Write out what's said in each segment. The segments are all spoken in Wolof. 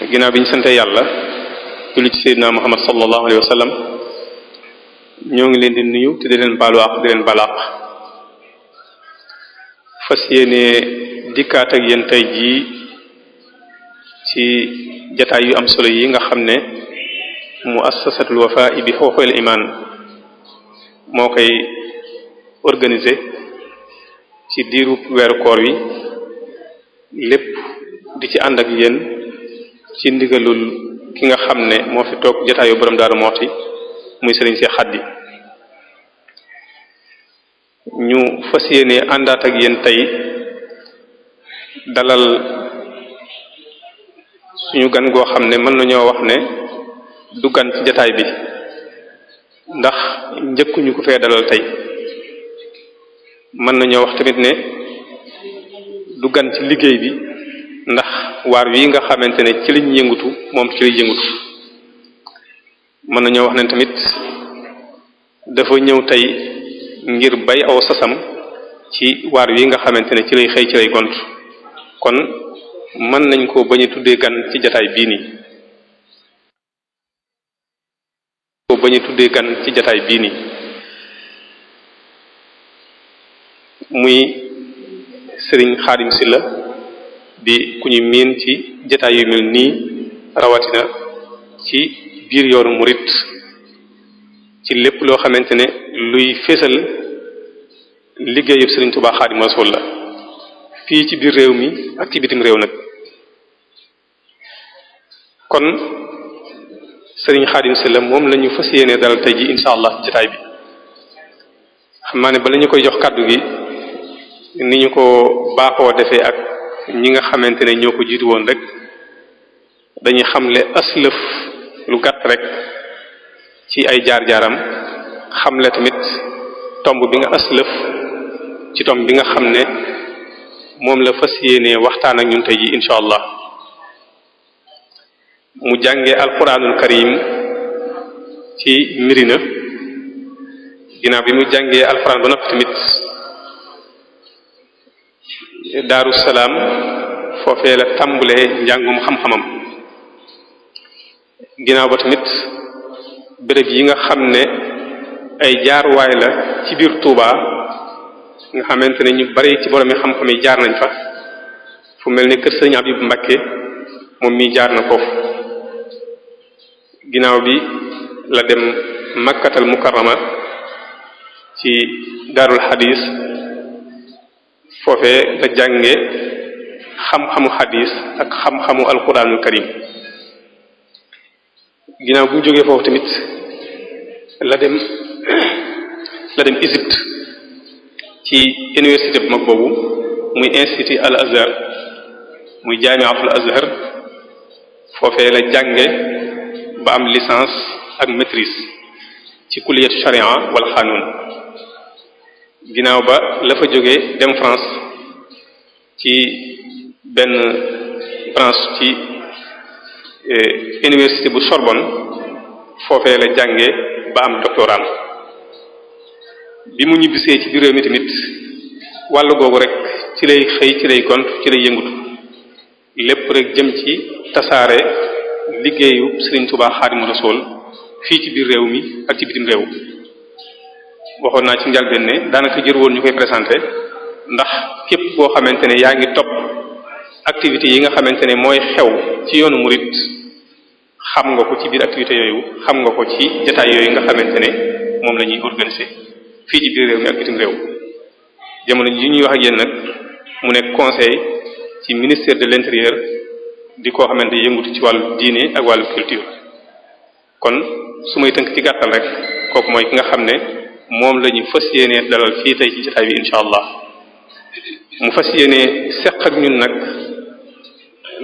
ginaaw bi ñu sante yàlla julli ci muhammad sallallahu alayhi wa ñoo ngi leen di nuyu te di leen baalu di leen balaq fas yéene dikkaat ak yéen tey ci jataay yu am solo yi nga xam ne muassasatul wafa bi xooxeel imaan moo koy organisé ci diiru weeru koor wi lépp di ci ànd ak yéen ci ndigalul ki nga xam ne moo fi toog jataayu borom Daaru Muxti muy sëriñ Seex Xaddi ñu fas yéene àndaat ak yéen tey dalal suñu gan goo xam ne mën nañoo wax ne du gan ci jataay bi ndax njëkkuñu ko fee dalal tey mën nañoo wax tamit ne du gan ci liggéey bi ndax waar wi nga xamante ne ci lañ yëngutu moom ci lay yëngutu mën nañoo wax ne tamit dafa ñëw tey ngir bay aw sasam ci waar wi nga xamante ne ci lay xëy ci lay gont kon mën nañ ko bañ tuddee gan ci jataay bii nii bañ tuddee gan bii nii muy Sëriñ Xaadim Silla di ku ñu miin ci jataay yu mel nii rawatina ci biir yoonu murit ci lépp loo xamante ne luy fésal liggéeyub Sëriñ Tuubaa Xaadimu Rasuul la fii ci biir réew mi ak ci bitim réew nag kon Sëriñ Xaadim Sylla moom la ñu fas yéene dalal tey ji incha allah jataay bi xam naa ne bala koy jox kàddu gi ni ñu ko baaxoo defee ak ñi nga xamante ne ñoo ko jiitu woon rek dañuy xamle aslëf lu gàtt rek ci ay jaar-jaaram xamle tamit tomb bi nga aslëf ci tomb bi nga xam ne moom la fas yéenee waxtaan ak ñun tey ji incha allah mu jàngee alquranul karim ci mirina ginnaaw bi mu jàngee alquran ba noppi tamit daaru salaam foofee la tàmbulee njàngum xam-xamam ginnaaw ba tamit béréb yi nga xam ne ay jaarwaay la ci biir Touba nga xamante ne ñu bari ci boromi xam-xam yi jaar nañ fa fu mel ne kër Sëriñ Abib Mbàkke moom mii jaar na foofu ginnaaw bi la dem Makkatal Mukarrama ci daarul xadiis foofee la jànge xam-xamu xadis ak xam-xamu alquranul karim ginnaaw bu jógee foofu tamit la dem la dem ci université bu mag boobu muy institut al azhar muy jaamiatul azhar foofee la jànge ba am licence ak maîtrise ci kulliyat sharia wal xanuun ginaaw ba la fa jógee dem France ci benn France ci eh, université bu Sorbonne foofee la jànge ba am doctoraam bi mu ñibbisee ci biir réew mi tamit googu rek ci lay xëy ci lay gont ci lay yëngutu lépp rek jëm ci tasaare liggéeyu Serigne Touba Xaadimu Rasuul fii ci biir réew mi ak ci bitim réew waxoon naa ci njëlbéen ne daanaka jër woon ñu koy présenté ndax képp koo xamante ne yaa ngi topp activités yi nga xamante ne mooy xew ci yoonu murit xam nga ko ci biir activités yooyu xam nga ko ci jataay yooyu nga xamante ne moom la ñuy organiser fii ci biir réew mi ak bitim réew jamono ji ñuy wax ak mu nekk conseil ci ministère de l'intérieur di koo xamante yëngutu ci wàllu diine ak wàllu culture kon su may tënk ci gàttal rek kooku mooy ki nga xam ne moom la ñu fas yéenee dalal fii tey ci jotaay bi incha allah mu fas yéene seq ak ñun nag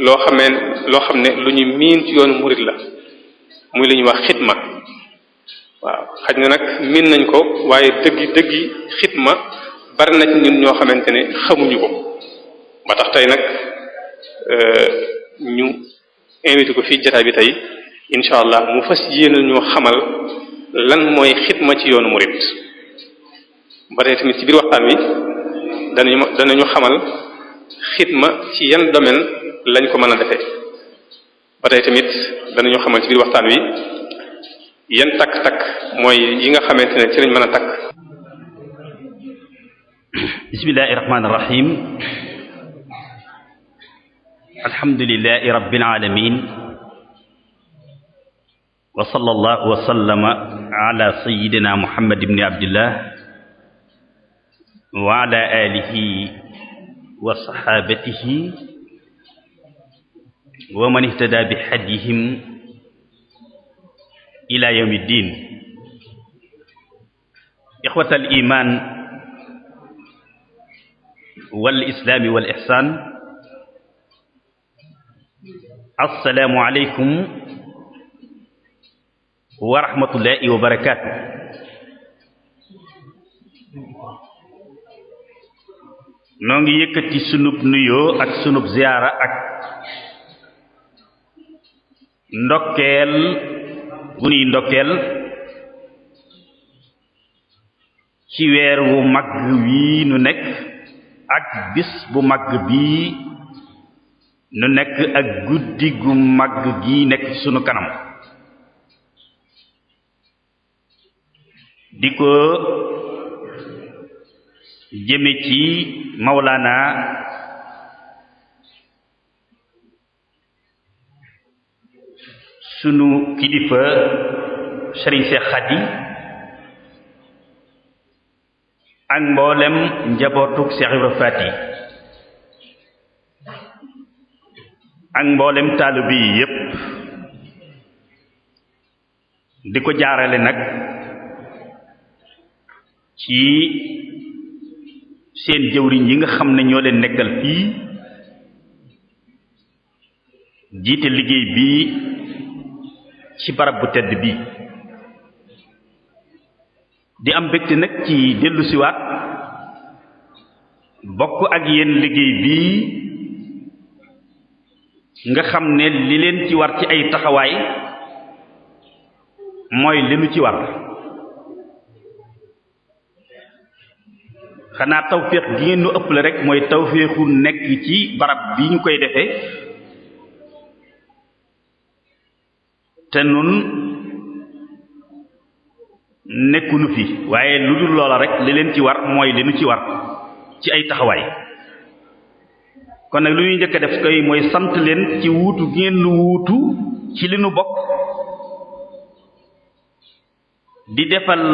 loo xamee loo xam ne lu ñuy miin ci yoonu murit la muy lañuy wax xitma waaw xaj na nag miin nañ ko waaye dëggi dëggi xitma bari na ci ñun ñoo xamante ne xamuñu ko ba tax tey nag euh, ñu invité ko fii jotaay bi tey incha allah mu fas yéene ñoo xamal. lan mooy xidma ci yoonu murid ba tey tamit ci biir waxtaan wi danañu danañu xamal xidma ci yan domaine lañ ko mën a defee ba tey tamit danañu xamal ci biir waxtaan wi yan takk-takk mooy yi nga xamante ne ci lañ mën a takk bismillahi rahmaani alamin wa sallallahu wa sallama ala sayyidina muhammad ibni abdillah wa ala alihi wa sahabatihi wa man ihtada bi hadihim ila yawmi ddin ixwata al iman wal islaami wal ixsaan assalaamu aleykum wa rahmatullahi wa barakaatu noo ngi yëkkati sunub nuyoo ak sunu ziyaara ak ndokkeel gu nuy ndokkeel ci weer wu mag wii nu nekk ak bis bu mag bii nu nekk ak guddi gu mag gii nekk sunu kanam di ko jëme ci Mawlana sunu kilifa Serigne Cheikh Khady ak mboolem njabootuk Cheikh Ibrahima Fati ak mboolem taalibe yi yépp di ko jaarale nag ci seen jëwriñ yi nga xam ne ñoo leen nekkal fii jiite liggéey bii ci barab bu tedd bi di am mbégte nag ci dellu siwaat bokk ak yenn liggéey bii nga xam ne li leen ci war ci ay taxawaay mooy li nu ci war xanaa tawféex gi ngeen nu ëpp la rek mooy tawféexu nekk ci barab bi ñu koy defe te nun nekkunu fi waaye lu dul loola rek li leen ci war mooy li nu ci war ci ay taxawaay kon nag lu ñuy njëkk def koy mooy sant leen ci wuutu gi ngeen nu wuutu ci li bokk di defal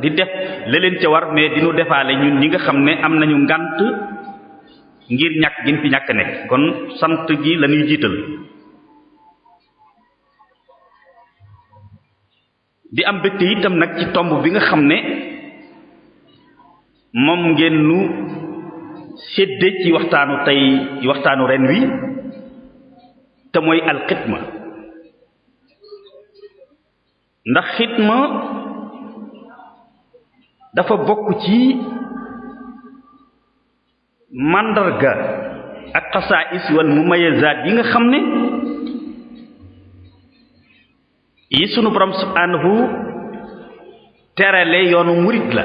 di def la leen ca war mais dinu defaale ñun ñi nga xam ne am nañu ngànt ngir ñàkk gin fi ñàkk nekk kon sant gi la ñuy jiital di am bëtte itam nag ci tomb bi nga xam ne moom ngeen lu sédde ci waxtaanu tey waxtaanu ren wi te mooy alxitma ndax xitma dafa bokk ci màndarga ak xasaais wal mumayazaat yi nga xam ne yi sunu borom subhanahu terale yoonu murit la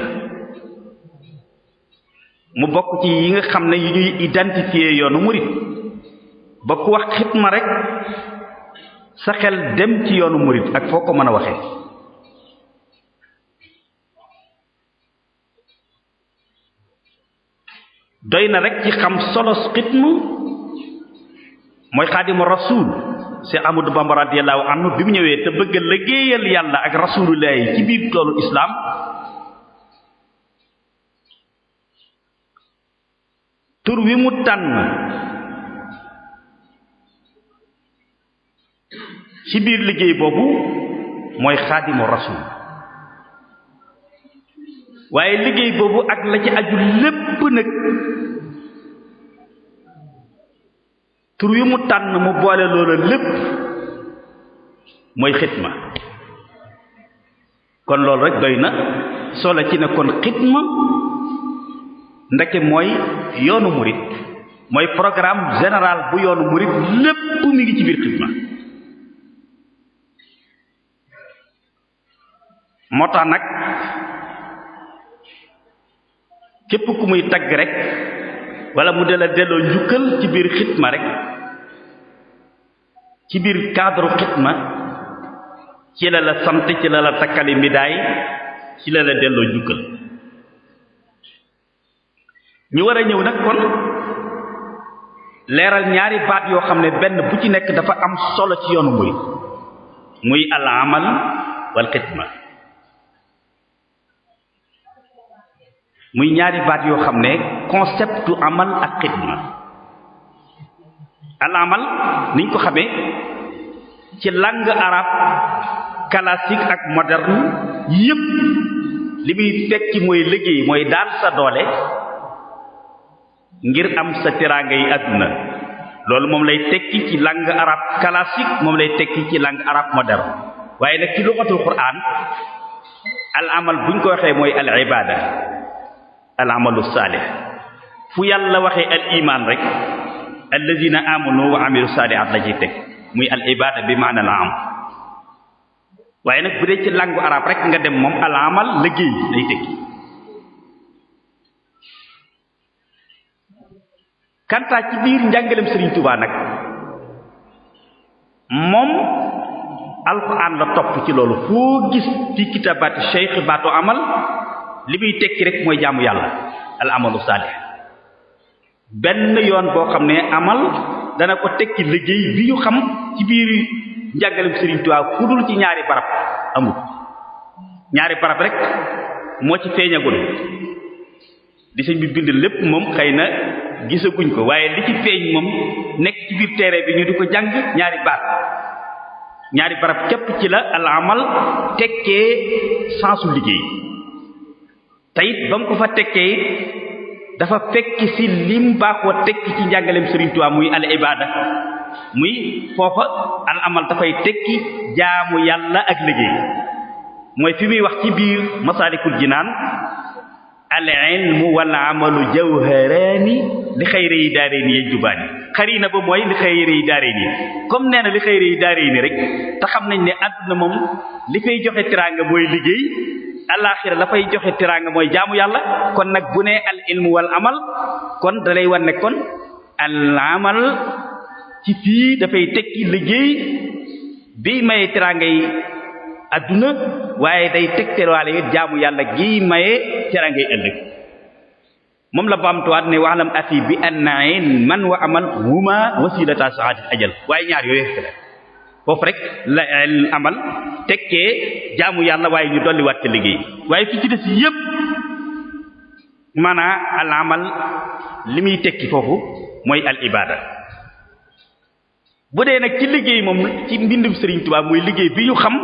mu bokk ci yi nga xam ne yu ñuy identifier yoonu murit ba ku wax xitma rek sa xel dem ci yoonu murit ak foo ko mën a waxee doy na rek ci xam solos xitm mooy xaadimu rasul si Amadou Bamba radiyallahu bi mu ñëwee te bëgg a liggéeyal yàlla ak rasulullah ci biir toolu islam tur wi mu tànn ci biir liggéey boobu mooy xaadimu rasul waaye liggéey boobu ak la ci aju lépp nag tur yu mu tànn mu boole loola lépp mooy xitma kon loolu rek doy na solo ci ne kon xitma ndeke mooy yoonu murit mooy programme général bu yoonu murit lépp mi ngi ci biir xitma moo tax nag képp ku muy tagg rekk wala mu dala delloo njukkal ci biir xitma rek ci biir cadre xitma ci la sant ci lala la takkali mbidaay ci la la delloo njukkal ñu war a ñëw nag kon leeral ñaari baat yoo xam ne benn bu ci nekk dafa am solo ci yoonu muy muy al amal wal xitma muy ñaari baat yoo xam ne conceptu amal ak xidma al amal niñ ko xamee ci langue arabe classique ak moderne yépp li muy tekki mooy liggéey mooy daal sa doole ngir am sa teraanga yi àdduna loolu moom lay tekki ci langue arabe classique moom lay tekki ci langue arabe moderne waaye nag ci luxatul quraan al amal buñ ko waxee mooy al ibada al amalu saalih fu yàlla waxee al iman rek allazina amanu wa amilu saalihat la ciy teg muy al ibada bi maana la am waaye nag bu dee ci langue arabe rek nga dem moom al amal liggéey ci biir la topp ci loolu foo gis ci kitaabaati cheikh baatu amal li muy tekki rek mooy jaamu yàlla al amalu benn yoon boo xam ne amal dana ko tekki liggéey bi ñu xam ci biir njàngalem Sëriñ Tuubaa ku dul ci ñaari barab amul ñaari barab rek moo ci feeñagul di sëñ bi bind lépp moom xëy na gisaguñ ko waaye li ci feeñ moom nekk ci biir téere bi ñu di ko jàng ñaari baat ñaari barab képp ci la al amal tekkee sensu liggéey te it ba mu ko fa tekkee it dafa fekki si lim baaxoo tekki ci njàngaleem Sëriñ Tuubaa muy al ibada muy foofa al amal dafay tekki jaamu yàlla ak liggéey mooy fi muy wax ci biir masaalikul jinaan al ilmu wal amalu jawharaani li xayri yi daaree nii yéen jubaani xari na ba mooy li xayri yi daaree nii comme nee na li xayri yi daaree nii rek te xam nañ ne àdduna moom li fay joxe teraanga mooy liggéey. alaaxira la joxe tiraanga mooy jaamu yàlla kon nag bu ne al ilmu wal amal kon dalay lay wan kon al amal ci fii dafay tekki liggéey bi maye tiraanga yi adduna waaye day tegtewaale it jaamu yàlla gi maye tiraanga ëllëg moom la baamtuwaat ne waxlam afi bi annain man wa amal huma wasilata saadil ajal waaye ñaar yooyu foofu rek la eh, amal tekkee jaamu yàlla waaye ñu dolliwaat ca liggéey waaye fi ci des yépp maanaa al amal li muy tekki foofu mooy al ibaada bu dee nag ci liggéey moom ci mbindum Serigne Touba mooy liggéey bi ñu xam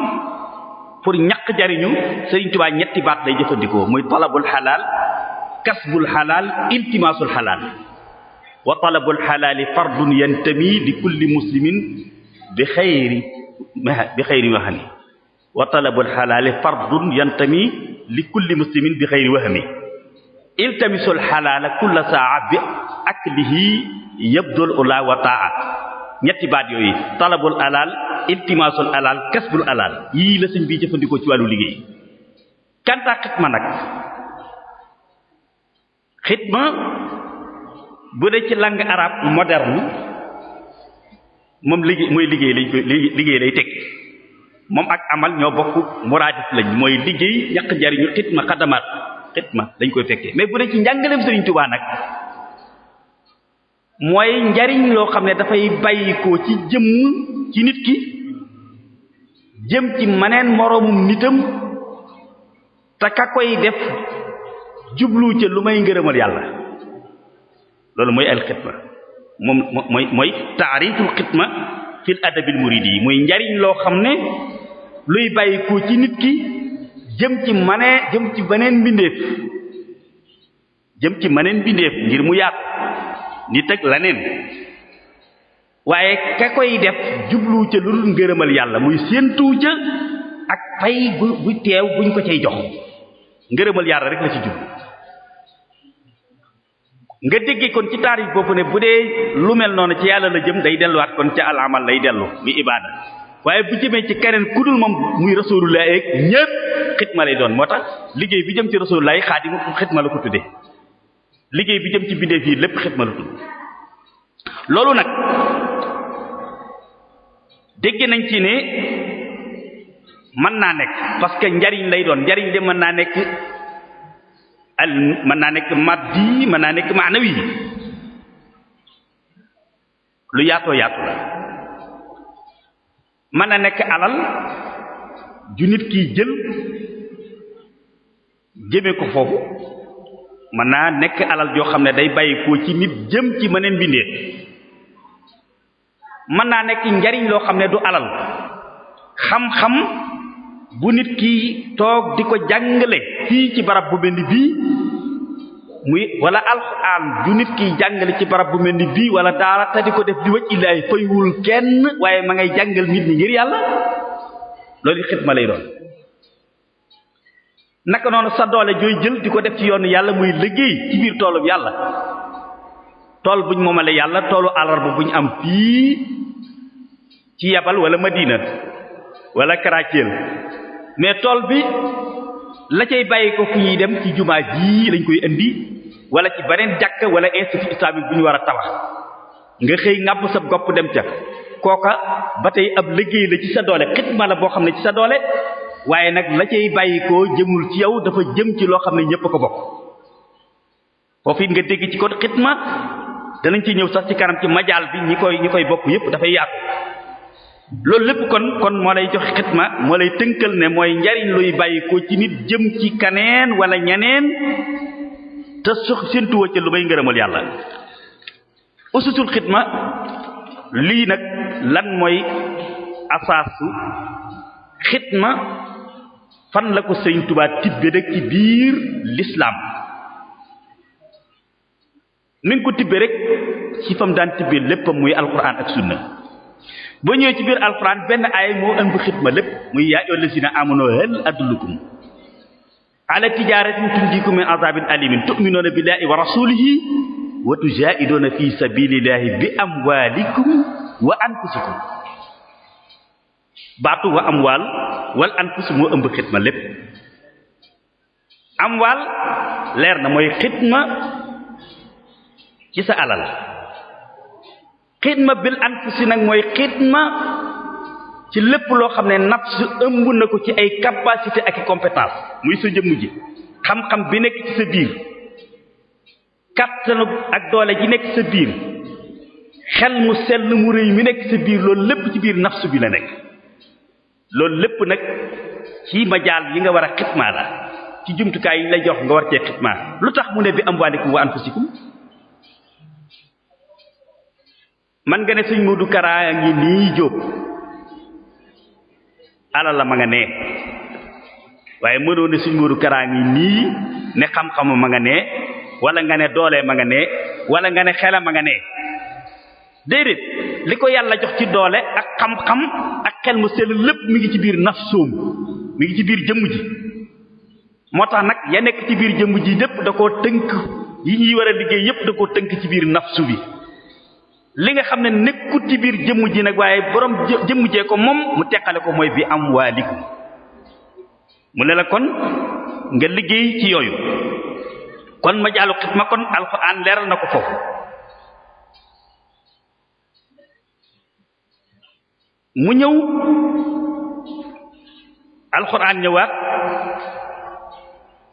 pour ñaq jariñu Serigne Touba ñetti baat lay jëfandikoo muy talabul xalaal kasbul xalaal iltimaasul xalaal wa talabul xalaali fardun yantami li kulli muslimin bi xayri bi xayri wahmi wa talabul xalaali fardun yantami li kulli muslimin bi xayri wahmi iltamisul xalaala kulla saa bi aklihi yabdul ula wa taa ñetti baat yooyu talabul alal iltimasul alal kasbul alal yii la bi jëfandikoo ci wàllu liggéey kanta xitma nag xitma bu dee ci langue arabe moderne moom liggéey mooy liggéey lañ koy liggéey lay teg moom ak amal ñoo bokk muraadif lañ mooy liggéey ñaq jariñu xitma xadamaat xitma dañ koy fekkee mais bu dee ci njàngaleem Sëriñ Tuubaa nag mooy njariñ loo xam ne dafay bàyyikoo ci jëmm ci nit ki jëm ci maneen moroomum nitam te ka koy def jublu ca lu may ngërëmal yàlla loolu mooy al xitma moom mooy mooy taariful xitma fil adabil muridi yi muy njariñ loo xam ne luy bàyyi ko ci nit ki jëm ci manee jëm ci beneen mbindeef jëm ci maneen mbindeef ngir mu yaatu nit ak leneen waaye ka koy def jublu ca lu dul ngërëmal yàlla muy séentu ca ak pay bu bu teew buñ ko cay jox ngërëmal yàlla rek la ci jublu nga déggee kon ci taarif boobu ne bu dee lu mel noonu ci yàlla la jëm day delluwaat kon ca alamal lay dellu bi ibaada waaye bu jëmee ci keneen ku dul moom muy rasulullah ak ñépp xitma lay doon moo tax liggéey bi jëm ci rasulullah yi xaadimu xitma la ko tuddee liggéey bi jëm ci bindeef yi lépp xitma la tudd loolu nag dégge nañ ci ne mën naa nekk parce que njariñ lay doon njariñ de mën naa nekk al mën naa nekk maddi mën naa nekk maanawi lu yaatoo yaatu la mën na nekk alal ju nit kiy jël jëme ko foofu mën naa nekk alal joo xam ne day bàyyi ko ci nit jëm ci mëneen bindeet mën naa nekk njariñ loo xam ne du alal xam-xam bu nit ki toog di ko jàngale fii ci barab bu mel ni bii muy wala alxuraan ju nit ki jàngale ci barab bu mel ni bii wala daara ta di ko def di wëcc illaay fayul kenn waaye ma ngay jàngal nit ñi ngir yàlla loolu xidma lay doon naka noonu sa doole jooy jël di ko def ci yoon yàlla muy liggéey ci biir toolub yàlla tool buñ moomale yàlla toolu alarba buñ am fii ci yabal wala madina wala karaaceel mais tool bi la cay bàyyi ko fu ñuy dem ci jumaa ji lañ koy indi wala ci beneen jàkk wala institut islamique bu ñu war a tabax nga xëy ngàbb sa gopp dem ca kooka ba tey ab liggéey la ci sa doole xitma la boo xam ne ci sa doole waaye nag la cay bàyyi ko jëmul ci yow dafa jëm ci loo xam ne ñépp a ko bokk foofu it nga dégg ci ko kon xitma danañ ci ñëw sax ci kanam ci majaal bi ñi koy ñi koy bokk yépp dafay yaatu loolu lépp kon kon moo lay jox xitma moo lay tënkal ne mooy njariñ luy bàyyi ko ci nit jëm ci kaneen wala ñaneen te sox séntuwa ca lu may ngërëmal yàlla ususul xitma lii nag lan mooy asaasu xitma fan la ko sëriñ Tuubaa tibbe rek ci biir lislaam mi ko tibbe rek ci fam daan tibbe léppam muy alquran ak sunna boo ñëwee ci biir alxuraan benn aaya moo ëmb xitma lépp muy yaa ayyuhal lazina amanu hal adullukum ala tijaaratin tunjiikum min azaabin alimin tu'minuuna billaahi wa rasuulihi wa tujaahiduuna fi sabiilillaahi bi amwaalikum wa anfusikum baatu wa amwaal wal anfus moo ëmb xitma lépp amwaal leer na mooy xitma ci sa alal xidma bil anfusi nag mooy xidma ci lépp loo xam ne nafs ëmb na ko ci ay capacité ak i compétence muy sa jëmm ji xam-xam bi nekk ci sa biir kattanu ak doole ji nekk sa biir xel mu sell mu rëy mu nekk sa biir loolu lépp ci biir nafsu bi la nekk loolu lépp nag ci jaal yi nga war a xidma la ci jumtukaay yi lay jox nga war cee xidma lu tax mu ne bi amwaalikum wa anfusikum man nga ne sëñ Moodu Kara ngi nii jóob alal la ma nga nee waaye mënoo ne sëñ Moodu Kara ngi nii ne xam-xamu ma nga nee wala nga ne doolee ma nga nee wala nga ne xelam a nga nee déedéet li ko yàlla jox ci doole ak xam-xam ak xel mu sell lépp mu ngi ci biir nafsoom mi ngi ci biir jëmm ji moo tax nag ya nekk ci biir jëmm ji lépp da koo tënk yi ñuy war a liggéey yépp da koo tënk ci biir nafsu subi li nga xam ne nekkut ci biir jëmm ji nag waaye borom jëmm jee ko moom mu teqale ko mooy bi am waalikum mu ne la kon nga liggéey ci yooyu kon ma jaalu xidma kon alxuraan leeral na ko foofu mu ñëw alxuraan ñëwaat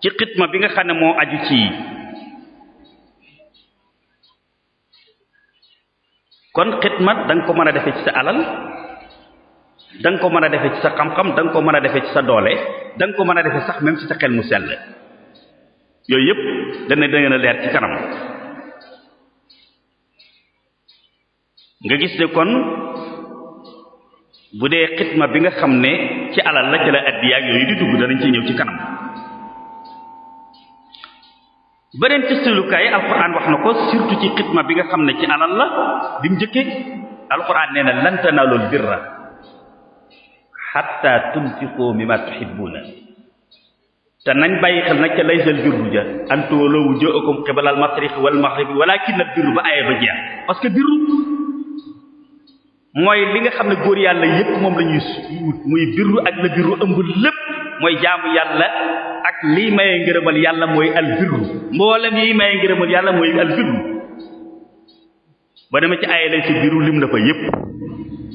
ci xidma bi nga xam ne moo aju ci kon xidmat danga nga ko mën a defee ci sa alal da nga ko mën a defee ci sa xam-xam danga nga ko mën a defee ci sa doole danga ko mën a defee sax même ci sa xel mu sell yooyu yëpp dana dangeen a leer ci kanam nga gis ne kon bu dee xidma bi nga xam ne ci alal la ca la addiyaak yooyu di dugg danañ ci ñëw ci kanam beneen tëstalukaay alquran wax na ko surtout ci xitma bi nga xam ne ci alal la bi mu al alquran nee na lan tanaalul birra hatta tunfiqu mimma tuhibbuuna te nañ bàyyi xel nag ca laysal birru ja an tuwallu wujuuhakum qibala al-mashriqi walaa kii nag birru ba aaya ba jeex parce que birru mooy li nga xam ne góor yàlla yépp moom la ñuy muy birru ak la birru ëmb lépp mooy jaamu yàlla ak lii maye ngërëmal yàlla mooy al birru mboolem yi maye ngërëmul yàlla mooy alfidlu ba dema ci aye lañ ci biiru lim na fa yépp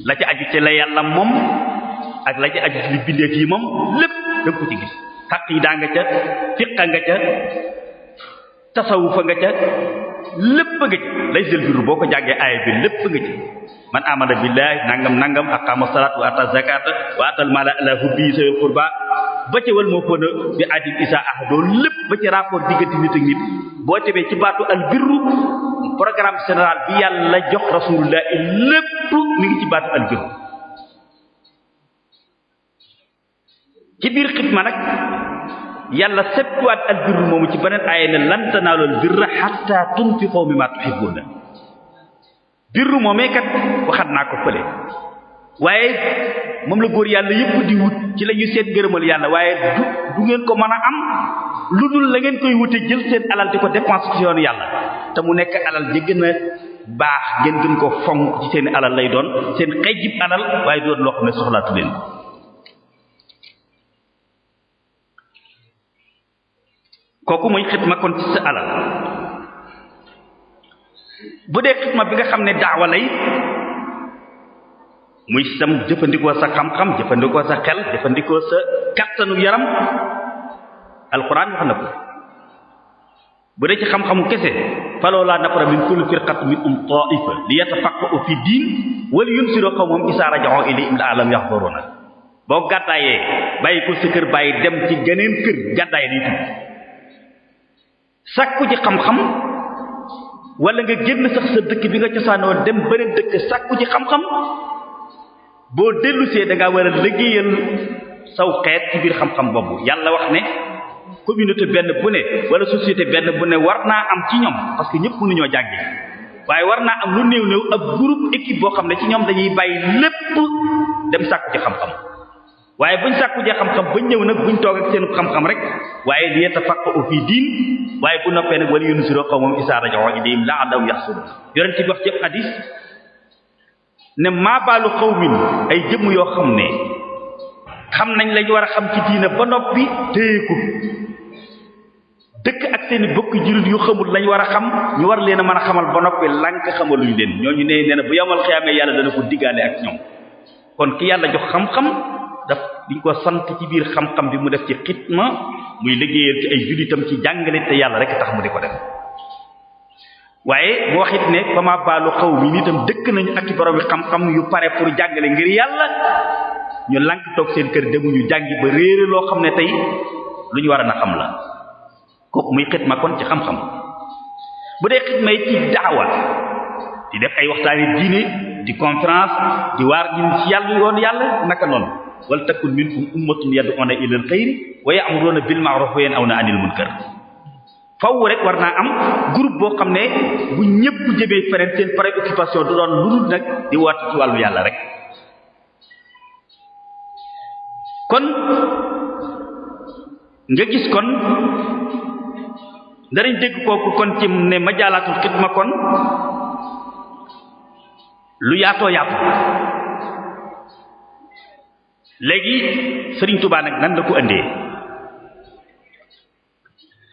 la ci aju ci la yàlla moom ak la ci aju ci li bindeef yi moom lépp danga ko ci gis xaq nga ca fiqa nga ca tasawufa nga ca lépp nga ci lay sel jur boo ko jàngee aaya bi lépp nga ci man amana billahi nangam nangam aqama salat wa ata zakata wa atal mala ala hubbi sawil qurba ba moo fën a bi adil isa ahdo lépp ba ci rapport nit ak nit boo tebee ci baatu al birru programme général bi yàlla jox rasulullah lépp mi ngi ci baatu al birru ci biir xitma nag yàlla septuwaat al birr moomu ci beneen aaya ne lan tanaalul birra hatta tunfiqu mimma tuhibbuuna birru moomee kat waxat naa ko fële waaye moom la góor yàlla yëpp di wut ci la ñuy seet ngërëmal yàlla waaye du ngeen ko mën a am lu dul la ngeen koy wute jël seen alal di ko dépense ci yoon yàlla te mu nekk alal ji gën a baax ngeen gën ko fonk ci seen alal lay doon seen xëy jib alal waaye doon loo xam ne soxlaatu leen kooku muy xidma kon ci sa alal bu dee xidma bi nga xam ne daawa lay muy sam jëfandikoo sa xam-xam jëfandikoo sa xel jëfandikoo sa kattanu yaram alquran wax bu dee ci xam-xamu kese faloo laa nafara min kulli firqat min um taifa li yatafaqqahu fi diin wala yunsiru qawmam isa rajaxoo ilayhim la alam yaxduruna boo gàddaayee bàyyi sa kër bàyyi dem ci geneen kër gàddaay di tudd sàkku ji xam-xam wala nga génn sax sa dëkk bi nga cosaanoo dem beneen dëkk sàkku ji xam-xam boo dellusee da ngaa war a liggéeyal saw xeet ci biir xam-xam boobu yàlla wax ne communauté benn bu ne wala société benn bu ne war naa am ci ñoom parce que ñëpp ñoo jàngi waaye war naa am lu néew néew ab groupe équipe boo xam ne ci ñoom dañuy bàyyi lépp dem sàkku ci xam-xam waaye buñ sàkku jee xam-xam bañ ñëw nag buñ toog ak seen xam-xam rek waaye li yatafaqqahu fi diin waaye bu noppee nag wala yunziroo qawmahum izaa raja'uu ilayhim la'allahum yahzarun yonent bi wax ci hadis ne maa baalu qawmin ay jëmm yoo xam ne xam nañ lañ war a xam ci diina ba noppi téyeku dëkk ak seen bokk jullit yu xamul lañ war a xam ñu war leen mën a xamal ba noppi lànk xamaluñ leen ñu ne nee na bu yamal xiyaamee yàlla dana ko diggaale ak ñoom kon ki yàlla jox xam-xam daf diñ ko sant ci biir xam-xam bi mu def ci xitma muy liggéeyal ci ay jullitam ci jàngale te yàlla rek tax mu di ko def waaye mu wax it ne ba ma baalu xaw mi nii tam dëkk nañu ak ci borom bi xam-xam yu pare pour jàngale ngir yàlla ñu lànk toog seen kër demuñu jàngi ba réere loo xam ne tey lu ñu war a na xam la kooku muy ma kon ci xam-xam bu dee xitma yi ci daawa di def ay waxtaani diine di conférence di waar ñun ci yàlla yoon yàlla naka noonu wala takun minkum ummatun yad'una ilal xayri wa ya'muruna bil ma'ruf wa yanhawna 'anil munkar faw rek war naa am groupe boo xam ne bu ñëpp jëmee feneen seen préoccupation du doon lu dul nag di waat ci wàllu yàlla rek kon nga gis kon danañ dégg kooku kon ci ne ma jaalaatul xidma kon lu yaatoo yaatu léegi sëriñ tubaa nag nan la ko indee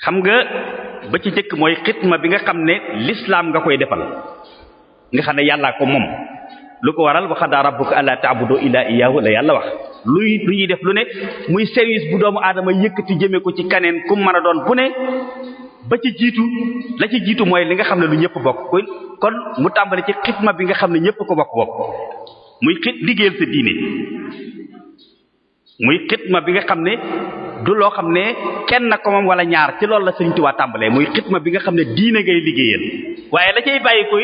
xam nga ba ci njëkk mooy xitma bi nga xam ne lislaam nga koy defal nga xam ne yàllaa ko moom lu ko waral waxadaa rabbuka alla ta'budu illa iyyahu la yàlla wax luy lu ñuy def lu ne muy service bu doomu aadama yëkkati jëme ko ci kaneen ku mën a doon bu ne ba ci jiitu la ci jiitu mooy li nga xam ne lu ñëpp bokk kon mu tàmbali ci xidma bi nga xam ne ñëpp ko bokk bokk muy xit liggéeyal sa diine muy xidma bi nga xam ne du loo xam ne kenn na ko moom wala ñaar ci loolu la Sëriñ Tuubaa muy xidma bi nga xam ne diine ngay liggéeyal waaye la cay bàyyi ko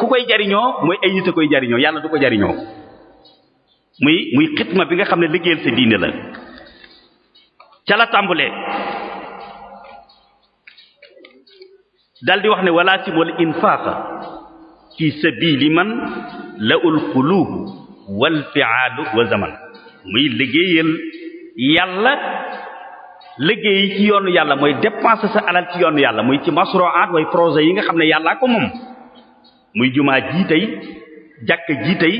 ku koy jariñoo mooy ay nit a koy jariñoo yàlla du ko jariñoo muy muy xidma bi nga xam ne liggéeyal sa diine la ca la tàmbalee dal di wax ne walaa si wal infaaqa fi sabili man la ul quluubu wal fiaadu wa zaman muy liggéeyal yàlla liggéey ci yoonu yàlla mooy dépenser sa alal ci yoonu yàlla muy ci masroat way projet yi nga xam ne yàllaa ko moom muy jumaa jii tey jàkk jii tey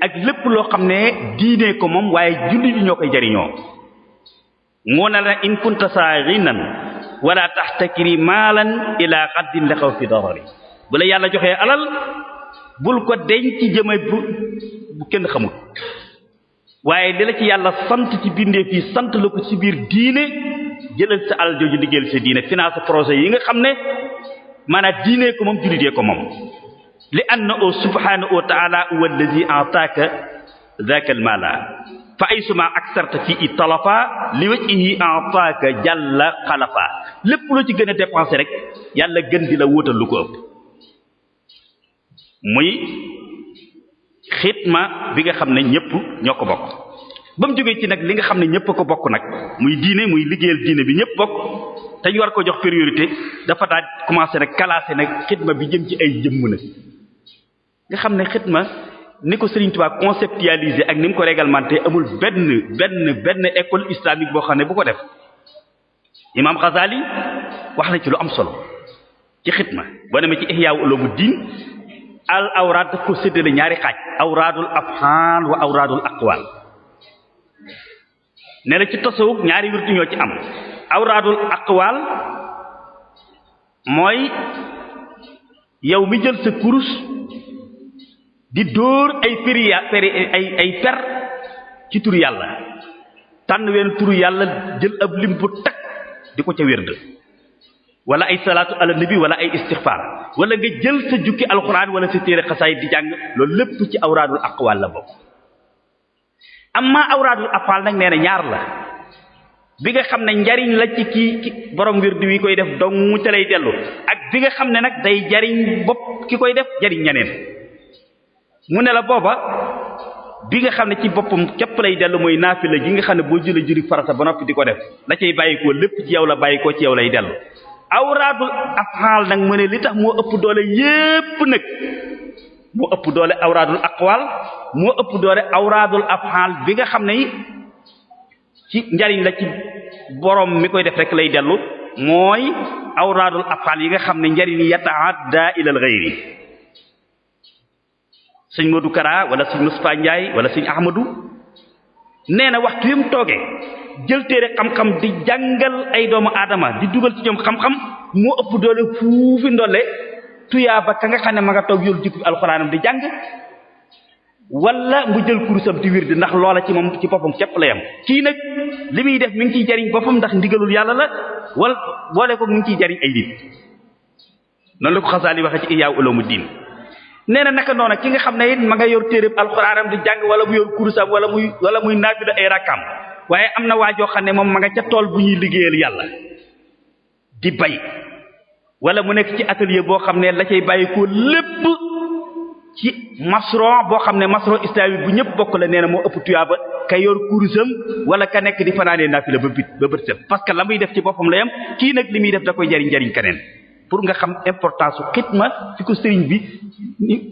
ak lépp loo xam ne diinee ko moom waaye julli di ñoo koy jariñoo moo ne la in kunta saaxinan wala taxtakiri maalan ila xaddin la xaw fi darari bu la yàlla joxee alal bul ko denc jëme bu bu kenn xamul waaye di la ci yàlla sant ci bindee fii sant la ko ci biir diine jëlal sa alal jooju liggéeyal sa diine finance projet yi nga xam ne maanaam diine ko moom julidee ko moom li anna subhanahu wa taala huwa allazi ataaka zaaka fa ay suma ak sarta fi i talafa li wëj ihi ataaka jàlla xalafa lépp loo ci gën a dépensé rek yàlla gën di la wutal lu ko ëpp muy xitma bi nga xam ne ñëpp ñoo ko bokk ba mu jógee ci nag li nga xam ne ñëpp a ko bokk nag muy diine muy liggéeyal diine bi ñëpp bokk te ñu war ko jox priorité dafa daal commencé nag classé nag xitma bi jëm ci ay jëmm na nga xam ne xitma ni ko Serigne Touba conceptualisé ak ni mu ko réglementé amul benn benn benn école islamique boo xam ne bu ko def Imam xasali wax na ci lu am solo ci xitma boo demee ci Ihya Ulumuddin al awraad daf ko séddale ñaari xaaj awraadul afhaal wa awraadul aqwaal ne la ci tasawuf ñaari wirtu ñoo ci am awraadul aqwaal mooy yow mi jël sa kurus di dóor ay péri ay ay per ci tur yàlla tànn wenn tur yàlla jël ab lim bu takk di ko ca wérd wala ay salaatu ala nabi wala ay istixfaar wala nga jël sa jukki alxuraan wala sa téere xasaay di jàng loolu lépp ci awraadul aqwaal la bokk amma awraadul aqwaal nag nee na ñaar la bi nga xam ne njariñ la ci kii ki borom wirdu wi koy def dong te lay dellu ak bi nga xam ne nag day jariñ bopp ki koy def jariñ ñeneen mu ne la booba bi nga xam ne ci boppam képp lay dellu mooy la gi nga xam ne boo jëlee juri farata ba nopp di ko def la cay bàyyikoo lépp ci yow la bàyyikoo ci yow lay dellu awraadul afxaal nag mu ne li tax moo ëpp doole yépp nag moo ëpp doole awraadul aqwaal moo ëpp doole awraadul afxaal bi nga xam ne ci njariñ la ci borom mi koy def rek lay dellu mooy awraadul afxaal yi nga xam ne njariñ yi yataadda ilal ghayri sëñ Modou karaa wala sëñ Moustapha Ndiaye wala sëñ Ahmadou nee na waxtu yi mu toogee jël téere xam-xam di jàngal ay doomu aadama di dugal ci ñoom xam-xam moo ëpp doole fuufi ndolle ka nga xam ne ma nga toog yólu jikko alxuraanam di jàng wala mu jël kurusam di wir di ndax loola ci moom ci boppam képp la yam kii nag li muy def mi ngi ciy jariñ boppam ndax ndigalul yàlla la wal boole ko mi ngi ciy jariñ ay nit noonu la ko xasaali waxe ci Ihya Ulumuddin nee na naka noona ki nga xam ne it ma nga yor téeréb alxuraanam di jàng wala mu yor kurusam wala muy wala muy naafila ay rakkam waaye am na waajoo xam ne moom ma nga ca tool bu ñuy liggéeyal yàlla di bay wala mu nekk ci atelier boo xam ne la cay bàyyi ko lépp ci masron boo xam ne masron islamique bu ñëpp bokk la nee na moo ëpp tuyaaba ka yor kurusam wala ka nekk di fanaanee naafila ba bit ba bët parce que la muy def ci boppam la yam kii nag li muy def da koy jariñ keneen pour nga xam importance su xitma fi ko sëriñ bi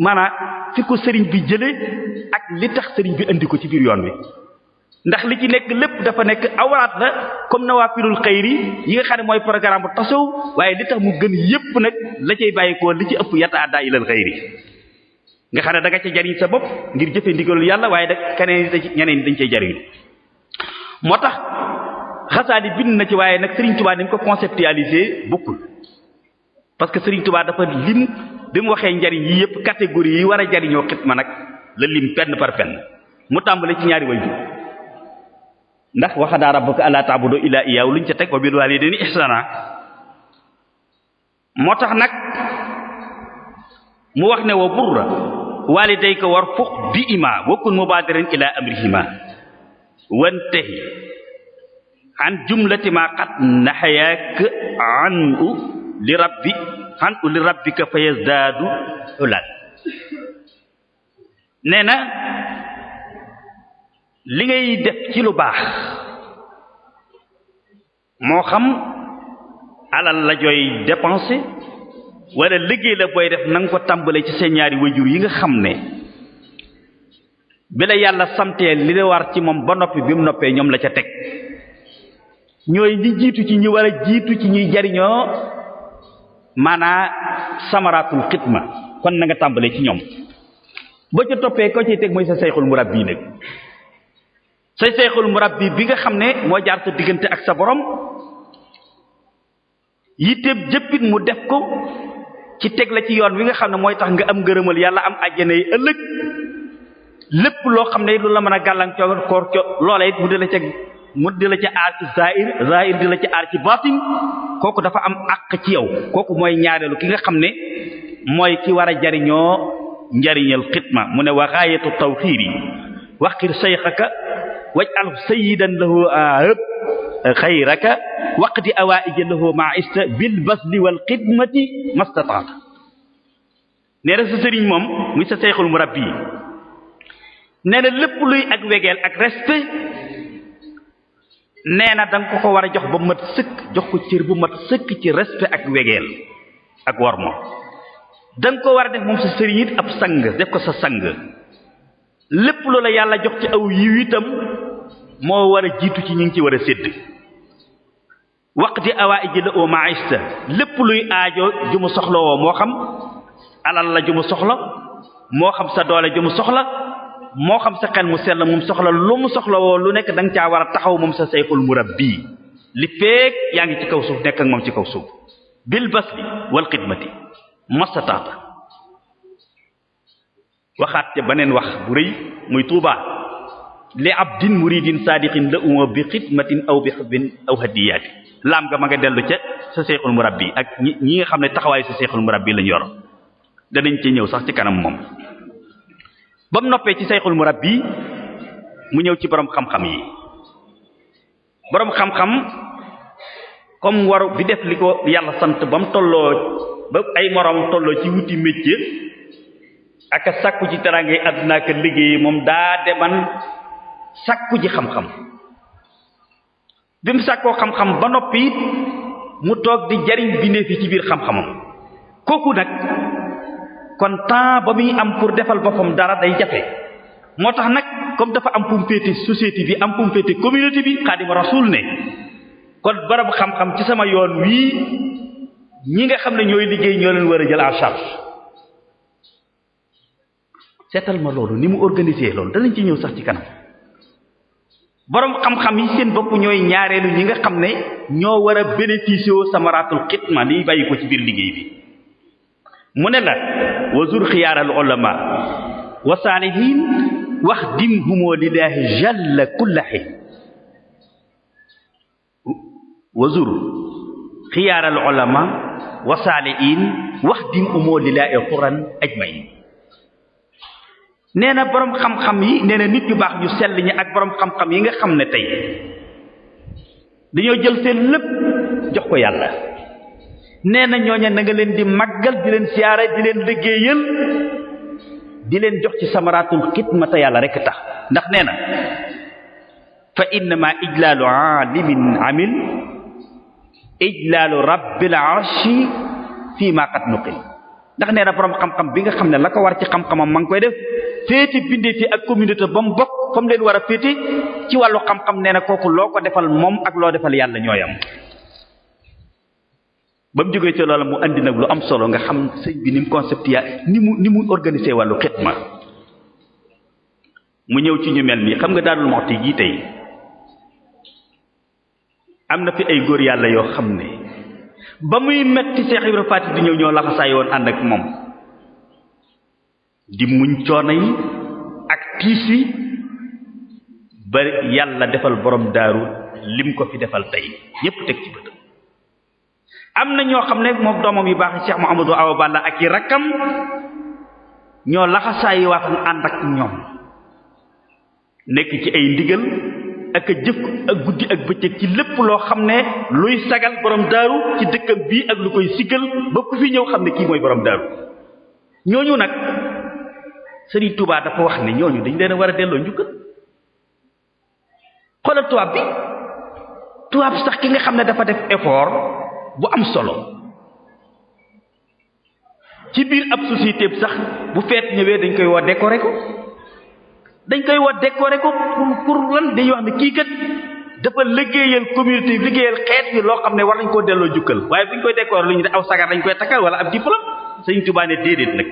maanaam fi ko sëriñ bi jëlee ak li tax sëriñ bi indi ko ci biir yoon wi ndax li ci nekk lépp dafa nekk awraat la comme nawaafilul xayri yi nga xam ne mooy programme bu tasaw waaye li tax mu gën yépp nag la cay bàyyikoo li ci ëpp yataa daa ilal xayri nga xam ne da nga ca jariñ sa bopp ngir jëfe ndigalul yàlla waaye da keneen ñeneen dañ cay jariñ moo tax xasaali bind na ci waaye nag Sëriñ Tuubaa ni mu ko conceptualisé bokkul parce que Serigne dafa lim bi mu waxee njariñ yi yëpp catégorie yi war a jariñoo xitma nag la lim penn par penn mu tàmbale ci ñaari wayju ndax waxanaa rabbuka allaa ta'budu illaa iyyaahu luñ ca teg wa bil waalidayni ihsaana moo tax nag mu wax ne wa burra waalidayka warfuq bihimaa wa kun mubaadiran ilaa an jumlati li rabbi an uli rabbika fayazdaadu ulan nee na li ngay def ci lu baax moo xam alal la jooy dépenser wala liggéey la booy def nanga ko tàmbalee ci seen ñaari wajur yi nga xam ne bi la yàlla santee li la war ci moom ba noppi bi mu noppee ñoom la ca teg ñooy ñi jiitu ci ñi war jiitu ci ñuy jariñoo maanaa samaraatul xitma kon na nga tàmbalee ci ñoom boo ca toppee ko ci teg mooy sa sayxul murabbi nag sa sayxul bii bi nga xam ne moo jaar sa diggante ak sa borom yitteeb jëppit mu def ko ci teg la ci yoon wi nga xam ne mooy tax nga am ngërëmal yàlla am àjjana yi ëllëg lépp loo xam ne lu la mën a gàllankoor koor loola it mu dala teg mut di la ci aar ci zaahir zaahir di la ci aar ci baatin kooku dafa am àq ci yow kooku mooy ñaareelu ki nga xam ne mooy ki war a jariñoo njariñal xitma mu ne wa gaayatu tawxiir yi waqir sayxaka waj alhu sayidan lahu ahëb xayraka waqti awaaija lahu ma ista bil basli wal xidmati mastataata nee na sa sëriñ moom muy sa sayxul murabbi nee na lépp luy ak wegeel ak respect nee na danga ko ko war a jox ba mat sëkk jox ko cër bu mat sëkk ci respect ak wegeel ak wormo danga ko war a def moom sa sëriñ it ab sang def ko sa sang lépp loola yàlla jox ci aw yiw itam moo war a jiitu ci ñi ngi ci war a sédd di awaa iji la oo sa lépp luy aajo ju mu soxlawoo moo xam alal la ju mu soxla moo xam sa doole ju mu soxla moo xam sa xel mu sell moom soxla lu mu soxla lu nekk danga nga caa war a taxaw moom sa sayxul murabbi li feek yaa ngi ci kaw suuf nekk ak moom ci kaw suuf bil basli wal xidmati mastataata waxaat ca beneen wax bu rëy muy tuuba li abdin muridin saadiqin la uma bi xidmatin aw bi xubbin aw hadiyaati laam nga ma nga dellu ca sa sayxul murabbi ak ñi ñi nga xam ne taxawaay sa sayxul murabbi lañu yoro danañ ci ñëw sax ci kanam moom ba mu noppee ci sayxul bi mu ñëw ci borom xam-xam yi borom xam-xam comme waru bi def li ko yàlla sant ba mu tolloo ba ay moroom tolloo ci wuti métier ak a sàkku ci teraangay àdduna ak liggéey moom daa deman sàkku ji xam-xam bi mu sàkkoo xam-xam ba noppi mu toog di jariñ bindeef yi ci biir xam-xamam kooku nag kon temps ba muy am pour defal boppam dara day jafe moo tax nag comme dafa am pum féete bi am pum féete communauté bi xaadima rasul ne kon barab xam-xam ci sama yoon wii ñi nga xam ne ñooy liggéey ñoo leen war a jël al charge seetal ma loolu ni mu organisé loolu danañ ci ñëw sax ci kanam borom xam-xam yi seen bopp ñooy ñaareelu ñi nga xam ne ñoo war a bénéficier samaratul xitma liy bàyyi ko ci biir liggéey bi mu ne la wa zur xiyaaral ulama wa saalihin wax dim humoo lillaahi jalla kullahi wa zur xiyaaral ulama wa saalihin wax dim humoo lillaahi quran ajmain nee na boroom xam-xam yi nee na nit ñu baax ñu sell ñi ak boroom xam-xam yi nga xam ne tey dañoo jël seen lépp jox ko yàlla nee na ñooña na nga leen di màggal di leen siyaare di leen liggéeyal di leen jox ci samaraatul xidmata yàlla rekk tax ndax nee na fa innama ijlaalu aalimin amil ijlaalu rabbil arshi fii maa qad ndax nee na borom xam-xam bi nga xam ne la ko war ci xam-xamam ma ngi koy def féete bindee ak communauté ba mu bokk fa mu leen war a féete ci wàllu xam-xam nee na kooku loo ko defal moom ak loo defal yàlla ñooyam ba mu jógee ci loolu mu andi nag lu am solo nga xam sëñ bi ni mu concept yaa ni mu ni mu organisé wàllu xitma mu ñëw ci ñu mel nii xam nga Daaru Muxti gii tey am na fi ay góor yàlla yoo xam ne ba muy metti Seex Ibra Faati ñëw ñoo laxasaay woon ànd moom di muñ coono yi ak tiis yi ba yàlla defal borom daaru lim ko fi defal tey ñépp teg ci bët am na ñoo xam ne moom doomam yu baax Cheikh Mouhamadou Awa Balla ak yi rakkam ñoo laxasaayi waatan ànd ak ñoom nekk ci ay ndigal ak a jëf ak guddi ak bëccëg ci lépp loo xam ne luy sagal borom daaru ci dëkkam bi ak lu koy siggal ba ku fi ñëw xam ne kii mooy borom daaru ñooñu nag Sëriñ Tuubaa dafa wax ne ñooñu dañ leen war a delloo njukkal xoolal tubaab bi tubaab sax ki nga xam ne dafa def effort bu am solo ci biir ab société sax bu feet ñëwee dañ koy woo décorer ko dañ koy woo décorer ko pour pour lan dañuy wax ne kii kat dafa liggéeyal communauté liggéeyal xeet yi loo xam ne war nañ koo delloo jukkal waaye bu ñu koy décorer lu ñu def aw sagar dañ koy takkal wala ab diplôme Sëriñ Tuubaa ne déedéet nag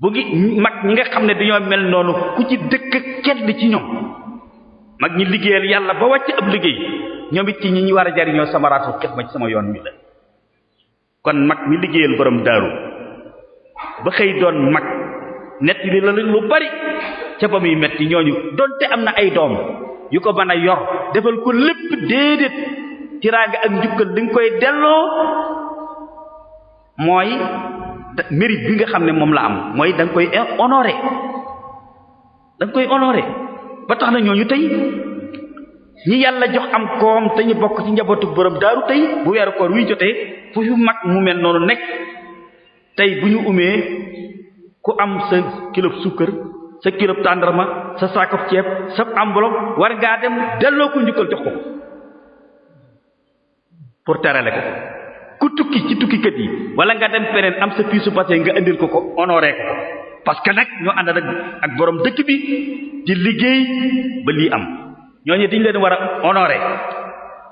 bu ngi mag ñi nga xam ne dañoo mel noonu ku ci dëkk kenn ci ñoom mag ñi liggéeyal yàlla ba wàcc ab liggéey ñoom it ci ñi ñu war a jariñoo sama raatu xef ma ci sama yoon mi la kon mag mi liggéeyal borom daaru ba xëy doon mag nett li la lu bari ca ba muy metti ñooñu doonte am na ay doom yu ko mën a yor defal ko lépp déedéet tiraanga ak njukkal li nga koy delloo mooy mérite bi nga xam ne moom la am mooy da koy honoré da nga koy honoré ba tax na ñooñu tey ñi yàlla jox am koom te bokk ci njabootu borom daaru tey bu weeru koor wi jotee fu fi mag mu mel noonu nekk tey bu ñu umee ku am sa kilo sukkar sa kilo tàndarma sa saako ceeb sa enveloppe war ngaa dem delloo ko njukkal jox ko pour terale ko ku tukki ci tukkikat yi wala nga dem feneen am sa piisu passé nga indil ko ko honoré ko parce que nag ñoo ànd ak ak borom dëkk bi di liggéey ba lii am ñooñu dañ leen war a honorer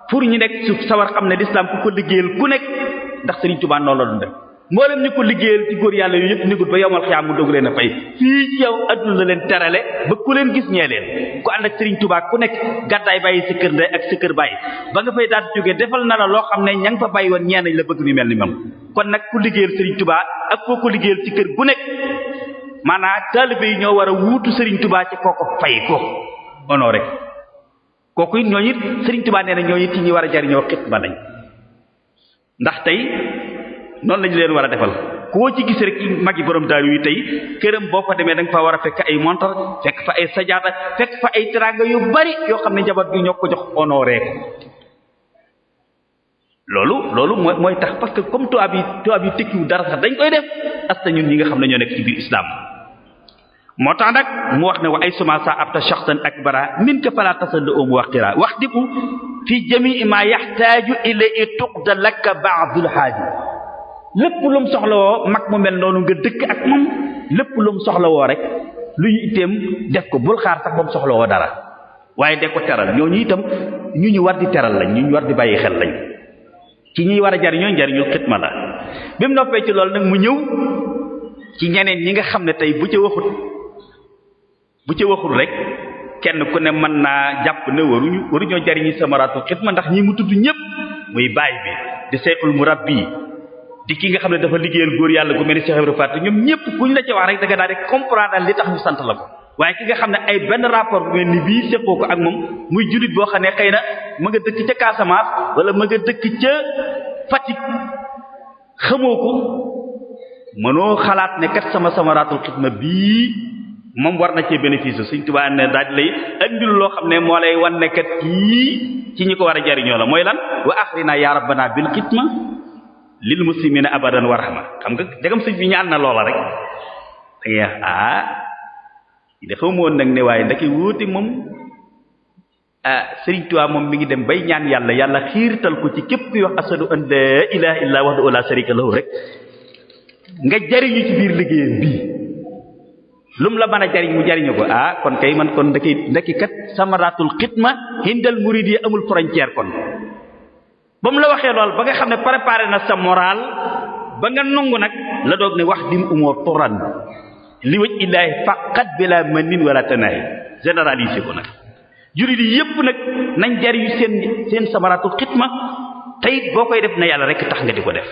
pour ñu nekk su sawar xam ne l'islam ku ko liggéeyal ku nekk ndax Serigne Touba noonu la doon def mboolem ñu ko liggéeyal ci góor yàlla yooyu yëpp négut ba yowmal xiyaam mu dog leen a fay fii ci yow adduna la leen terale ba ku leen gis ñee leen ku ànd ak Serigne Touba ku nekk gàddaay bàyyi sa kër ndey ak sa kër bàyyi ba nga fay daal jógee defal na la loo xam ne ña nga fa bàyyi woon ñeenañ la bëgg mi mel ni moom kon nag ku liggéeyal sëriñ Touba ak foo ko liggéeyal ci kër gu nekk maanaam taalibe yi ñoo war a wuutu sëriñ tubaa ci kooko fay ko honoré kooku it ñooñu it Serigne Touba nee na ñooñu it ci ñi war a jariñoo xit ba nañ noonu lañu leen war a defal koo ci gis rek mag yi borom daal yu tey këram boo fa demee da nga war a fekk ay montar fekk fa ay sajaata fekk fa ay teraanga yu bari yoo xam ne njaboot gi ñoo ko jox honoré ko loolu loolu mooy tax parce que comme tubaab yi tubaab dara sax dañ koy def asta ñun ñi nga xam ne ñoo nekk ci biir islam moo tax nag mu wax ne wa ay sumasa abta shakhsan akbara min ka fala tasaddu mu waqira wax diku fi jami'i ma yaxtaaju ilay tuqda laka ba'dul lépp lu mu soxlawoo mag mu mel noonu nga dëkk ak moom lépp lu mu soxlawoo rek luy itteem def ko bul xaar sax ba mu soxlawoo dara waaye de ko teral ñu itam ñu ñu war di teral lañ ñu ñu war di bàyyi xel lañ ci ñuy war a jariñoo jariñul xitma la bi mu noppee ci loolu nag mu ñëw ci ñeneen ñi nga xam ne tey bu ca waxut bu ca waxul rek kenn ku ne mën naa jàpp ne waruñu waruñoo jariñu samaraatu xitma ndax ñi mu tudd ñëpp muy bàyyi bi di seexul murabbi di ki nga xam ne dafa liggéeyal góor yàlla gu mel ni Cheikh Ibrahima Faty ñoom ñëpp ku ñu la ci wax rek da daal di comprendre li tax ñu sant la ko waaye ki nga xam ne ay benn rapport bu mel ni bii séqoo ko ak moom muy jullit boo xam ne xëy na ma nga dëkk ca Casamance wala ma nga dëkk ca Fatick xamoo ko mënoo xalaat ne kat sama samaraatul xidma bii moom war na cee bénéfice suñ tubaab ne daaj lay andil loo xam ne moo lay wan ne kii ci ñi ko war a jariñoo la mooy lan wa axrina ya lil muslimina abadan wa rahma xam nga jagam sëñ bi ñaan na loola rek da ngay ah dafa moon nag ne waaye ndaki wuute moom ah Sëriñ moom mi ngi dem bay ñaan yàlla yàlla xiirtal ko ci képp kuy wax asadu an la ilaha illa wahdahu la sharika lahu rek nga jariñu ci biir liggéeyam bii lum la mën a jariñ mu jariñu ko ah kon kay man kon ndaki ndaki kat samaratul xidma hindal yi amul frontière kon ba mu la waxee lool ba nga xam ne préparé na sa moral ba nga nongu nag la doog ne wax dim umoo turan li waj illaahi faqat bi la manin wala tanaahi généralisé ko nag juri di yépp nag nañ jariñu seen seen samaraatu xitma teyit boo koy def na yàlla rek tax nga di ko def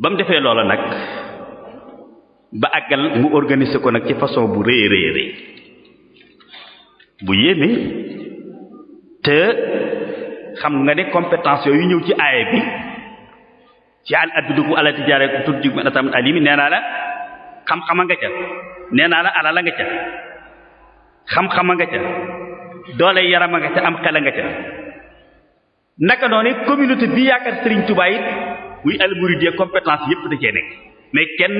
ba mu defee loola nag ba àggal mu organiser ko nag ci façon bu rëy rëy rëy bu yéeme te xam nga ne compétence yooyu ñëw ci aaya bi ci an addudukum ala tijaara turjiikum min azabin aliim nee naa la xam a nga ca nee naa la alala nga ca xam a nga ca doole yarama nga ca am xela nga ca naka noonu communauté bi yaakaar Serigne Touba it muy almuride compétence yëpp da cee nekk mais kenn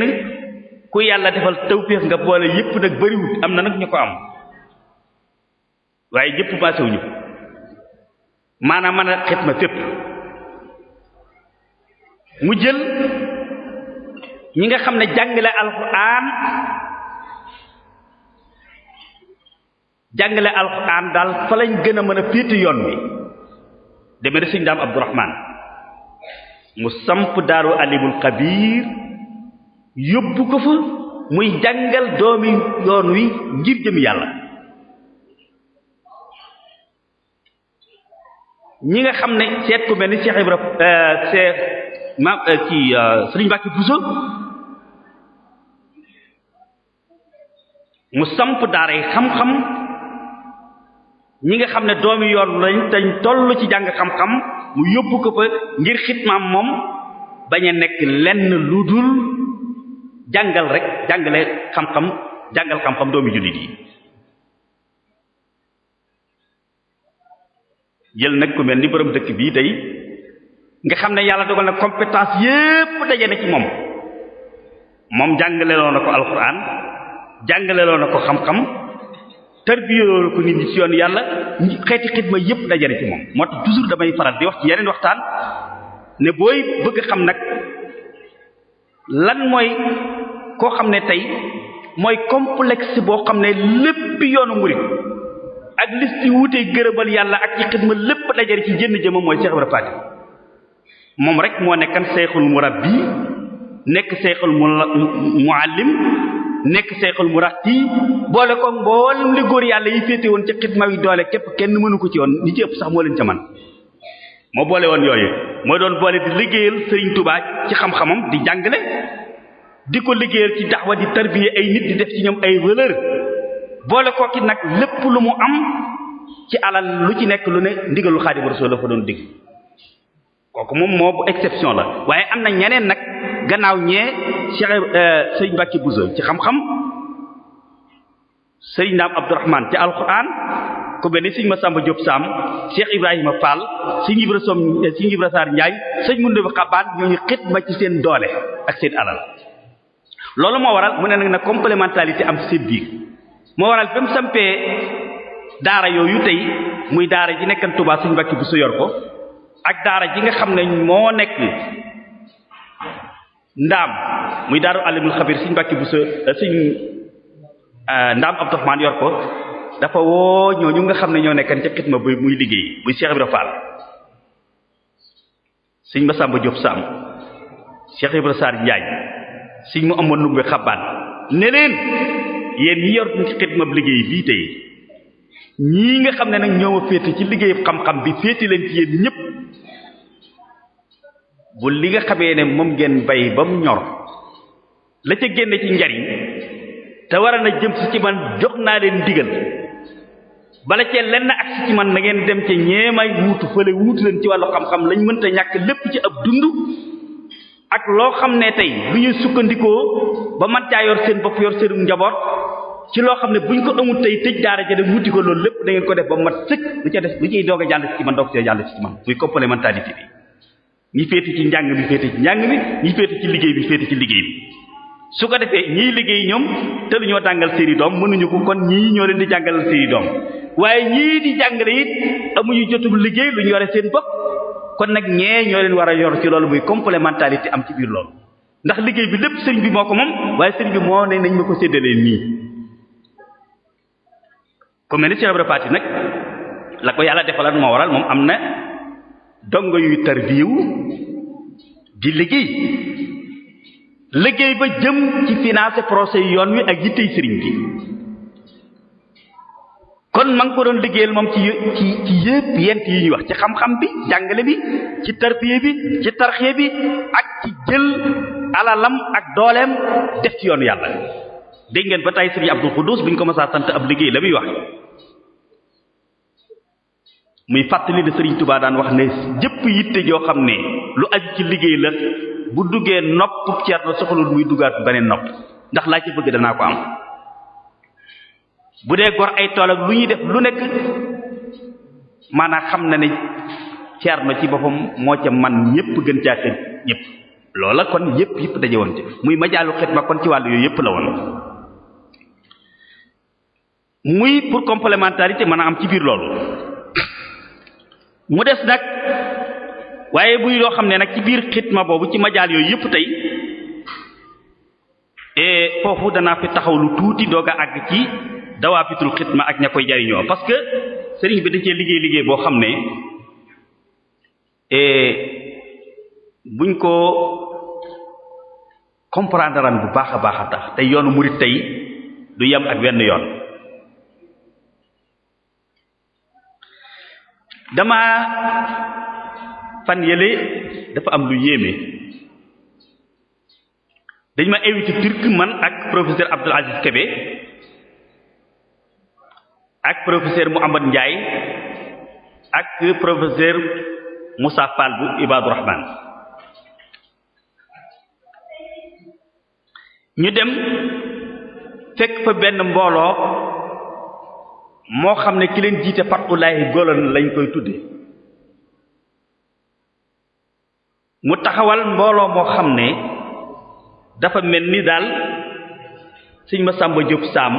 ku yàlla defal tawfeex nga boole yëpp nag bëriwut am na nag ñu ko am waaye ñëpp baasewuñu maanaam mën a xitma fépp mu jël ñi nga xam ne jàngale alxuraan jàngale alxuraan daal fa lañ gën a mën a féete yoon wi deme ne suñu daam Abdurahmaan mu samp daaru alimul xabiir yóbbu ko fa muy jàngal doomi yoon wi ngir jëm yàlla ñi nga xam ne seet ku mel ni Cheikh Ibra euh, c'est ma ci euh, euh, Serigne Mbacké Bousso mu samp daara yi xam-xam ñi nga xam ne doomi yoon lañ tañ toll ci jàng xam-xam mu yóbbu ko fa ngir xitmaam moom bañ a nekk lenn lu dul jàngal rek jàngale xam-xam jàngal xam-xam doomi jullit yi jël nag ko mel ni borom dëkk bii day nga xam ne yàlla dogal na compétence yépp daje na ci moom moom jàngaleloo a ko alxuraan jàngaleloo na ko xam-xam tarbiyeloo na ko nit ñi ci yoon yàlla xeeti xidma yépp daje na ci moom moo tax toujours damay faral di wax ci yeneen waxtaan ne booy bëgg xam nag lan mooy koo xam ne tey mooy complexe boo xam ne lépp yoonu murid ak liste yu wutee gërëmal yàlla ak ci xidma lépp dajari ci jënn jëmm mooy Cheikh Ibra Faty moom rek moo nekkan seexul murabbi nekk seexul muallim nekk seexul murabbi boole ko mboolem li góor yàlla yi féete woon ci xidma wi doole képp kenn mënu ko ci woon li ci ëpp sax moo leen ca man moo boole woon yooyu mooy doon boole di liggéeyal Sëriñ Tuubaa ci xam-xamam di jàngale di ko liggéeyal ci daxwa di tarbiya ay nit di def ci ñoom ay valeur boole kooki nag lépp lu mu am ci alal lu ci nekk lu ne ndigalul Xaadimu Rasuul la fa doon dig kooku moom moo bu exception la waaye am na ñeneen nag gannaaw ñee Cheikh euh, Sëriñ Mbàkke Buso ci xam-xam Sëriñ Daam Abdurahmaan ci alxuraan ku mel ni Sëriñ Masamba Jóob Saam Cheikh Ibrahima Fall Sëriñ Ibra Som euh, Sëriñ Ibra Saar Njaay Sëriñ Mundu bi Xabaan ñooñu xit ma ci seen doole ak seen alal loolu moo waral mu ne nag na complémentarité am ci seen biir moo waral ba mu sampee daara yooyu tey muy daara ji nekkan Touba suñu mbàkki bu su yor ko ak daara ji nga xam ne moo nekk ndaam muy daaru alimul xabir suñu mbàkki bu eh, su suñ eh, ndaam Abdourahmane yor ko dafa woo ñooñu nga xam ne ñoo nekkan ca xitma bu muy liggéey muy Cheikh Ibra Fall sëñ Masamba Diop Sam Cheikh Ibra Sarr Ndiagne sëñ mu amoon nug bi xabbaan yéen ñi yor ci xidmab liggéey bii tey ñii nga xam ne nag ñoo féete ci liggéey xam-xam bi féete leen ci yéen ñépp bu li nga xamee ne moom ngeen bay ba mu ñor la ca génne ci njariñ te war na jëm si ci man jox naa leen digal bala cee lenn ak si man na ngeen dem ca ñeemay wuutu fële wuutu leen ci wàllu xam-xam lañ mënta ñàkk lépp ci ab dund ak loo xam ne tey lu ñuy sukkandikoo ba man caa yor seen bopp yor seenu njaboot ci loo xam ne bu buñ ko amul tey tëj daara ja dem wuti ko loolu lépp da ngeen ko def ba mat sëkk lu ca des lu ciy doog a jàll ci man doog see jàll ci muy complémentarité bi ci njàng bi féete ci njàng bi ñi liggéey bi féete ci liggéey su ko defee ñiy liggéey ñoom te lu ñoo jàngal seeni doom mënuñu ko kon ñii ñoo leen di jàngalal seeni doom waaye ñii di jàngale it amuñu jotum liggéey lu ñu yore seen bopp kon nag ñee ñoo leen war a yor ci loolu muy complémentarité am ci biir loolu ndax liggéey bi lépp sëriñ bi moo waaye sëriñ bi ne nañ ma ko séddalee nii ku mel ni Cheikh Ibra Faty nag la ko yàlla defalaat moo waral moom am na dongo yuy tarbiyu di liggéey liggéey ba jëm ci financé procès yoon wi ak yittey sëriñ bi kon ma ko doon liggéeyal moom ci ci ci yëpp yent yi ñuy wax ci xam-xam bi jàngale bi ci tarbiye bi ci tarxiye bi ak ci jël alalam ak dooleem def ci yoonu yàlla dégg ngeen ba tey sëriñ Abdul Xuddus bu ñu ko mësaa sant ab liggéey la muy wax muy fàttali ne sëriñ Tubaa daan wax ne jëpp yitte joo xam ne lu aju ci liggéey la bu duggee nopp Ceerno soxalul muy dugaat beneen nopp ndax laa ci bëgg danaa ko am bu dee gor ay tool lu ñuy def lu nekk maanaam xam na ne Ceerno ci boppam moo ca man ñëpp gën caa kër ñëpp loola kon yëpp yëpp daje woon ci muy majaalu xet ma kon ci wàll yooyu yëpp la woon muy pour complémentarité mën a am ci biir loolu mu des nag waaye buy loo xam ne nag ci biir xitma boobu ci majaal yooyu yëpp tey e foofu danaa fi taxaw lu tuuti doog a àgg ci dawaabitul xitma ak ña koy jariñoo parce que sëriñ bi da cee liggéey liggéey boo xam ne e buñ ko comprendre bu baax a baax a tax tey yoonu murit tey du yem ak wenn yoon dama fan yële dafa am lu yéeme dañ ma invité turc man ak professeur Abdoul Aziz Kébé ak professeur Mouhamad Ndiaye ak professeur Moussa Fall bu Ibaadu Rahman ñu dem fekk fa benn mbooloo moo xam ne ki leen jiite fatulaahi golon lañ koy tudde mu taxawal mbooloo moo xam ne dafa mel ni daal sëñ ma sàmba jóob saam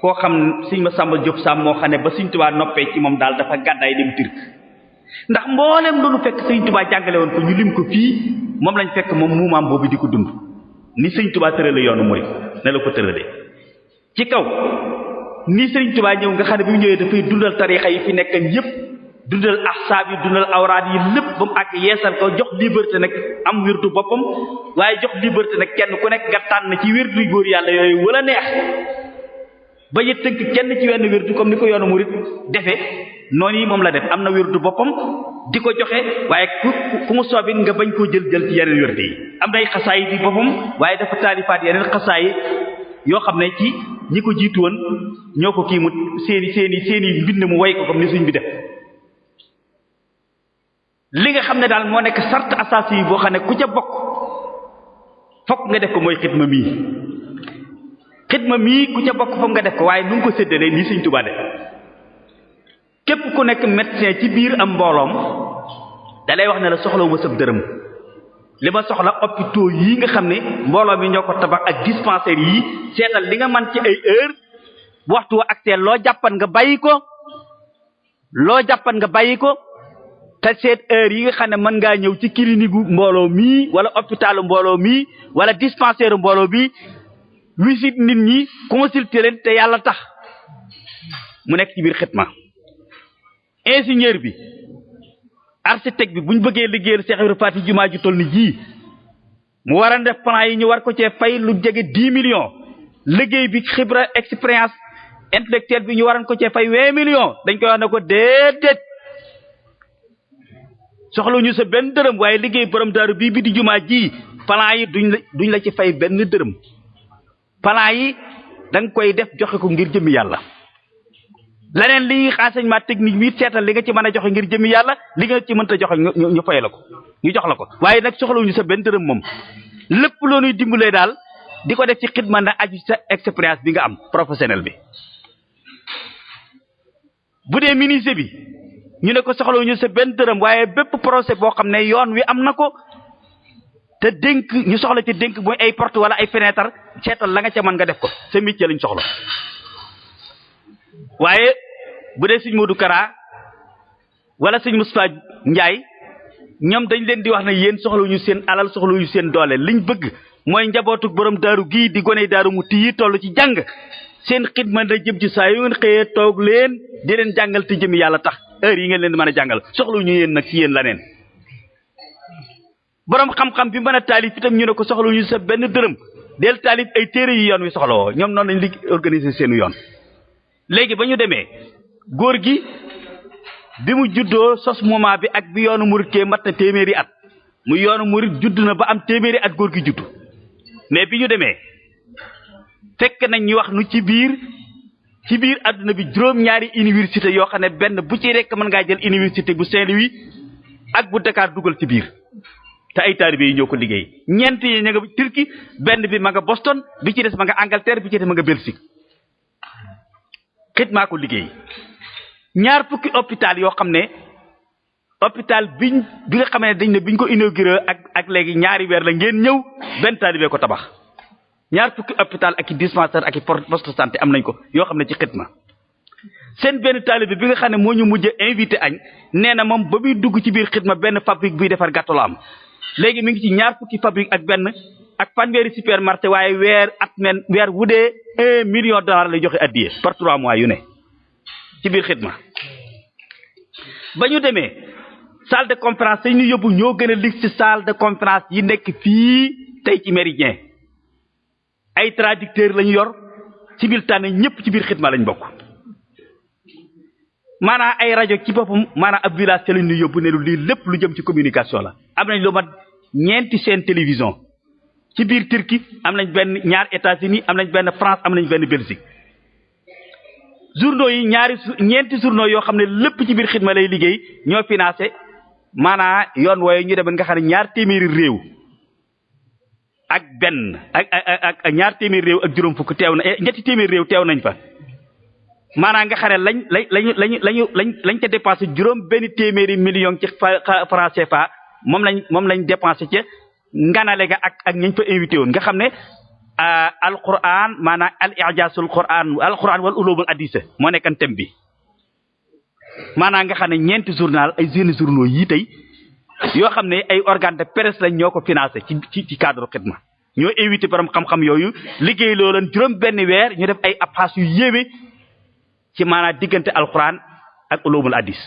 koo xam siñ ma sàmba jóob saam moo xam ne ba sëñ tubaa noppee ci moom daal dafa gàddaay dem turk ndax mboolem loolu fekk sëñ tubaa jàngale woon ko ñu lim ko fii moom lañ fekk moom muumaam boobu di ko dund ni sëñ tubaa tërale yoonu murid ne la ko tërale ci kaw ni Serigne Touba ñëw nga xam ne bi mu ñëwee dafay dundal tarixa yi fi nekkan yépp dundal ahsaab yi dundal awraad yi lépp ba mu àgg yeesal ko jox liberté nag am wirdu boppam waaye jox liberté nag kenn ku nekk nga tànn ci wirdu góor yàlla yooyu wala neex ba yit tënk kenn ci wenn wirdu comme ni ko yoonu murid defe noonu yi moom la dem am na wirdu boppam di ko joxe waaye ku ku mu soobit nga bañ koo jël jël ci yeneen wirdu yi am nay xasaayit yi boppam yoo xam ne ñi ko jiitu woon ñoo ko kii mu seeni seeni seeni mbind mu way ko comme ni suñ bi def li nga xam ne daal moo nekk sart asaasi yi boo xam ne ku ca bokk fokk nga def ko mooy xidma mii ma mii ku ca bokk fokk nga def ko waaye nu ngi ko séddalee nii suñ Tuubaa def képp ku nekk médecin ci biir am mbooloom dalay wax ne la soxlawuma sab dërëm li ma soxla hôpitaux yi nga xam ne mbooloo mi ñoo ko tabax ak dispensaires yi seetal li nga man ci ay heure waxtu wa ak loo jàppan nga bàyyi ko loo jàppan nga bàyyi ko te seet heure yi nga xam ne mën ngaa ñëw ci clinique mbooloo mii wala hôpitalu mbooloo mii wala dispensaire mbooloo bi visite nit ñi consulter leen te yàlla tax mu nekk ci biir xitma ingénieur bi architecte bi bu ñu bëggee liggéeyal Cheikh Ibrahima Faty jumaa ju toll ni jii mu war def plan yi ñu war ko cee fay lu jege dix million liggéey bi xibra expérience intellectuelle bi ñu waran ko cee fay vingt million dañ koy wax ne ko déedéet soxla ñu sa benn dërëm waaye liggéey borom daaru bii bi di jumaa ji plan yi duñ la duñ la ci fay benn dërëm plan yi danga koy def joxe ko ngir jëmmi yàlla leneen li enseignement technique bi seetal li nga ci mën a joxe ngir jëmi yàlla li nga ci mënta joxe ñu ñu fay la ko ñu jox la ko waaye nag soxlawuñu sa benn dërëm moom lépp loo ñuy dimbalee daal di ko def ci xidma na sa expérience bi nga am professionnel bi. bu dee ministre bi ñu ne ko soxlawuñu sa benn dërëm waaye bépp procès boo xam ne yoon wi am na ko te dénk ñu soxla ci dénk mooy ay porte wala ay fenêtre seetal la nga ca mën nga def ko sa métier lañ soxla. waaye bu dee sëñ Modou karaa walla sëñ Moustapha Ndiaye ñoom dañ leen di wax ne yéen soxlawuñu seen alal soxlawuñu seen doole liñ bëgg mooy njabootu borom daaru gii di gone daaru mu tii toll ci jàng seen xidma na jëm ci saa yu ngeen xëyee toog leen di leen jàngal te jëm yàlla tax heure yi ngeen leen di mën a jàngal soxlawuñu yéen nag ci yéen la neen borom xam-xam bi mën a taalif itam ñu ne ko soxlawuñu sa benn dërëm del taalif ay téere yi yoon wi soxlawoo ñoom noonu lañ li organiser seenu yoon léegi ba ñu demee góor gi bi mu juddoo sos moment bi ak bi yoonu murit kee mat na téeméeri at mu yoonu murit judd na ba am téeméeri at góor gi judd mais bi ñu demee fekk nañ ñu wax nu ci biir ci biir àdduna bi juróom-ñaari université yoo xam ne benn bu ci rekk mën ngaa jël université bu Saint-Louis ak bu Dakar dugal ci biir te ay taalibe yi ñoo ko liggéey ñeent yi ña nga Turquie benn bi ma nga Boston bi ci des ma nga Angleterre bi ci des ma nga Belgique xidmaa ko liggéey ñaar fukki hôpital yoo xam ne hôpital bi bi nga xamee ne dañ ne biñ ko inauguré ak ak léegi ñaari weer la ngeen ñëw benn taalibe ko tabax ñaar fukki hôpital ak i dispensaire ak i poste santé am nañ ko yoo xam ne ci xidma seen benn taalibe bi nga xam ne moo ñu mujj invité añ nee na moom ba muy dugg ci biir xidma benn fabrique buy defar gàttu la am léegi mi ngi ci ñaar fukki fabrique ak benn ak fanweeri supermarché waaye weer at men weer wu dee un million dollar lay joxe addiye par trois mois yu ne ci biir xidma ba ñu demee salle de conférence yi ñu yóbbu ñoo gën a lig de conférence yi nekk fii tey ci méridien ay traducteur lañu yor ci biir tànn ñëpp ci biir xidma lañ bokk maanaam ay rajo ci boppam maanaam ab village te lañ ñu yóbbu ne lu lii lépp lu jëm ci communication la am nañ lu mat ñeenti seen télévision ci biir Turquie am nañ benn ñaar États-Unis am nañ benn France am nañ benn Belgique journaux yi ñaari ñeenti journaux yoo xam ne lépp ci biir xidma lay liggéey ñoo financé maanaa yoon wooye ñu demee nga xam ne ñaar téeméeri réew ak benn ak ak ñaar téeméeri réew ak juróom fukk teew na eh, ñetti téeméeri réew teew nañ fa maanaa nga xam ne lañ lañ lañu lañ lañ ca dépensé juróom benn téeméeri million ci franc CFA moom lañ moom lañ dépensé ca nganale ga ak ak ñañ fa invité woon nga xam ne euh, alquran maanaam al ijazul quran alquran wal ulumul hadisa moo nekkan thème bi maanaam nga xam ne ñeenti journal ay jeunes journaux yii yoo xam ne ay organe de presse lañ ñoo ko financé ci ci cadre xidma ñoo invité borom xam-xam yooyu liggéey loo leen juróom benn weer ñu def ay apas yu yéeme ci maanaam diggante alquran ak ulumul hadis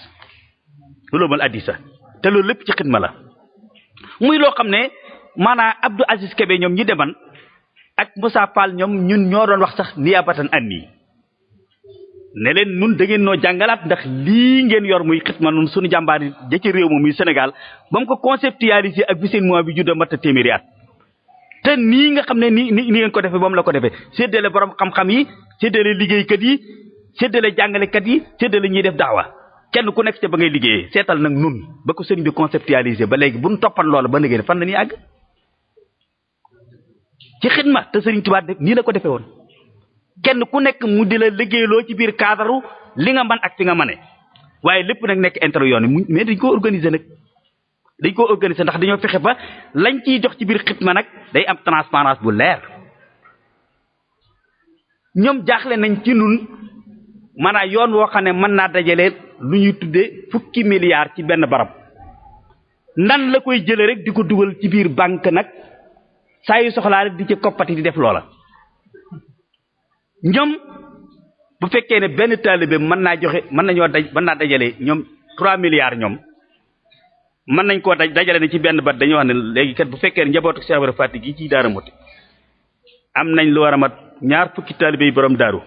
ulumul hadisa te loolu lép ci xidma la muy loo xam ne maanaam abdu Aziz kebe ñoom ñi deman ak Moussa Fall ñoom ñun ñoo doon wax sax niyaabatan an nii ne leen nun da ngeen noo jàngalaat ndax lii ngeen yor muy xitma nun suñu jàmbaar yi ja ci réew ma muy Sénégal ba mu ko conceptualiser ak bi seen mois bi judda mat a téeméeri at te nii nga xam ne ni ni ngeen ko defee ba mu la ko defee séddale borom xam-xam yi séddale liggéeykat yi séddale jàngalekat yi séddale ñuy def daawa kenn ku nekk ca ba ngay liggéeyee seetal nag nun ba ko sëñ bi conceptualiser ba léegi bu nu toppan ba léegi fan la ñuy àgg ci xidma te Serigne Touba nii la ko defee woon kenn ku nekk mu di la liggéeyloo ci biir cadre li nga mën ak fi nga mëne waaye lépp nag nekk intérêt yoon mu mais dañ koo organiser nag dañ koo organiser ndax dañoo fexe ba lañ ciy jox ci biir xidma nag day am transparence bu leer ñoom jaaxle nañ ci nun maanaam yoon woo xam ne mën naa dajale lu ñuy tuddee fukki milliards ci benn barab nan la koy jëlee rek di ko dugal ci biir banque nag saa yu soxlaa rek di ci koppati di def loola ñoom bu fekkee ne benn taalibe mën naa joxe mën nañoo daj mën naa dajale ñoom trois milliards ñoom mën nañ koo daj dajale na ci benn bat dañoo wax ne léegi kat bu fekkee ne njabootu Cheikh Ibrahima Fatick yi ciy daara moti am nañ lu war a mat ñaar fukki taalibe yi borom daaru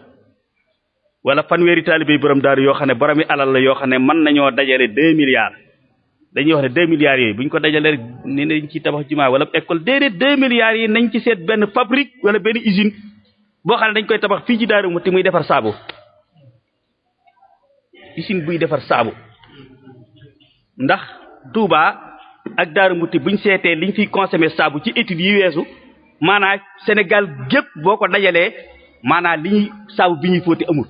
wala fanweeri taalibe yi borom daaru yoo xam ne boromi alal la yoo xam ne mën nañoo dajale deux milliards dañuy wax ne deux milliards yooyu buñ ñu ko dajalee rek ne dañ ci tabax jumaa wala école déedéet deux milliards yi nañ ci seet benn fabrique wala benn usine boo xam ne dañ koy tabax fii ci Daaru Muxti muy defar saabu usine buy defar saabu ndax Touba ak Daaru Muxti buñ seetee liñ fiy consommer saabu ci études yi weesu maanaa Sénégal gépp boo ko dajalee maanaa li ñuy saabu bi ñuy fóote amul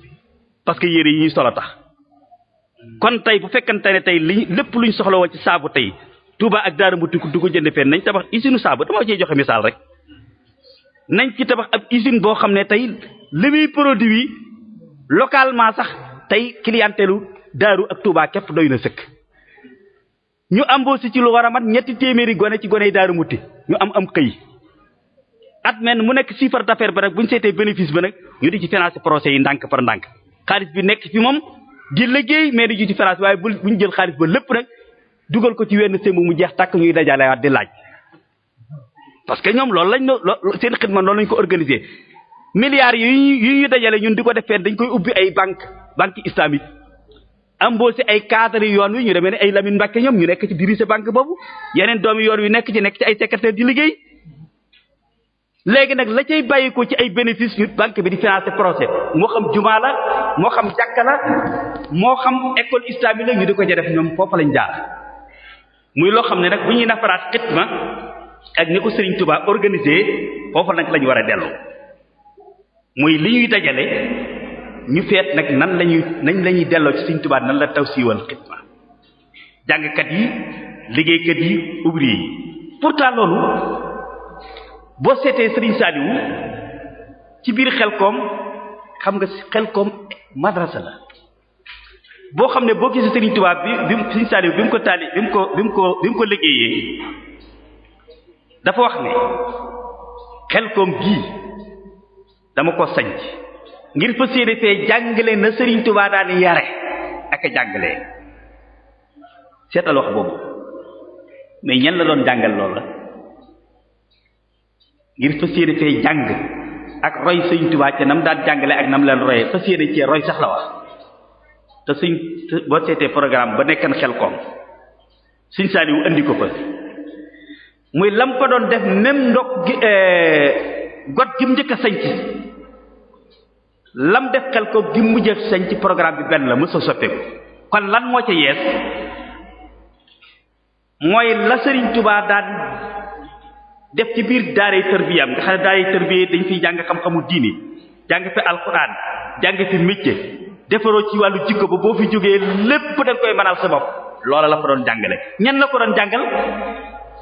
parce que yére yi ñuy sol a tax kon tey bu fekkante ne tey li lépp luñ soxla woon ci saabu tey Touba ak Daara Mouti du ko jënd fenn nañ tabax usine saabu dama ciy joxe misaal rek nañ ci tabax ab usine boo xam ne tey li muy produit localement sax tey clientèlu Daaru ak Touba képp doy na sëkk. ñu si ci lu war a mat ñetti téeméeri gone ci gone yi Daara Mouti ñu am am xëy at men mu nekk chiffre d'affaires ba nag bu ñu seetee bénéfice ba nag ñu di ci financer projet yi ndànk par ndànk xaalis di liggéey mais di ci différence waaye bu buñ jël xaalis ba lépp rek dugal ko ci wenn sëmb mu jeex tàkk ñuy dajale waat di laaj parce que ñoom loolu lañ seen xidma loolu lañ ko organisé milliards yi yu ñuy dajale ñun di ko defee dañ koy ubbi ay banque banque islamique embauché ay cadre yoon wi ñu demee ne ay Lamine Mbacke ñoom ñu nekk ci diriger banque boobu yeneen doomi yoon wi nekk ci nekk ci ay secrétaire di liggéey léegi nag la cay bàyyi ci ay bénéfice yu banque bi di financer projet moo xam jumaa la moo xam jàkka la moo xam école islamique la ñu di ko ja def ñoom foofa lañ jaar muy loo xam ne nag bu ñuy nafaraat xitma ak ni ko Serigne Touba organisé foofa nag la war a delloo muy li ñuy dajale ñu feet nag nan lañuy nañ la delloo ci Serigne Touba nan la taw siiwal xitma jàngkat yi liggéeykat yi ouvrier yi pourtant loolu boo seetee Serigne Saliou ci biir xel koom xam nga xelkoom madrasa la boo xam ne boo gisee Serigne Touba bi bi Serigne Saliou bi mu ko taali bi mu ko bi mu ko liggéeyee dafa wax ne xelkoom gii dama ko sanc ngir fa séené fee jàngale na Serigne Touba daani yare ak a jàngale seetal wax boobu mais ñan la doon jàngal loolu la ngir fas yéene fee jàng ak roy sëñ Tuubaa ca nam daal daan jàngale ak nam leen royee fas yéene cee roy sax la wax te suñ boo seetee programme ba nekkan xel koom suñ saaliwu indi ko fa muy lam fa doon def même ndok gi eh, got gi mu njëkk a sañc lam def xel ko gi mu mujj a ci programme bi benn la mësa soppeeku kon lan moo ci yees mooy la sëriñ Tuubaa daan def ci biir daaray tërbiyaam nga xam ne daaray tërbiya dañ fiy jàng xam-xamu diine jàng fi alxuraan jàng fi métier defaroo ci wàllu jikko ba boo fi jógee lépp da nga koy mënal sa bopp loola la fa doon jàngale ñan la ko doon jàngal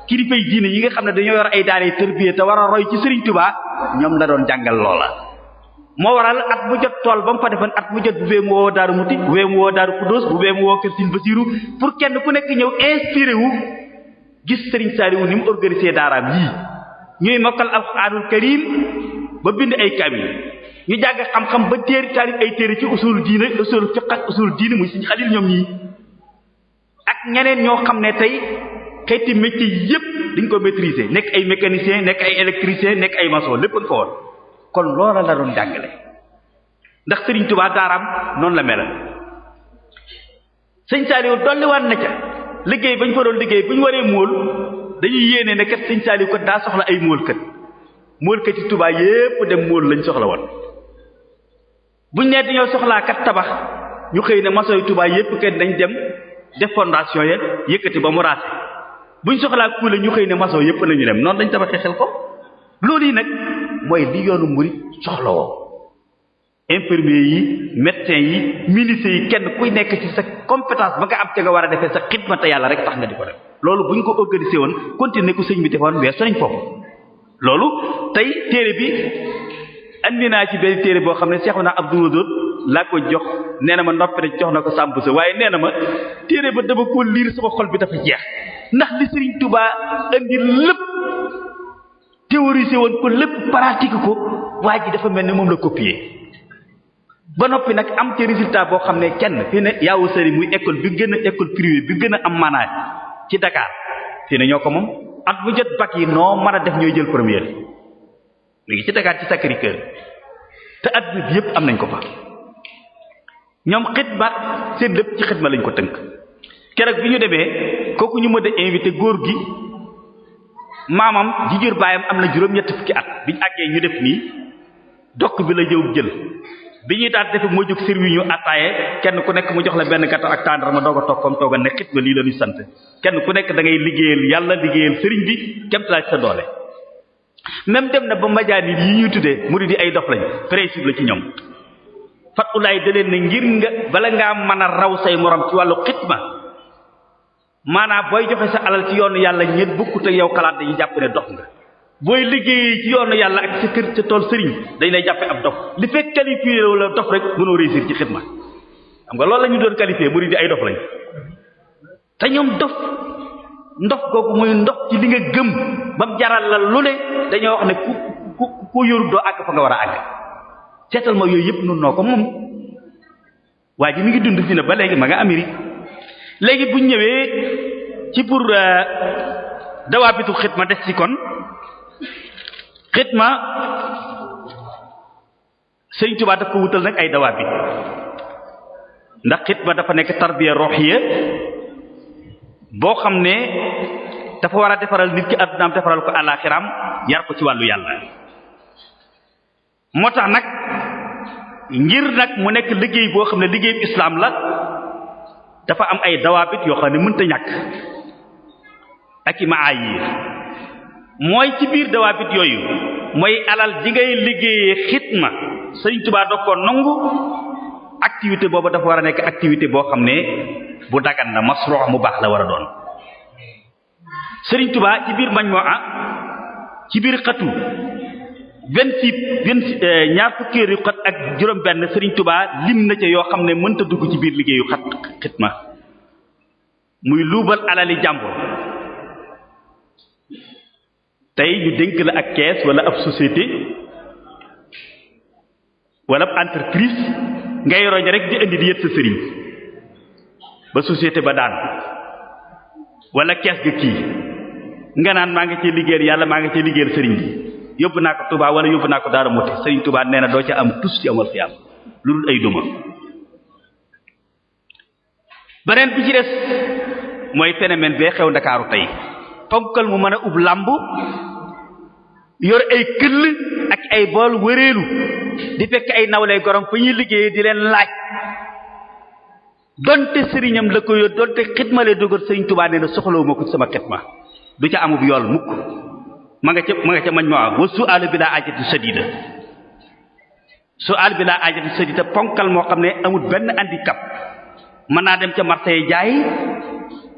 kilifay diine yi nga xam ne dañoo yor ay daaray tërbiya te war a roy ci Serigne Touba ñoom la doon jàngal loola moo waral at mu jot tool ba mu fa defoon at mu jot bu bee mu woo daaru muti bu bee mu woo daaru kudóos bu pour kenn ku nekk ñëw inspiré wu gis Serigne Saliou ni mu organisé daaraam yii ñuy mokkal alxuraanul karim ba bind ay kamil ñu jàng xam-xam ba téeri taalif ay téeri ci usul diine usul fiqh ak usul diine muy Serigne ñoom ñii ak ñeneen ñoo xam ne tey xeeti métier yépp dañ ko maîtriser nekk ay mécanicien nekk ay électricien nekk ay maçon lépp nga ko woon kon loola la doon jàngale ndax Serigne Touba daaraam noonu la melal Serigne Saliou dolliwaat na ca. liggéey bañ fa doon liggéey bu ñu waree móol dañuy yéene ne kat sëñ Saaliw kat daa soxla ay móolkat móolkat yi Tuubaa yépp dem móol lañ soxla woon buñ nee dañoo soxlaa kat tabax ñu xëy ne maçon yi Tuubaa yépp kat dañ dem def fondation ya yëkkati ba mu raase buñ soxlaa kuule ñu xëy ne maçon yépp nañu dem noonu lañ tabaxee xel ko loolu yi nag mooy li yoonu murid soxla woo infirmier yi médecin yi ministre yi kenn kuy nekk ci sa compétence ba nga am te nga war a defee sa xidma te yàlla rek tax nga di ko def loolu bu ñu ko organisé woon continuer ko sëñ bi defoon weesu nañ foofu loolu tey téere bi andi naa ci benn téere boo xam ne Cheikh naa Abdou Wadoud laa ko jox nee na ma noppi jox na ko Samb sa waaye nee na ma téere ba dama ko liir sama xol bi dafa jeex ndax li Serigne Touba andi lépp théorisé woon ko lépp pratique ko waa ji dafa mel ne moom la copier. ba noppi nag am ci résultat boo xam ne kenn fi ne yaawu sëri muy école bi gën a école privée bi gën a am maanaay ci Dakar fii ne ñoo ko moom at mu jot bac yi noo mën a def ñooy jël première mi ngi ci Dakar ci Sacré-Cœur te at bi yépp am nañ ko fa ñoom xidmat seen lépp ci xidma lañ ko tënk keroog bi ñu demee kooku ñu ma a invité góor gi maamam ji jur baayam am na juróom-ñett fukki at biñu àggee ñu def nii dokk bi la jëw jël bi ñu daal defe moo jóg servi ñu attaaye kenn ku nekk mu jox la benn gàttal ak tàndarma doog a toog fam toog a ne xit ma lii la ñuy sant kenn ku nekk dangay ngay liggéeyal yàlla liggéeyal sëriñ bi kémt laaj sa doole même dem na ba majaan yi yi ñuy tuddee murid di ay dox lañ principe la ci ñoom fatulaay da leen ne ngir nga bala nga mën a raw say moroom ci wàllu xitma maanaam booy joxe sa alal ci yoonu yàlla ñet bokkut ak yow xalaat dañu jàpp ne dof nga booy liggéey ci yoonu yàlla ak sa kër sa tool sëriñ dañ lay jàppe ab dof li fekk qualifié wala dof rek mënoo réussir ci xidma xam nga loolu lañu doon doon qualifié murid di ay dof lañ te ñoom dof ndox kooku muy ndox ci li nga gëm ba mu jaral la lu ne dañoo wax ne ku ku ku yóru doo àgg fa nga war a àgg seetal ma yooyu yëpp nun noo ko moom waa ji mi ngi dund fi ne ba léegi ma nga amiri léegi bu ñëwee ci pour euh, dawaabitu xidma des ci kon xitma sëñ Tuubaa daf ko wutal nag ay dawaab ndax ndax xitma dafa nekk tarbiya ruuxiya boo xam ne dafa war a defaral nit ki addunaam defaral ko alaaxiraam yar ko ci wàllu yàlla moo tax nag ngir nag mu nekk liggéey boo xam ne liggéeyu islaam la dafa am ay dawaabit yoo xam ne mënta ñàkk ak i ma aayir mooy ci biir dawaabit yooyu mooy alal ji ngay liggéeyee xitma sëriñ tubaa da ko nangu activité boobu dafa war a nekk activité boo xam ne bu dagan la masruux mu baax la war a doon sëriñ tubaa ci biir majmu'a ci biir xatu vingt six vingt eh, ñaar fukkéeri xat ak juróom benn sëriñ tubaa lim na ca yoo xam ne mënta dugg ci biir liggéeyu xat ma muy luubal alali jàmbur tey ñu dénk la ak kees wala ab société wala ab entreprise ngay roñ rek di indi di yët sa sëriñ ba société ba daan wala kees ga nga naan maa ngi ci liggéeyal yàlla maa ngi ci liggéeyal sëriñ bi yóbbu naa ko Touba wala yóbbu naa ko Darou Moukhty sëriñ Touba nee na doo ca am tus ci amal fi am lu dul ay duma beneen bi ci des mooy phénomène bee xew ndakaaru tey ponkal mu mën a ub làmb yor ay këll ak ay bool wëreelu di fekk ay nawlay gorom fu ñuy liggéeyee di leen laaj donte sëriñam la ko yor donte xidmale dugal sëriñ Tuubaa nee soxlawuma ko ci sama xidma du ca amub yool mukk ma nga ca ma nga ca mañ ma wa su'aal bi laa ajatu sadida su'aal bi laa ajatu sadida ponkal moo xam ne amul benn handicap mën naa dem ca marché jaay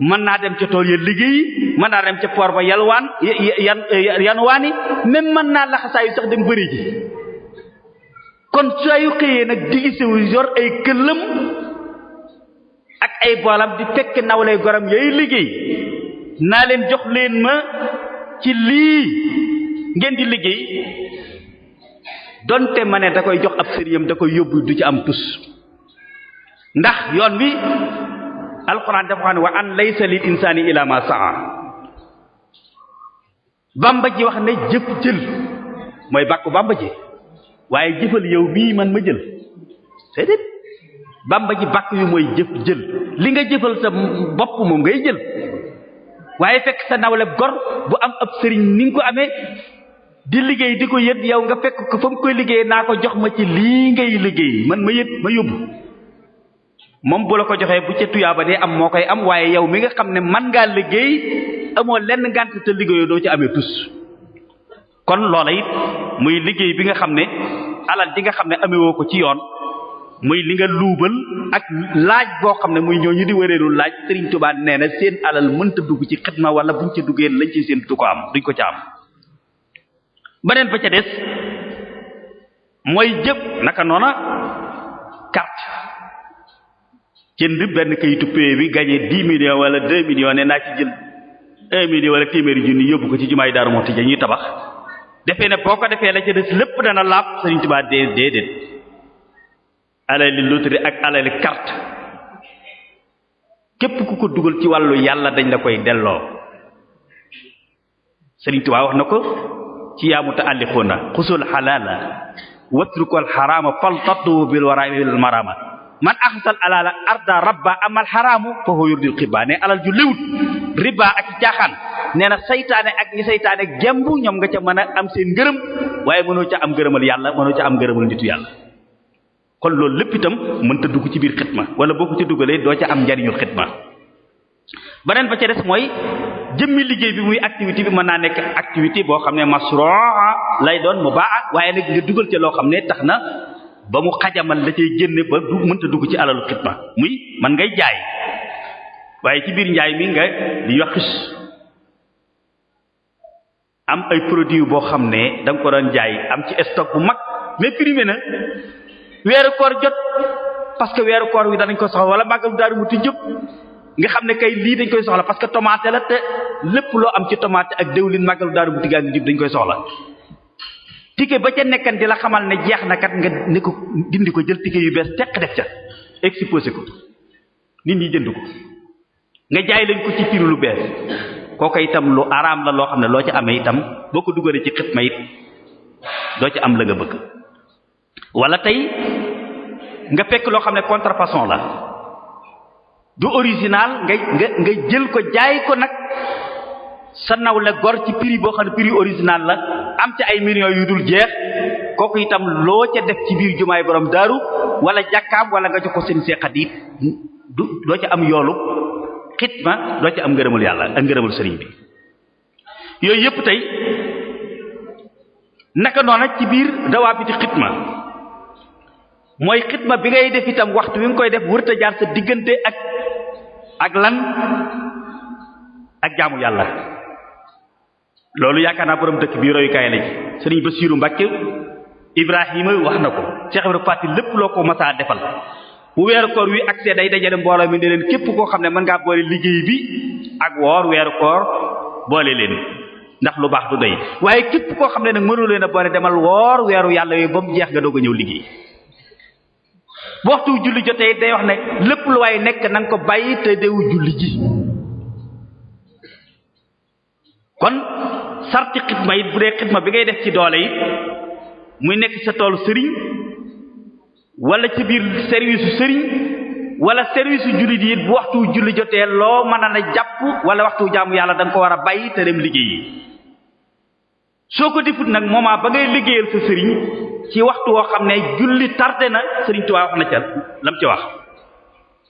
mën naa dem ca tool ya liggéey man naa dem ca poor ba yalwaan yan yanwaani même mën naa laxasaayu sax dem bëri ji kon saa xëyee nag di gisewu yor ay këllam ak ay boolam di fekk nawlay gorom yooyu liggéey naa leen jox leen ma ci lii ngeen di liggéey donte ma ne da koy jox ab sëriyam da koy yóbbu du ci am tus ndax yoon wi alquran dafa xam ne wa an laysa lil insani ma saa bamba ji wax ne jëf jël mooy bàkku bamba ji waaye jëfal yow mii man ma jël c'est ji bàkk yu mooy jëf jël li nga jëfal sa bopp moom ngay jël waaye fekk sa nawle gor bu am ab sëriñ ni nga ko amee di liggéey di ko yët yow nga fekk ko fa mu koy liggéeye naa ko jox ma ci lii ngay liggéey man ma yët ma yóbbu moom bu la ko joxee bu ca tuyaaba dee am moo koy am waaye yow mi nga xam ne man ngaa liggéey amoo lenn ngànt te liggéeyoo doo ci amee tus kon loola it muy liggéey bi nga xam ne alal ji nga xam ne amewoo ko ci yoon muy li nga luubal ak laaj boo xam ne muy ñu di wëreelu laaj Sëriñ Tuubaa nee na seen alal mënta dugg ci xidma wala buñ ca duggee lañ ci seen du ko am duñ ko ca am beneen ba ca des mooy jëpp naka noona carte jënd benn kayitu paie bi gagné dix millions wala deux million ne naa ci jël un million wala téeméeri junni yóbbu ko ci jumaay Daaru Muxti ja ñuy tabax defee ne boo ko defee la ca des lépp dana laab Sëriñ Tuubaa dee déedéet alali loterie ak alali carte képp ku ko dugal ci wàllu yàlla dañ la koy delloo Sëriñ Tuubaa wax na ko ci yaa muta'alliquuna xusul xalaala watrukul xaraama faltatu bil waraamil marama man axasal alaala arda rabba amal xaraamu fa huwa yurdil xibba ne alal ju liwut riba ak caaxaan nee na saytaane ak ñi saytaane gemb ñoom nga ca mën a am seen ngërëm waaye mënoo ca am ngërëmal yàlla mënoo ca am ngërëmal nitu yàlla kon loolu lépp itam mën mënta dugg ci biir ma wala boo ko ci dugalee doo ca am njariñul xitma beneen ba ca des mooy jëmmi liggéey bi muy activité bi mën naa nekk activité boo xam ne masroa lay doon mu baax waaye nag dugal ca loo xam ne tax na ba mu xajamal da cay génne ba du mënta dugg ci alalu ma muy man ngay jaay waaye ci biir njaay mi nga di yoxis am ay produit boo xam ne danga ko doon jaay am ci stock bu mag mais primé na weeru koor jot parce que weeru koor wi danañ ko soxla wala màggalu daaru mu ti jëpp nga xam ne kay lii dañ koy soxla parce que tomate la te lépp loo am ci tomate ak déwlin màggalu daaru mu ti gaa ngi dañ koy soxla ticket ba ca nekkan di la xamal ne jeex na kat nga ne ko dindi ko jël ticket yu bees teq def ca exposé ko nit ñi jënd ko nga jaay lañ ko ci prix lu bees kooku itam lu araam la loo xam ne loo ci amee itam boo ko duggalee ci xitma it doo ci am la nga bëgg wala tey nga fekk loo xam ne contrefaçon la du original nga nga nga jël ko jaay ko nag sa naw la gor ci prix boo xam ne prix original la am ca ay millions yu dul jeex kooku itam loo ca def ci biir jumaay boroom daaru wala jàkkaam wala nga jox ko seen seexat yi du doo ca am yoolu ma doo ca am ngërëmul yàlla ak ngërëmul sëriñ bi yooyu yépp tey naka noona ci biir dawaabiti xitma mooy xitma bi ngay def itam waxtu wi nga koy def wërta jaar sa diggante ak ak lan ak jaamu yàlla loolu yaakaar naa borom dëkk bii royukaay la ci sëriñ Basiiru Mbàkke Ibrahima wax na ko Cheikh Ibrahima Faty lépp loo ko masaa defal bu weeru koor wi accès day dajale mbooloo mi ne leen képp koo xam ne mën ngaa boole liggéey bi ak woor weeru koor boole leen ndax lu baax du doy waaye képp koo xam ne nag mënu leen a boole demal woor weeru yàlla yooyu ba mu jeex nga doog a ñëw liggéey bu waxtu julli jotee day wax ne lépp lu waay nekk na ko bàyyi te dewu julli sarti xidma it bu dee xidma bi ngay def ci doole it muy nekk sa tool sëriñ walla ci biir service sëriñ wala service jullit yi bu waxtu julli jotee loo mën a na jàpp wala waxtu jàmm yàlla da ko war a bàyyi te dem liggéeyi soo ko defut nag moment ba ngay liggéeyal sa sëriñ ci waxtu woo xam ne julli tardé na sëriñ Tuubaa na ca lam ci wax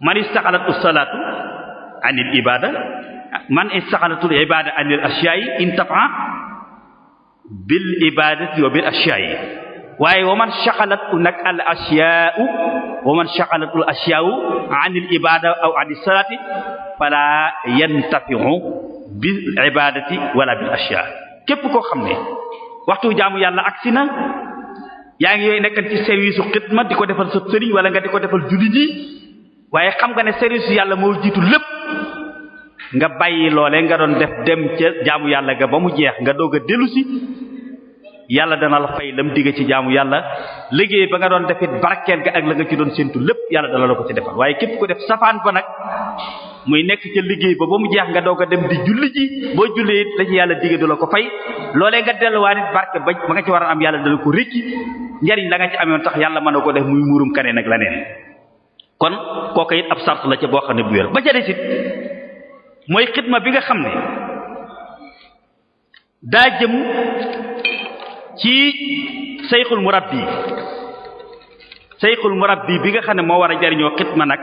man istaxalat usalaatu anil ibada man istaxalatul ibaada anil ashyaa'i intafa bil ibaadati wa bil ashyaa'i waaye wa man shaxalatu nag al ashyaa'u wa man shaxalatu al ashyaa'u anil ibaada aw anis salaati fala yantafi'u bil ibaadati wala bil ashyaa' képp koo xam ne waxtu jaamu yàlla agsi na yaa ngi nekk ci service su xidma di ko defal sa sëriñ wala nga di ko defal jullit yi waaye xam nga ne service yàlla moo jiitu lépp. nga bàyyi loole nga doon def dem ca jaamu yàlla ga ba mu jeex nga doog a dellusi yàlla dana la fay lam digg ci jaamu yàlla liggéey ba nga doon def it barkeel ga ak la nga ci doon séntu lépp yàlla dana la ko ci defal waaye képp ko def safaan ba nag muy nekk ca liggéey ba ba mu jeex nga doog a dem di julli ji boo jullee it la ci yàlla digg du la ko fay loole nga delluwaat it ba ba nga ci war a am yàlla dana ko rëcc njariñ la nga ci amoon tax yàlla mën na ko def muy muurum kaneen ak leneen kon kooku it ab la ca boo ne mooy xidma bi nga xam ne daa jëm ci sayxul murabbi sayxul murabbi bi nga xam ne moo war a jariñoo xidma nag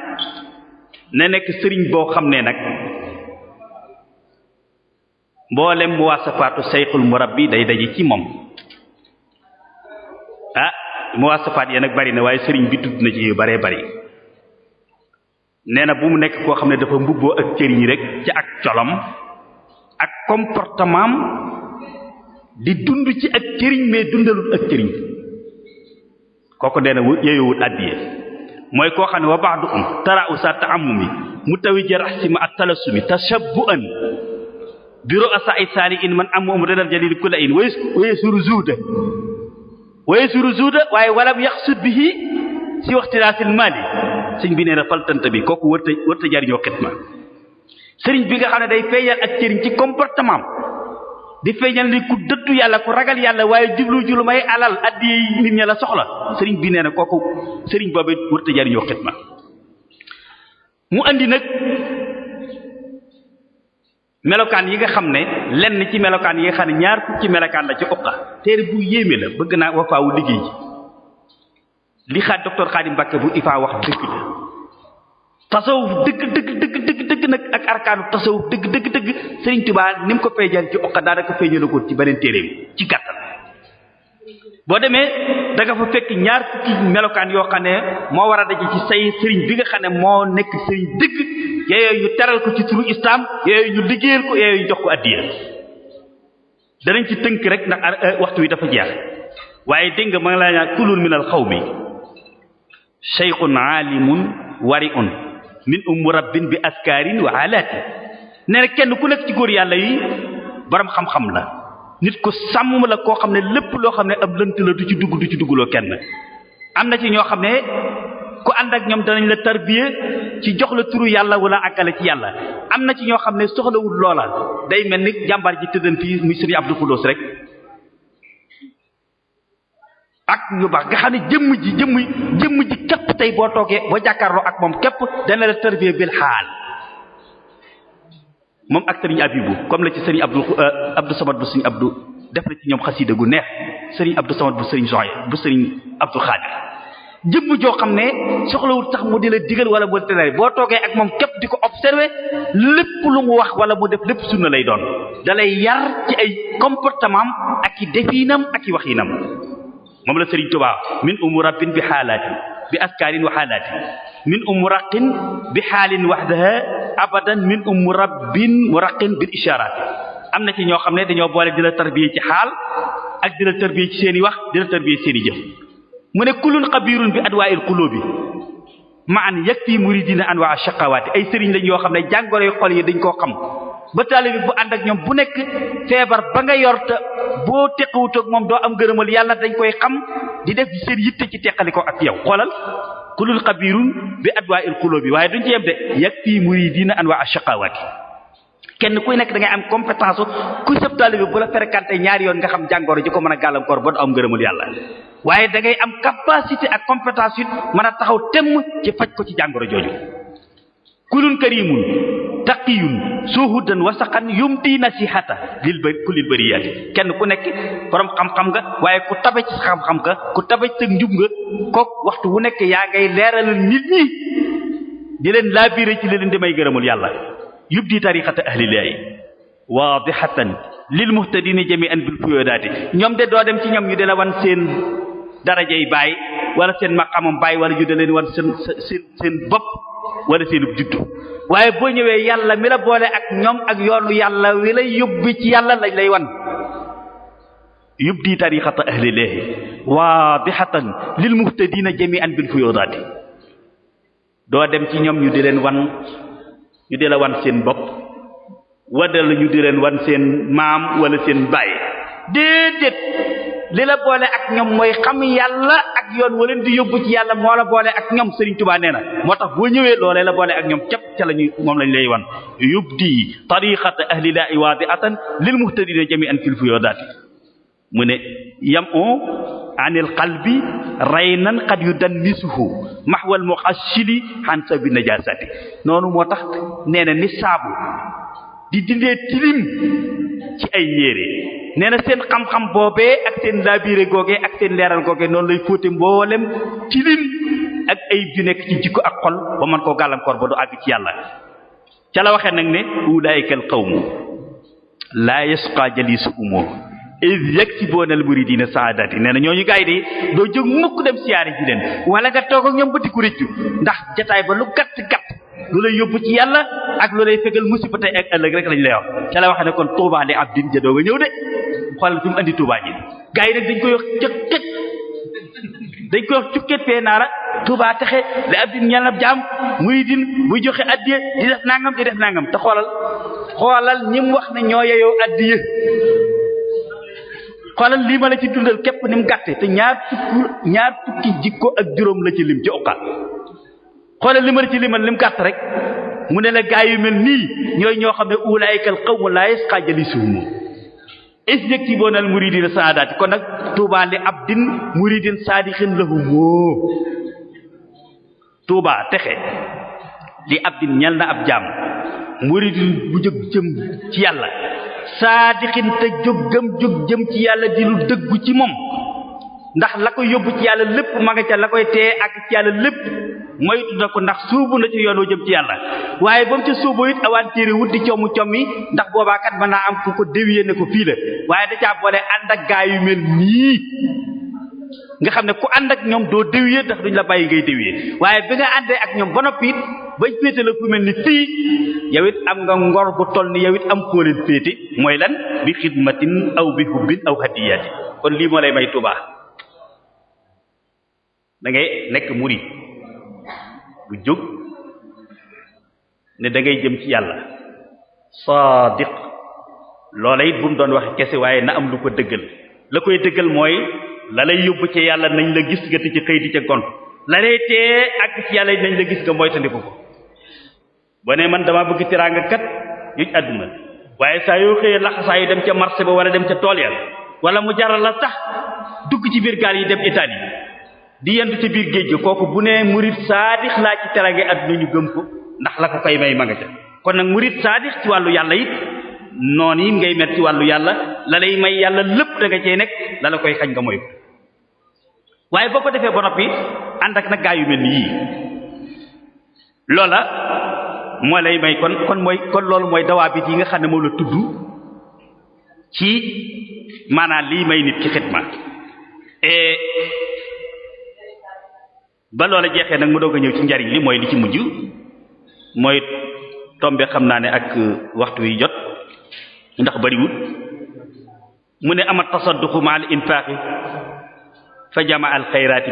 ne nekk sëriñ boo xam ne nag mboolem muwaasafaatu sayxul bi day daje ci moom ah muwaasafaat yee nag bari na waaye sëriñ bi tudd na ci yu bare bari nee na bu mu nekk koo xam ne dafa mbubboo ak cër yi rek ci ak colom ak comportement di dund ci ak cëriñ mais dundalul ak cëriñ kooku nee na yeeyowul mooy koo xam ne wa baax du um tara u sa taamumi mu tawi jarax si ma ak talasumi tashabbu'an biro asa i saali in man am um redal jalil kula in waye waye suru zuuda waye suru zuuda waaye walam yaxsud waxtilaasil mali sëñ bi nee na faltant bi kooku wërta wërta jariñoo xitma sëriñ bi nga xam ne day feeñal ak cëriñ ci comportement di feeñal ni ku dëddu yàlla ku ragal yàlla waaye jublu julu may alal addi nit ña la soxla sëriñ bi nee na kooku sëriñ boobu wërta jariñoo xitma mu andi nag melokaan yi nga xam ne lenn ci melokaan yi nga xam ne ñaar ci melokaan la ci uqa téere bu yéeme la bëgg naa wafaawu liggéey ji li xaaj docteur Khadim Mbacke bu ifaa wax dëgg la tasawuf dëgg dëgg dëgg dëgg nag ak arkaanu tasawuf dëgg dëgg dëgg Serigne Touba ni mu ko feejal ci oqa daanaka feeñal ko ci beneen téeréem ci gàttal boo demee da fa fekk ñaar fukki melokaan yoo xam ne moo war a daje ci say Serigne bi nga xam ne moo nekk Serigne dëgg yooyu ñu teral ko ci turu islam yooyu ñu liggéeyal ko yooyu ñu jox ko addiya danañ ci tënk rek ndax euh, waxtu wi dafa jeex dégg nga ma ngi xaw mi cheykhun aalimun wari un min um rabbin bi askaarin wa alaati nee na kenn ku nekk ci góor yàlla yi boroom xam-xam la nit ko sàmm la koo xam ne lépp loo xam ne ab lënt la du ci dugg du ci dugguloo kenn am na ci ñoo xam ne ku ànd ak ñoom danañ la tarbiye ci jox la turu yàlla wala àggale ci yàlla am na ci ñoo xam ne soxlawul loola day mel ni jàmbaar ji tëddan fii muy sëriñ Abdou Khoudoss rek ak ñu baax nga xam ne jëmm ji jëmm jëmm ji képp tey boo toogee boo jàkkaarloo ak moom képp dana la tarbiya bil xaal moom ak sëriñ Abibu comme la ci sëriñ Abdou euh, Abdou Samad bu sëriñ Abdou def na ci ñoom xasiida gu neex sëriñ Abdou Samad bu sëriñ Soxya bu sëriñ Abdou Xaadir jëmm joo xam ne soxlawut tax mu di la digal wala mu di boo toogee ak moom képp di ko observé lépp lu mu wax wala mu def lépp sunna lay doon dalay yar ci ay comportement am ak i defiinam ak i waxiinam moom la Sëriñ Tuubaa min umu rabbin bi xaalaatin bi askaarin wa xaalaatin min umu raqin bi xaalin waxdaha abadan min umu rabbin wa raqin bil ishaaraat am na ci ñoo xam ne dañoo boole di la tarbiye ci xaal ak di la tarbiye ci seen i wax di la tarbiye seen i jëf mu ne kullun xabiirun bi adwaa'il quluubi ma an yakfi muridiina anwaa shaqawaati ay sëriñ lañ yoo xam ne jàngoroy xol yi dañ koo xam ba taalibe bu ànd ak ñoom bu nekk feebar ba nga yor boo teqawut ak moom doo am gërëmal yàlla dañ koy xam di def seen yitte ci teqali ko ak yow xoolal kulul xabirun bi adwa il xulóo bi waaye duñ ci yem de yag fii muri diina an waa ashaqawaati kenn kuy nekk da ngay am compétence ku sëb taalibe bu la fréquenté ñaari yoon nga xam jàngoro ji ko mën a gàllankoor ba du am gërëmal yàlla waaye da ngay am capacité ak compétence it mën a taxaw temm ci faj ko ci jàngoro jooju kulun karimun taqiyun suhudan wasaqan yumti nasihata lil bari kulil bariyati kenn ku nekk borom xam-xam nga waaye ku tabe ci xam-xam nga ku tabe ci njub nga kook waxtu wu nekk yaa ngay leeralal nit ñi di leen laabiré ci li leen di may gërëmul yàlla yubdi tariqata ahlilaahi waadihatan lil muhtadini jami'an bil fuyoodaati ñoom de doo dem ci ñoom ñu dina wan seen darajay baay wala seen maqamam bàyyi wala judda leen wala seen seen seen bopp wala seenub juddu waaye boo ñëwee yàlla mi la boole ak ñoom ak yoonu yàlla wi lay yóbbi ci yàlla lañ lay wan yubdi waa bi waadihatan lil mu muhtadina jami'an bil fuyudaati doo dem ci ñoom ñu di leen wan ñu di la wan seen bopp wala ñu di leen wan seen maam wala seen baay déedéet li la boole ak ñoom mooy xam yàlla ak yoon wala di yóbbu ci yàlla moo la boole ak ñoom Serigne Touba nee na moo tax boo ñëwee loolee la boole ak ñoom képp ca la ñuy moom lañ lay wan yubdi tariqata ahli laa waadiatan lil muhtadina jami'an fil fuyudaati mu ne yam on anil qalbi raynan qad yudannisuhu mahwal muqashshili han sabi najaasati noonu moo tax nee na ni saabu di dindee tilim ci ay yére nee na seen xam-xam boobee ak seen laabire googe ak seen leeral googee noonu lay fóote mboolem tilim ak ayib ju nekk ci jikko ak xol ba mën koo gàllankoor ba du àgg ci yàlla ca la waxee nag ne ulaayikal qawmu laa yasqa jalisu umo iz yaktibuuna al muridina saadati nee na ñooñu gaay de doo jóg mukk dem siyaare ji leen wala nga toog ñoom bëti ku réccu ndax jataay ba lu gàtt gàtt lu lay yóbbu ci yàlla ak lu lay fegal musiba ak ëllëg rek lañ lay wax ca la wax ne kon Touba li abdin jadoo nga ñëw de xoolal fi mu andi Touba ji gaa dañ koy wax cëkkët dañ koy wax cukket fee naara Touba texe li abdin ñal na jaam muy din muy joxe addiye di def nangam di def nangam te xoolal xoolal ñim wax ne ñoo yeyoo addiye xoolal lii ma la ci dundal képp ni mu gàtte te ñaar tukki jikko ak juróom la ci lim ci uqal xoolal li ma ci limal lim gàtt rek mu ne la gaay yu mel nii ñooy ñoo xam ne ulaayikal qawmu laa yasqa jalisuhum istaktiboona al muridina saadaati kon nag tuubaa li abdin muridin saadixin lahumoo tuubaa texe li abdin ñel na ab jaam muridin bu jóg jëm ci yàlla saadixin te jóg jóg jëm ci yàlla di lu dëggu ci moom ndax la ko yóbbu ci yàlla lépp ma nga la koy tee ak yàlla lépp moytu na ko ndax suubu na ci yoon wu jëm ci yàlla waaye ba mu ca suubu it awantéeri wut di coomu coom yi ndax boobaa kat mën naa am ku ko déwiyee ne ko fii la waaye da caa boole ànd ak gaa yu mel nii nga xam ne ku ànd ak ñoom doo déwiyee ndax duñ la bàyyi ngay déwiyee waaye bi nga àndee ak ñoom ba noppi it bañ féete la ku mel ni fii yow it am nga ngor bu toll ni yow it am koo leen féete mooy lan bi xidmatin aw bi hubbin aw kon lii moo lay may tubaa da ngay nekk muri bu jóg ne da ngay jëm ci yàlla saadiq loola it bu mu doon wax kese waaye na am lu ko dëggal la koy dëggal mooy la lay yóbbu ci yàlla nañ la gis nga ti ci xëy di ca gont la lay tee ak ci yàlla nañ la gis nga moytandiku ko boo ne man damaa bëgg teraanga kat yu àdduna waaye saa yoo xëyee laxasaa yi dem ca marché ba wala dem ca tool ya wala mu jaral la sax dugg ci biir gaal yi dem Italie di yendu ci biir géej gi kooku bu nee murit saadix laa ci terage adduna ñu gëm ko ndax la ko koy may ma kon nag murit saadix ci wàllu yàlla it noonu yi ngay met ci wàllu yàlla la lay may yàlla lépp da cee nekk la la koy xaj nga moy waaye boo ko defee ba noppi ànd ak nag gaa yu mel ni yii loola moo lay may kon kon mooy kon loolu mooy dawaabit yi nga xam ne moom la tudd ci maanaam lii may nit ki xidma eh, ba loola jeexee nag mu doog a ñëw ci njariñ li mooy li ci mujj mooy tombe xam naa ne ak euh, waxtu wi jot ndax bariwut mu ne ama tasadduqu ma al fa jama al xayraati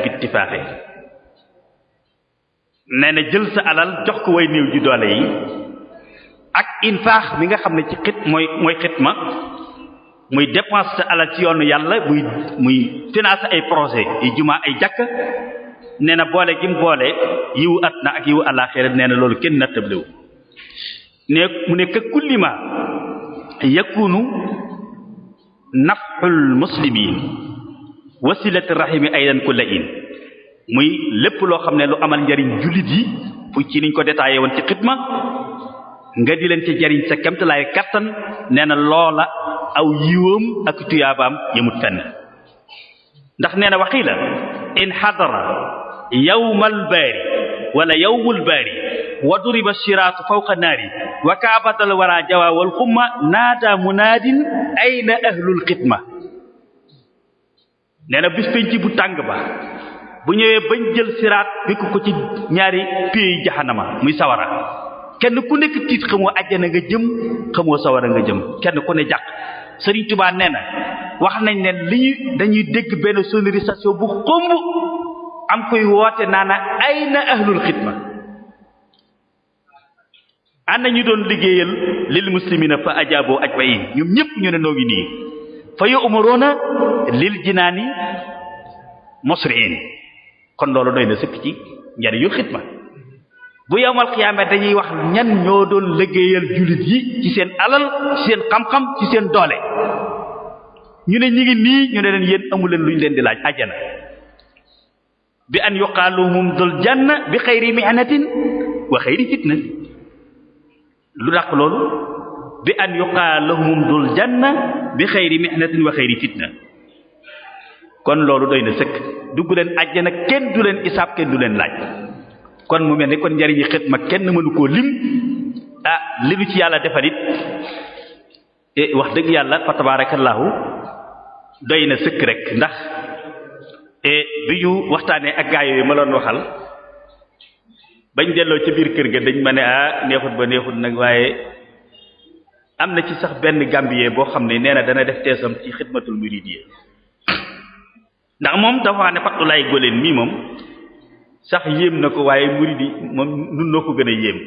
nee na jël sa alal jox ko way néew ji doole yi ak infaax mi nga xam ne ci xit mooy mooy xitma muy dépense sa alal ci yoonu yàlla muy muy financer ay projet ay jumaa ay jàkk nee na boole gi mu boole yiwu at na ak yiwu àllaaxira nee na loolu kenn nattable wu ne mu ne ka kullima yakunu nafxul muslimin wasilati rahimi aydan kulla in muy lépp loo xam ne lu amal njariñ jullit yi fu ci niñ ko détaillé woon ci xitma nga di leen ci jariñ sa kemtalaay kattan nee na loola aw yiwam ak tuyaabaam yëmut fenn ndax nee na waxii la يوم الباري ولا يوم الباري وضرب الشراط فوق النار وكعبة الورى جوا والقمة نادى مناد أين أهل القتمة nee na bis penc bu tàng ba bu ñëwee bañ jël siraat fekk ko ci ñaari pey jaxanama muy sawara kenn ku nekk tiit xamoo àjjana nga jëm xamoo sawara nga jëm kenn ku ne jàq Sëriñ Tuubaa nee wax nañ ne li ñuy dañuy dégg benn sonorisation bu xomb am koy woote naana ay na ahlul xidma ana ñu doon liggéeyal lil muslimina fa ajaaboo aj wa ñoom ñëpp ñu ne noo ngi nii fa yu umaroona lil jinaani mosriin kon loolu doy na sëkk ci njariñul xidma bu yowmal xiyaama dañuy wax ñan ñoo doon liggéeyal jullit yi ci seen alal ci seen xam-xam ci seen doole ñu ne ñi ngi nii ñu ne leen yéen amu leen luñ leen di laaj ajjana bi an yuqaaluhum dul janna bi xayri mihnatin wa xayri fitnati lu dàq loolu bi an yuqaaluhum dul janna bi xayri mihnatin wa xayri fitna kon loolu doy na sëkk dugg leen àjjana kenn du leen isaab kenn du leen laaj kon mu mel ni kon njariñi xët ma kenn mënu koo lim ah li nu ci yàlla defal eh, wax dëgg yàlla fa tabaarakallaahu doy na sëkk rek ndax et bi ñu waxtaanee ak gaa yooyu ma doon waxal bañ delloo ca biir kër ga dañ ma ne ah neexut ba neexut nag waaye am na ci sax benn gambiyee boo xam ne nee na dana def teesam ci xidmatul muridiyya ndax moom dafa ne fattu lay góleen mii moom sax yéem na ko waaye murid yi moom nun noo ko gën a yéem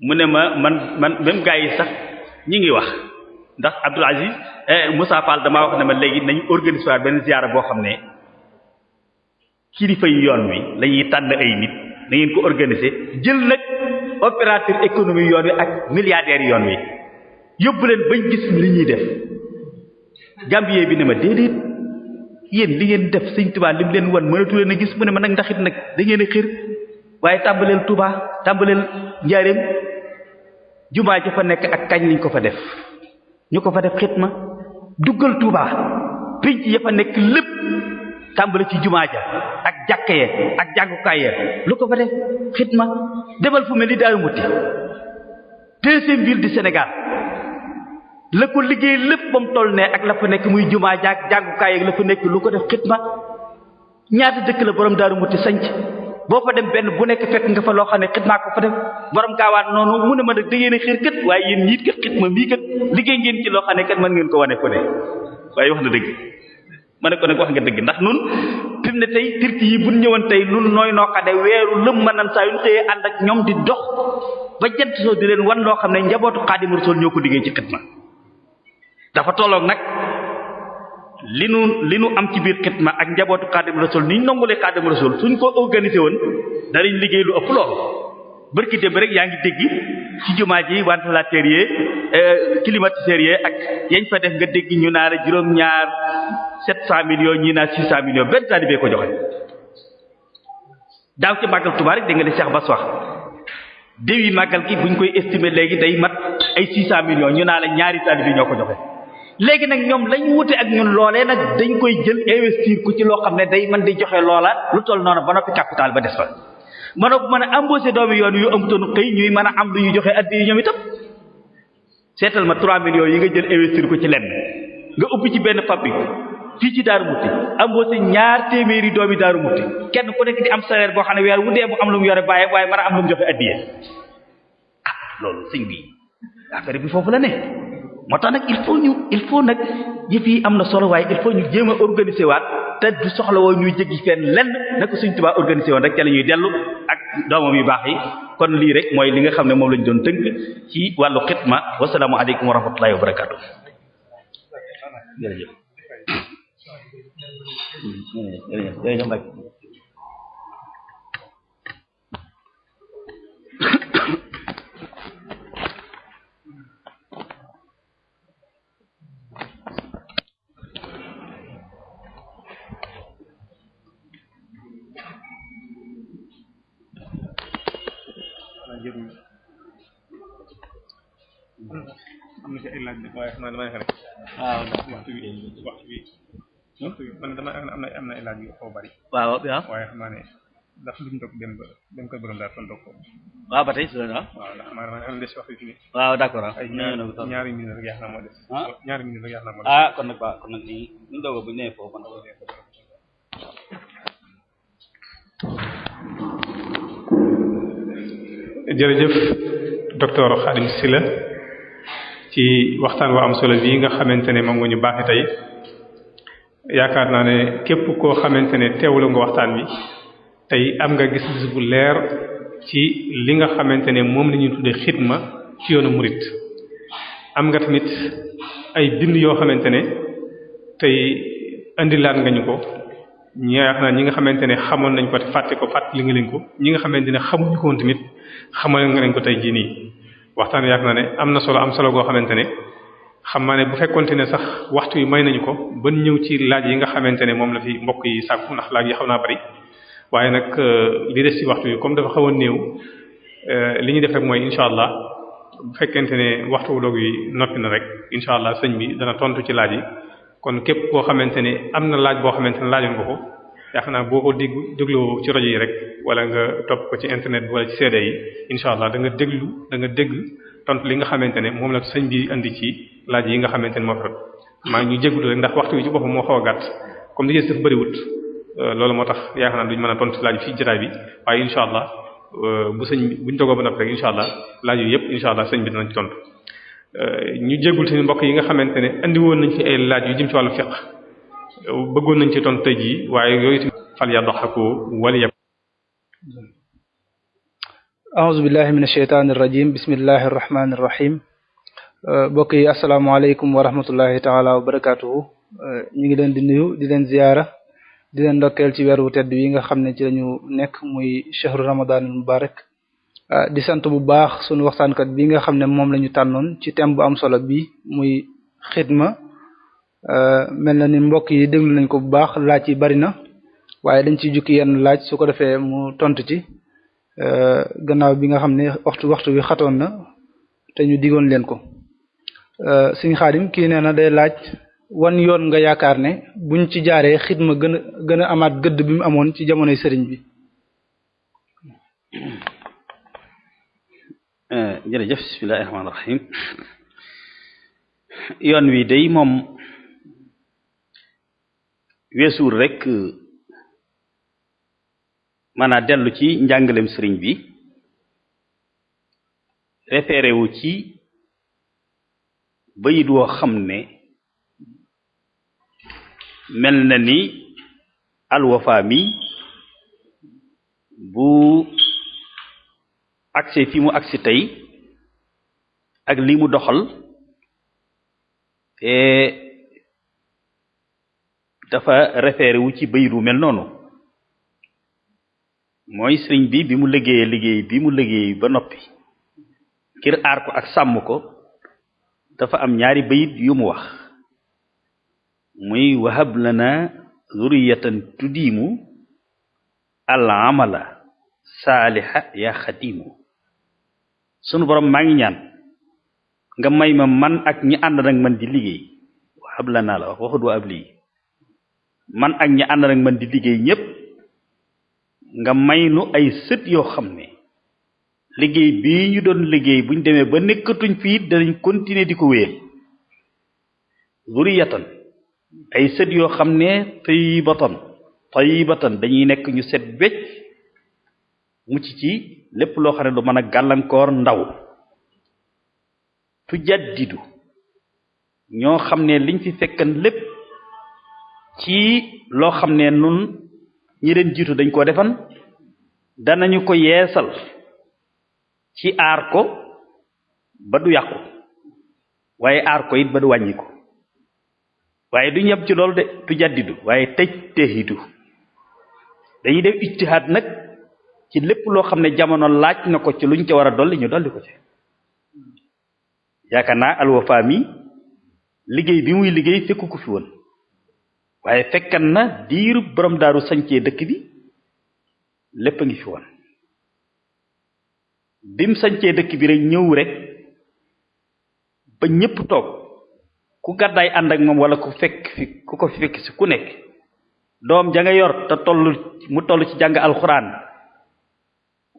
mu ne ma man man même gaa yi sax ñi ngi wax ndax Abdoul Aziz eh, Moussa Fall damaa wax ne ma léegi nañu organiser benn ziyaara boo xam ne kilifa yu yoon wi la ñuy tànn ay nit na ngeen ko organiser jël nag opérateur économie yoon wi ak milliardaires yoon wi yóbbu leen bañ gis li ñuy def Gambie bi ne ma déedéet yéen li ngeen def sëñ Tuubaa li mu leen won mënatu leen a gis mu ne ma nag ndaxit nag da ngeen a xir waaye tàmbaleel Tuubaa tàmbaleel njaareem jumaa ji fa nekk ak kañ lañ ko fa def ñu ko fa def xitma duggal Touba pénc ya fa nekk lépp tàmbali ci jumaa ja ak jàkka ak jàngukaay ya lu ko fa def xitma demal fu mel ni daayu muti deuxième ville du Sénégal la ko liggéey lépp ba mu ne ak la fa nekk muy jumaa ja ak jàngukaay ya la fa nekk lu ko def xitma ñaata dëkk la borom daaru muti sanc boo fa dem benn bu nekk fekk nga fa loo xam ne xidmaa ko fa def borom gaawaan noonu mu ne ma nag da ngeen xiir kat waaye yéen ñiit kat xidma mii kat liggéey ngeen ci loo ne kat mën ngeen ko wane ko wax nga dëgg ndax nun fi mu ne tey turki yi buñ ñëwoon tey nun nooy noqade weeru lëm mën nan saa yu ñu xëyee ànd ak ñoom di dox ba jant soo di leen wan loo xam ne njabootu Xaadimu Rasuul ñëw ko liggéey ci xidma dafa tolloog nag li nu li nu am ci biir xitma ak njabootu xaadim rasul ni ñu nongulee xaadim rasul suñ ko organisé woon danañ liggéey lu ëpp loolu bërkité bi rek yaa ngi dégg ci jumaa ji ventilateur yi euh, climatiseur yi ak yañ fa def nga dégg ñu naa la juróom-ñaar sept cent millions ñii naa six cent millions benn taalibee ko joxe daaw ci màggal Tuubaa rek dégg nga seex ba Bass wax déwi màggal gi ñu koy estimer léegi day mat ay six cent millions ñu naa la ñaari taalibe ñoo ko joxe léegi nag ñoom lañ wute ak ñun loolee nag dañ koy jël investir ku ci loo xam ne day man di joxe loola lu toll noonu ba noppi capital ba des fa mën a mën a embaucher doomi yoon yu amutoon xëy ñuy mën a am lu ñu joxe addi yi ñoom itam seetal ma 3 millions yi nga jël investir ko ci lenn nga ubbi ci benn fabrique fii ci Daaru Muxti embauché ñaar téeméeri doomi Daaru Muxti kenn ku nekk di am salaire boo xam ne weer wu dee mu am lu mu yore bàyyi waaye mën a am ah, loolu sëñ bi affaire bi foofu la ne moo tax nag il faut ñu il faut nag yëf yi am na solo waaye il faut ñu jéem a organiser waat te du soxla woo ñuy jéggi fenn lenn na ko suñ tubaab organiser rek ca la ñuy dellu ak doomam yu baax yi kon lii rek mooy li nga xam ne moom lañ doon tënk ci wàllu xitma wasalaamu aleykum wa rahmatullahi wa barakaatu jërëjëf mooy man damaa ne. waaw waxtu laaj yu waaye xam naa ne ndax duñ toog dem ba dem ko borom daal tontu ko. waaw ba tey su la waaw ndax man damaa des waxtu bi waaw d'accord ah. ñaari ah kon nag waaw nii ñu doog a bu ñu nee foofu man. jërëjëf ci waxtaan wa am solo bii nga xamante ne moom nga ñu baaxe tey yaakaar naa ne képp koo xamante ne teewlu nga waxtaan wi tey am nga gis-gis bu leer ci li nga xamante ne moom la ñuy tuddee xidma ci yoonu murit am nga tamit ay bind yoo xamante ne tey indilaat nga ñu ko ñaax na ñi nga xamante ne xamoon nañ ko te fàtte ko fàtte li nga leen ko ñi nga xamante ne xamuñu ko tamit xamal nga leen ko tey jii nii waxtaan yaak na ne am na solo am solo goo xamante ne xam ma ne bu fekkonte ne sax waxtu yi may nañu ko ban ñëw ci laaj yi nga xamante ne moom la fi mbokk yi sàkku ndax laaj yi xaw naa bari waaye nag euh, li des ci waxtu yi comme dafa xaw a néew euh, li ñu def rek mooy incha allah bu fekkente ne waxtu doog yi noppi na rek incha allah sëñ bi dana tontu ci laaj yi kon képp koo xamante ne am na laaj boo xamante ne laajoon nga ko yaakaar naa boo ko dégg dégloo ci rajo yi rek wala nga topp ko ci internet bi wala ci CD yi incha allah da nga déglu da nga dégg tontu li nga xamante ne moom la sëñ bi indi ci laaj yi nga xamante ne moo tax maa ngi ñu jégalu rek ndax waxtu wi moo xaw a comme li ngeen bëriwut euh, loolu moo tax yaakaar naa duñ mën a tontu laaj fii jaraay bi waaye incha allah euh, bu sëñ buñ dogoo ba noppi rek incha laaj yi yëpp incha allah sëñ bi danañ ci tontu euh, ñu jégalu suñu mbokk yi nga xamante ne indi woon nañ fi ay laaj yu jëm ci wàllu fiqh bëggoon nañ ci ton tëj yi waaye yooyu tamit fal yadhaku wal yab a'uuzu billahi minash shaytaanir rajiim bismillahir rahmaanir rahiim mbokk yi asalaamaaleykum wa rahmatullahi taala wa barakaatuhu ñu ngi leen di nuyu di leen ziyaara di leen ndokkeel ci weer wu tedd yi nga xam ne ci lañu nekk muy shahru ramadanil mubarak di sant bu baax sunu waxtaankat bi nga xam ne moom la tànnoon ci thème bu am solo bi muy xidma Euh, mel na ni mbokk yi déglu nañ ko bu baax laaj yi bari na waaye dañ ci jukki yenn laaj su ko defee mu tontu ci euh, gannaaw bi nga xam ne waxtu waxtu wi xatoon na te ñu digoon leen ko euh, Sëriñ Xaadim kii nee na day laaj wan yoon nga yaakaar ne buñ ci jaaree xidma gën a gën a amaat gëdd bi mu amoon ci jamonoy sëriñ bi jërëjëf yoon wi day moom weesuwul rek maanaam dellu ci njàngalem sëriñ bi référé wu ci bayit woo xam ne mel na ni alwafa mi bu agsi fi mu agsi tey ak li mu doxal te dafa référé wu ci bayit wu mel noonu mooy sëriñ bi bi mu liggéeyee liggéey bi mu liggéey ba noppi ngir aar ko ak sàmm ko dafa am ñaari bayit yu mu wax muy wahab lana zuriyatan tuddiimu al amala saaliha ya xadiimu sunu borom maa ngi ñaan nga may ma man ak ñi ànd nag man di liggéey wahab lana la wax waxut wa lii man ak ñi ànd man di liggéey ñépp nga may nu ay sët yoo xam ne liggéey bii ñu doon liggéey buñ demee ba nekkatuñ fii danañ continuer di ko wéyal zuriyatan ay sët yoo xam ne tayyibatan tayyibatan dañuy nekk ñu set becc mucc ci lépp loo xam ne du mën a gàllankoor ndaw tujaddidu ñoo xam ne liñ fi fekkan lépp ci loo xam ne nun ñi leen jiitu dañ koo defan danañu ko yeesal ci aar ko ba du yàqu waaye aar ko it ba du wàññi ko waaye du yam ci loolu de du jàddidu waaye tej teexitu dañuy def ijtihaad nag ci lépp loo xam ne jamono laaj na ko ci luñ ca war a dolli ñu dolli ko ci yaakaar naa alwafa mi liggéey bi muy liggéey fekku ko fi woon waaye fekkan na diiru borom daaru sancee dëkk bi lépp a ngi fi woon bim sancee dëkk bi rek ñëw rek ba ñépp toog ku gàddaay ànd ak moom walla ku fekk fi ku ko fekk si ku nekk doom janga yor te toll mu toll ci jàng alxuraan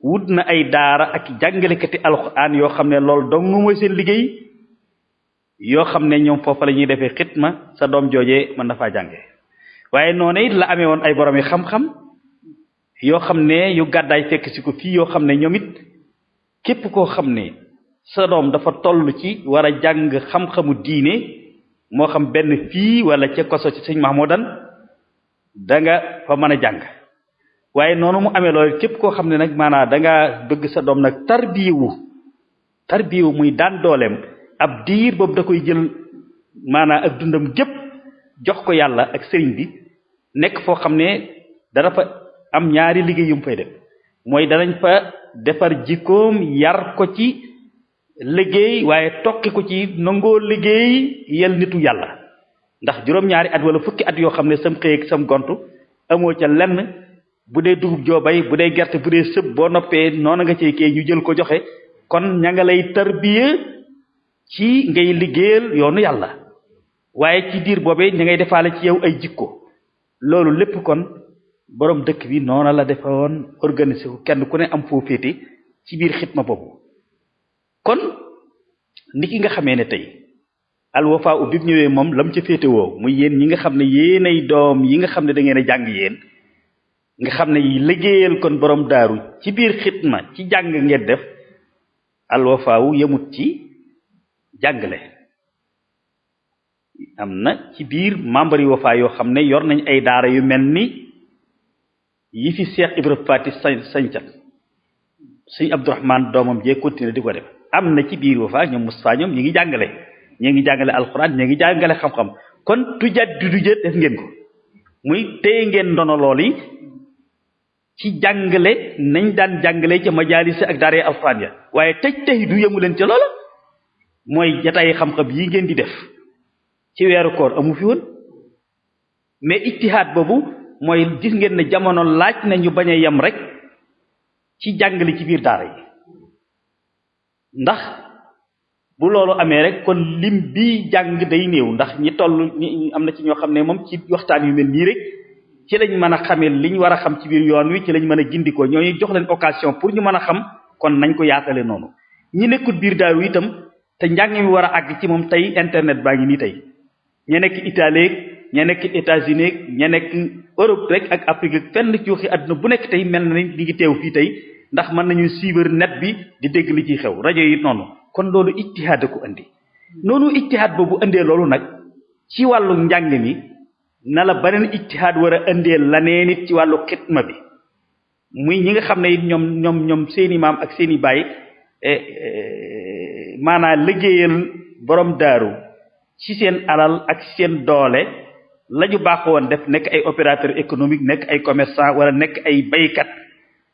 wut na ay daara ak jàngalekati alxuraan yoo xam ne loolu dong mooy seen liggéey yoo xam ne ñoom foofa lañuy defee defee xitma sa doom joojee mën na faa jànge waaye noonu it la amee woon ay borom yi xam-xam yoo xam ne yu gàddaay fekk si ko fii yoo xam ne ñoom it képp koo xam ne sa doom dafa toll ci war a jàng xam-xamu diine moo xam benn fii wala ca koso ci sëñ Mahmoudan da fa mën a jàng waaye noonu mu amee loolu képp koo xam ne nag maanaa danga nga bëgg sa doom nag tarbiwu tarbiwu muy daan dooleem ab diir boobu da koy jël maanaam ak dundam gépp jox ko yàlla ak sëriñ bi nekk foo xam ne dana fa am ñaari liggéey yu mu fay def mooy danañ fa defar jikkoom yar ko ci liggéey waaye tokki ko ci nangoo liggéey yel nitu yàlla ndax juróom-ñaari at wala fukki at yoo xam ne sam xëy sam gontu amoo ca lenn bu dee dugub joobay bu dee gerte bu dee sëb boo noppee noona nga cee kee ñu jël ko joxe kon ña nga lay tarbiya ci ngay liggéeyal yoonu yàlla waaye ci diir boobe ña ngay defale ci yow ay jikko loolu lépp kon boroom dëkk bi noona la defe woon organisé ko kenn ku ne am foo féete ci biir xitma boobu kon nit ki nga xamee ne tey alwafa u bi mu ñëwee moom lam ca féetewoo woo muy yéen ñi nga xam ne yéenay doom yi nga xam ne dangeen a jàng yéen nga xam ne liggéeyal kon boroom daaru ci biir xitma ci jàng ngeen def alwafa wu yemut ci jàngale am na ci biir membre yu yoo xam ne yor nañ ay daara yu mel ni yi fi Cheikh Ibrahima Fati sañ sañcat sëñ Abdourahman doomam jee continué di ko def am na ci biir Wafa ñoom Moustapha ñoom ñi ngi jàngale ñi ngi jàngale alxuraan ñi ngi jàngale xam-xam kon tujat du dujat def ngeen ko muy téye ngeen ndono lool yi ci jàngale nañ daan jàngale ca majaalis ak daara alxuraan ya waaye tëj tey du yëmu leen ca loola mooy jataay xam-xam yi ngeen di def ci weeru koor amu fi woon mais ijtihaad boobu mooy gis ngeen ne jamono laaj na ñu bañ a yem rek ci jàng jàngale ci biir daara yi ndax bu loolu amee rek kon lim bi jàng day néew ndax ñi toll ñi am na ci ñoo xam ne moom ci waxtaan yu mel nii rek ci lañ mën a xamee liñ war a xam ci biir yoon wi ci lañ mën a gindikoo ñooñu jox leen occasion pour ñu mën a xam kon nañ ko yaatale noonu ñi nekkul biir daara itam te njàng mi war a àgg ci moom tey internet baa ngi nii tey ña nekk Italie ña nekk États-Unis ña nekk Europe rek ak Afrique fenn ci waxi àdduna bu nekk tey mel na ni ñu teew fii tey ndax mën nañu suivre net bi di dégg li ciy xew rajo yi noonu kon loolu ijtihaad ko andi noonu ijtihaad boobu andee loolu nag ci wàllu njàng mi na la beneen ijtihaad war a andee lanee nit ci wàllu xitma bi muy ñi nga xam ne it ñoom ñoom ñoom seeni maam ak seeni baay eh, eh, maanaa liggéeyal borom daaru ci seen alal ak seen doole la ñu baax woon def nekk ay opérateur économique nekk ay commerçant wala nekk ay baykat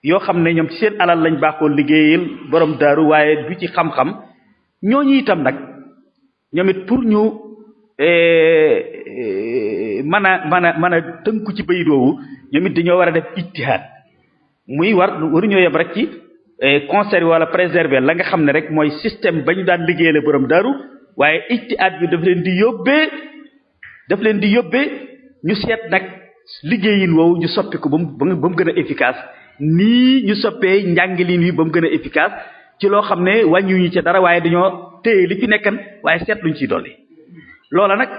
yoo xam ne ñoom ci seen alal lañ baaxoon liggéeyal borom daaru waaye du ci xam-xam ñooñu itam nag ñoom it pour ñu eh, eh, mën a mën a mën a tënku ci bayit woowu ñoom it dañoo war a def ittihaad muy war waruñoo yem rek ci eh, conserver wala préserver la nga xam ne rek mooy système bañ ñu daan liggéeyale borom daaru waaye ijtihaad bi daf leen di yóbbee daf leen di yóbbee ñu seet nag liggéeyin woowu ñu soppi ko ba mu ba mu gën a efficace nii ñu soppee njàngilin wi ba mu gën a efficace ci loo xam ne wàññiwuñu ci dara waaye dañoo téye li fi nekkan waaye seet luñ ciy dolli loola nag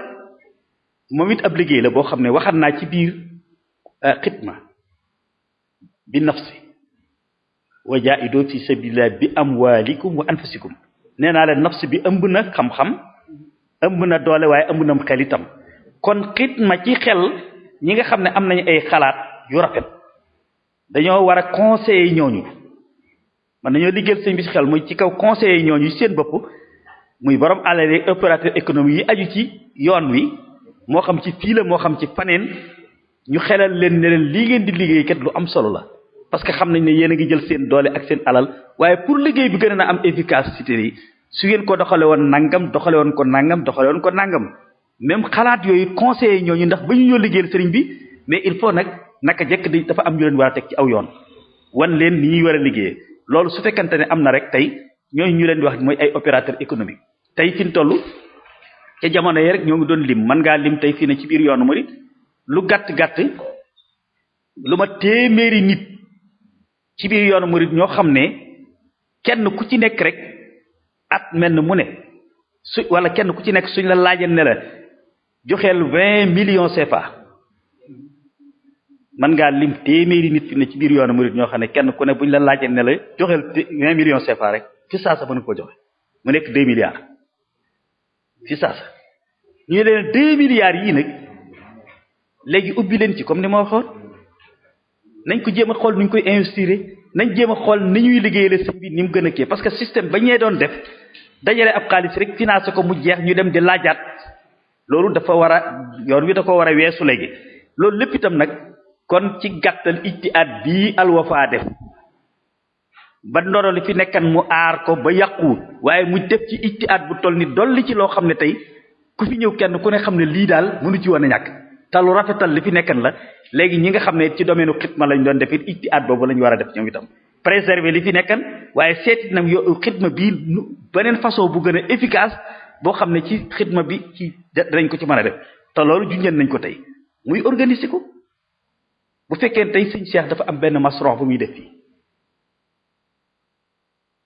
moom it ab liggéey la boo xam ne waxat naa ci biir euh, xitma bi nafsi wa jaaidoo fi sabilillah bi amwalikum wa anfusikum nee naa leen nafs bi ëmb na xam-xam ëmb na doole waaye ëmb na xel itam kon ma ci xel ñi nga xam ne am nañu ay xalaat yu rafet dañoo war a conseiller ñooñu man nañoo liggéeyal sëñ bi ci xel muy ci kaw conseiller ñooñu seen bopp muy borom alal opérateur économique yi aju ci yoon wi moo xam ci fii la moo xam ci faneen ñu xelal leen ne leen lii ngeen di liggéey kat lu am solo la parce que xam nañ ne yéen a ngi jël seen doole ak seen alal waaye pour liggéey bi gën a na am efficacité yi su ngeen ko doxale woon nangam doxale woon ko nangam doxale woon ko nangam même xalaat yooyu conseillers ñooñu ndax ba ñu ñoo liggéeyal sëriñ bi mais il faut nag naka jekk di dafa am ñu leen war a teg ci aw yoon wan leen ni ñuy war a liggéeyee loolu su fekkante ne am na rek tey ñooñu ñu leen di wax mooy ay opérateur économique tey fi ñu toll ca jamono yi rek ñoo ngi doon lim mën ngaa lim tey fii ne ci biir yoonu murid lu gàtt gàtt ci biir yoonu murit ñoo xam ne kenn ku ci nekk rek at mel mu ne su wala kenn ku ci nekk suñ la laajee ne la joxeel vingt millions CFA mën ngaa lim téeméeri nit fi ne ci biir yoonu murit ñoo xam ne kenn ku ne buñ la laajee ne la joxeel vingt millions CFA rek fi saa sa mën ko joxe mu nekk deux milliards fi saa sa ñu leen deux milliards yii nag léegi ubbi leen ci comme ni ma waxoon nañ ko jéem a xool nuñ koy investir nañ jéem a xool ni ñuy liggéeyale sëñ bi ni mu gën a kii parce que système ba ñee doon def dajale ab xaalis rek financé ko mu jeex ñu dem di laajaat loolu dafa war a yoon wi da ko war a weesu léegi loolu lépp itam nag kon ci gàttal ijtihaad bii alwafa def ba ndoro li fi nekkan mu aar ko ba yàquwut waaye mu def ci ijtihaad bu toll ni dolli ci loo xam ne tey ku fi ñëw kenn ku ne xam ne lii daal mënu ci woon a ñàkk te lu rafetal li fi nekkan la léegi ñi nga xam ne ci domaine xitma lañ doon def it ijtihaad boobu la ñu war a def ñoom itam préserver li fi nekkan waaye seeti nag yo xitma bii beneen façon bu gën a efficace boo xam ne ci xitma bi ci danañ ko ci mën a def te loolu junjeen nañ ko tey muy organiser ko bu fekkee tey sëñ Cheikh dafa am benn masron bu muy def fii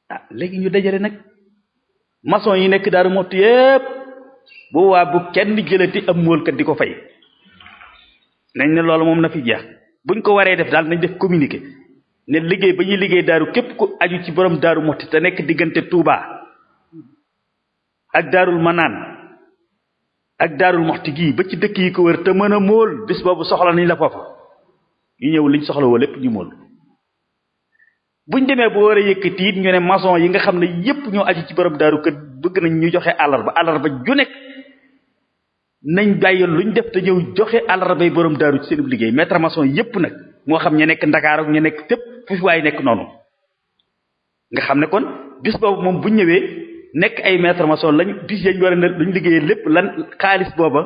ah léegi ñu dajale nag mason yi nekk daaru mottu yépp bu waa bu kenn jëlati am móolkat di ko fay nañ ne loolu moom na fi jeex buñ ko waree def daal nañ def communiqué ne liggéey ba ñuy liggéey daaru képp ku aju ci borom daaru moxti te nekk diggante Touba ak daarul manaan ak daarul moxti gii ba ci dëkk yi ko wër te mën a móol bis boobu soxla nañ la foofa ñu ñëw liñ soxla woo lépp ñu móol buñ demee bu war a yëkkati it ñu ne maçon yi nga xam ne yépp ñoo aju ci borom daaru kër bëgg nañ ñu joxe àllarba àllarba ju nekk nañ bàyyi ñu def te ñëw joxe àllarba borom daaru ci seen liggéey maître maçon yépp nag moo xam ña nekk Ndakaar ak ña nekk tépp fu fi waaye nekk noonu nga xam ne kon bis boobu moom bu ñëwee nekk ay maître maçon lañ bis yañ war a ne luñ liggéeyee lépp lan xaalis booba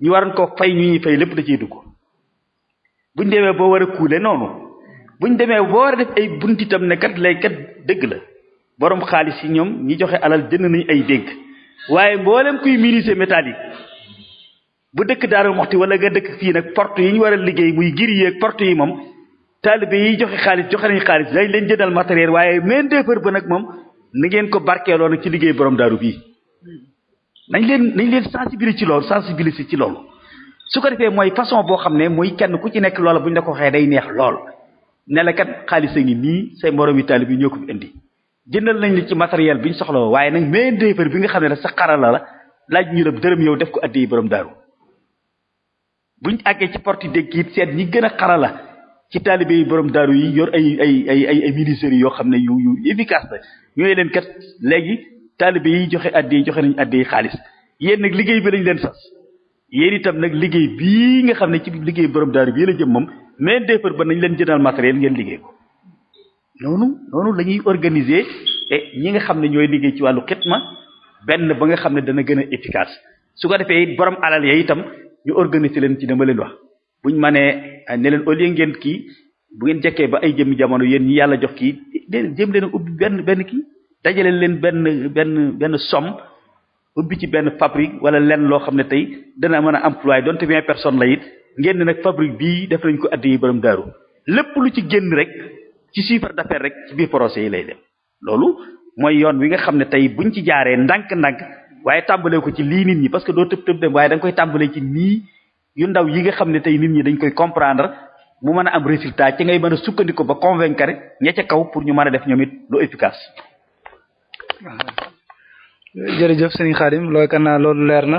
ñu waroon ko fay ñu ñuy fay lépp da ciy dugg buñ demee boo war a kuule noonu buñ demee boo war a def ay bunt itam ne kat lay kat dëgg la borom xaalis yi ñoom ñi joxe alal jënd nañu ay dénk waaye mboolem kuy menuisier métallique bu dëkk Daaru Muxti wala nga dëkk fii nag porte yi ñu war a liggéey muy giri yeeg porte yi moom taalibe yi joxe xaalis joxe nañ xaalis dañ leen jëndal matériel waaye main d'œuvre ba nag moom na ngeen ko barkeeloo ci liggéey borom daaru bii nañ leen nañ leen sensibiliser ci loolu sensibiliser ci loolu su ko defee mooy boo xam ne mooy kenn ku ci nekk loola bu ñu la ko waxee day neex lool ne la kat xaalis a ngi say moroom yi taalibe yi ñoo ko fi indi jëndal nañ ci matériel bi ñu soxla waaye nag main d'œuvre bi nga xam ne la sa xarala la laaj ñu la dërëm yow def ko addi borom daaru buñ àggee ci porte dégg it seet ñi gën a xarala ci taalibe yi borom daaru yi yor ay ay ay ay ay yoo xam ne yu yu efficace la ñooy leen kat léegi taalibe yi joxe addi joxe nañu addi xaalis yéen nag liggéey bi lañ leen sas yéen itam nag liggéey bii nga xam ne ci liggéey borom daaru bi yéen a jëm moom main d'œuvre ba nañ leen jëndal matériel ngeen liggéey ko noonu noonu la ñuy organiser ñi nga xam ne ñooy liggéey ci wàllu ma benn ba nga xam ne dana gën a efficace su ko defee borom alal ya itam ñu organiser leen ci dama leen wax buñ manee ne leen au lieu ngeen kii bu ngeen jekkee ba ay jëmmi jamono yéen ñi yàlla jox kii jëm leen ubbi benn benn kii dajale leen benn benn benn somme ubbi ci benn fabrique wala leen loo xam ne tey dana mën a employé donte vingt personnes la it ngeen ne nag fabrique bii def nañ ko addi yi borom daaru lépp lu ci génn rek ci chiffre d'affaires rek ci biir procès yi lay dem loolu mooy yoon wi nga xam ne tey ñu ci jaaree ndànk-ndànk waaye tàmbalee ci lii nit ñi parce que doo tëb tëb dem waaye da nga koy tàmbalee ci nii yu ndaw yi nga xam ne tey nit ñi dañ koy comprendre mu mën a am résultat ci ngay mën a sukkandiku ba convaincre ña ca kaw pour ñu mën a def ñoom it lu efficace. jërëjëf sëñ Xaadim looy kan naa loolu leer na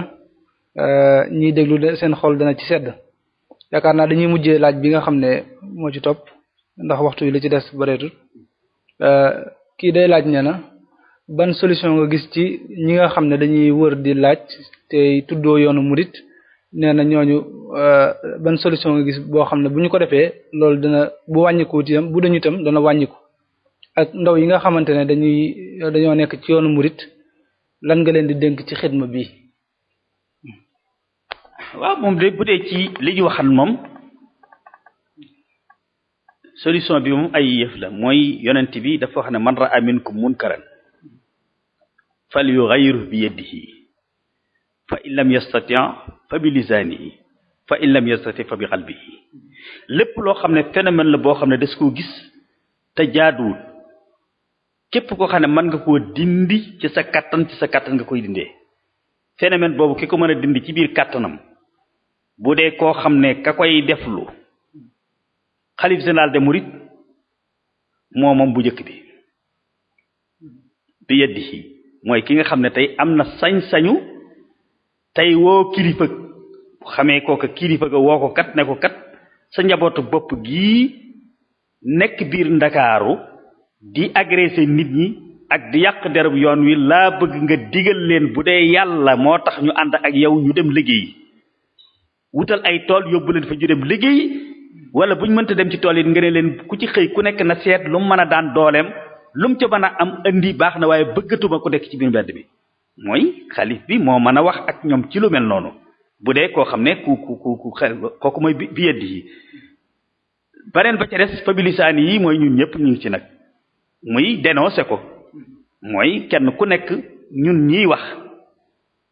euh, ñiy déglu seen xool dana ci sedd yaakaar naa dañuy mujjee laaj bi nga xam ne moo ci topp ndax waxtu la ci des bareetul euh, kii day laaj ne na ban solution nga gis ci ñi nga xam ne dañuy wër di laaj tey tuddoo yoonu murit nee na ñooñu euh, ban solution nga gis boo xam ne bu ñu ko defee loolu dana bu wàññiku itam bu dañu itam dana wàññiku ak ndaw yi nga xamante ne dañuy dañoo nekk ci yoonu murit lan nga leen di dénk ci xidma bi waaw moom de bu dee ci li waxan moom solution bi moom ay yëf la mooy yonent bi dafa wax ne man ra'a minkum munkaran fal yughayyiru bi yadihi fa in lam yastati fa bi fa in yastati fa bi qalbihi lépp loo xam ne phénomène la boo xam ne des koo gis te jaaduwul képp koo xam ne mën nga koo dindi ci sa kattan ci sa kattan nga koy dindee phénomène boobu ki ko mën a dindi ci biir kattanam bu dee koo xam ne ka koy deflu xalif général de murit moo bu njëkk bi bi yeddi mooy ki nga xam ne tey am na sañ-sañu tey woo kilifa bu xamee kooka kilifa ga woo ko kat ne ko kat sa njabootu bopp gii nekk biir ndakaaru di agressé nit ñi ak di yàq derub yoon wi laa bëgg nga digal leen bu dee yàlla moo tax ñu ànd ak yow ñu dem liggéey wutal ay tool yóbbu leen fa ñu dem liggéey wala bu ñu mënta dem ci tool yi nga ne leen ku ci xëy ku nekk na seet lu mën a daan dooleem lu mu ca mën a am indi baax na waaye bëggatuma ku nekk ci biir mbedd mi mooy xalif bi moo mën a wax ak ñoom ci lu mel noonu bu dee koo xam ne ku ku ku ku kooku mooy bi yedd yi beneen ba ca des fabilisaan yi mooy ñun ñëpp ñu ngi ci nag muy dénoncé ko mooy kenn ku nekk ñun ñiy wax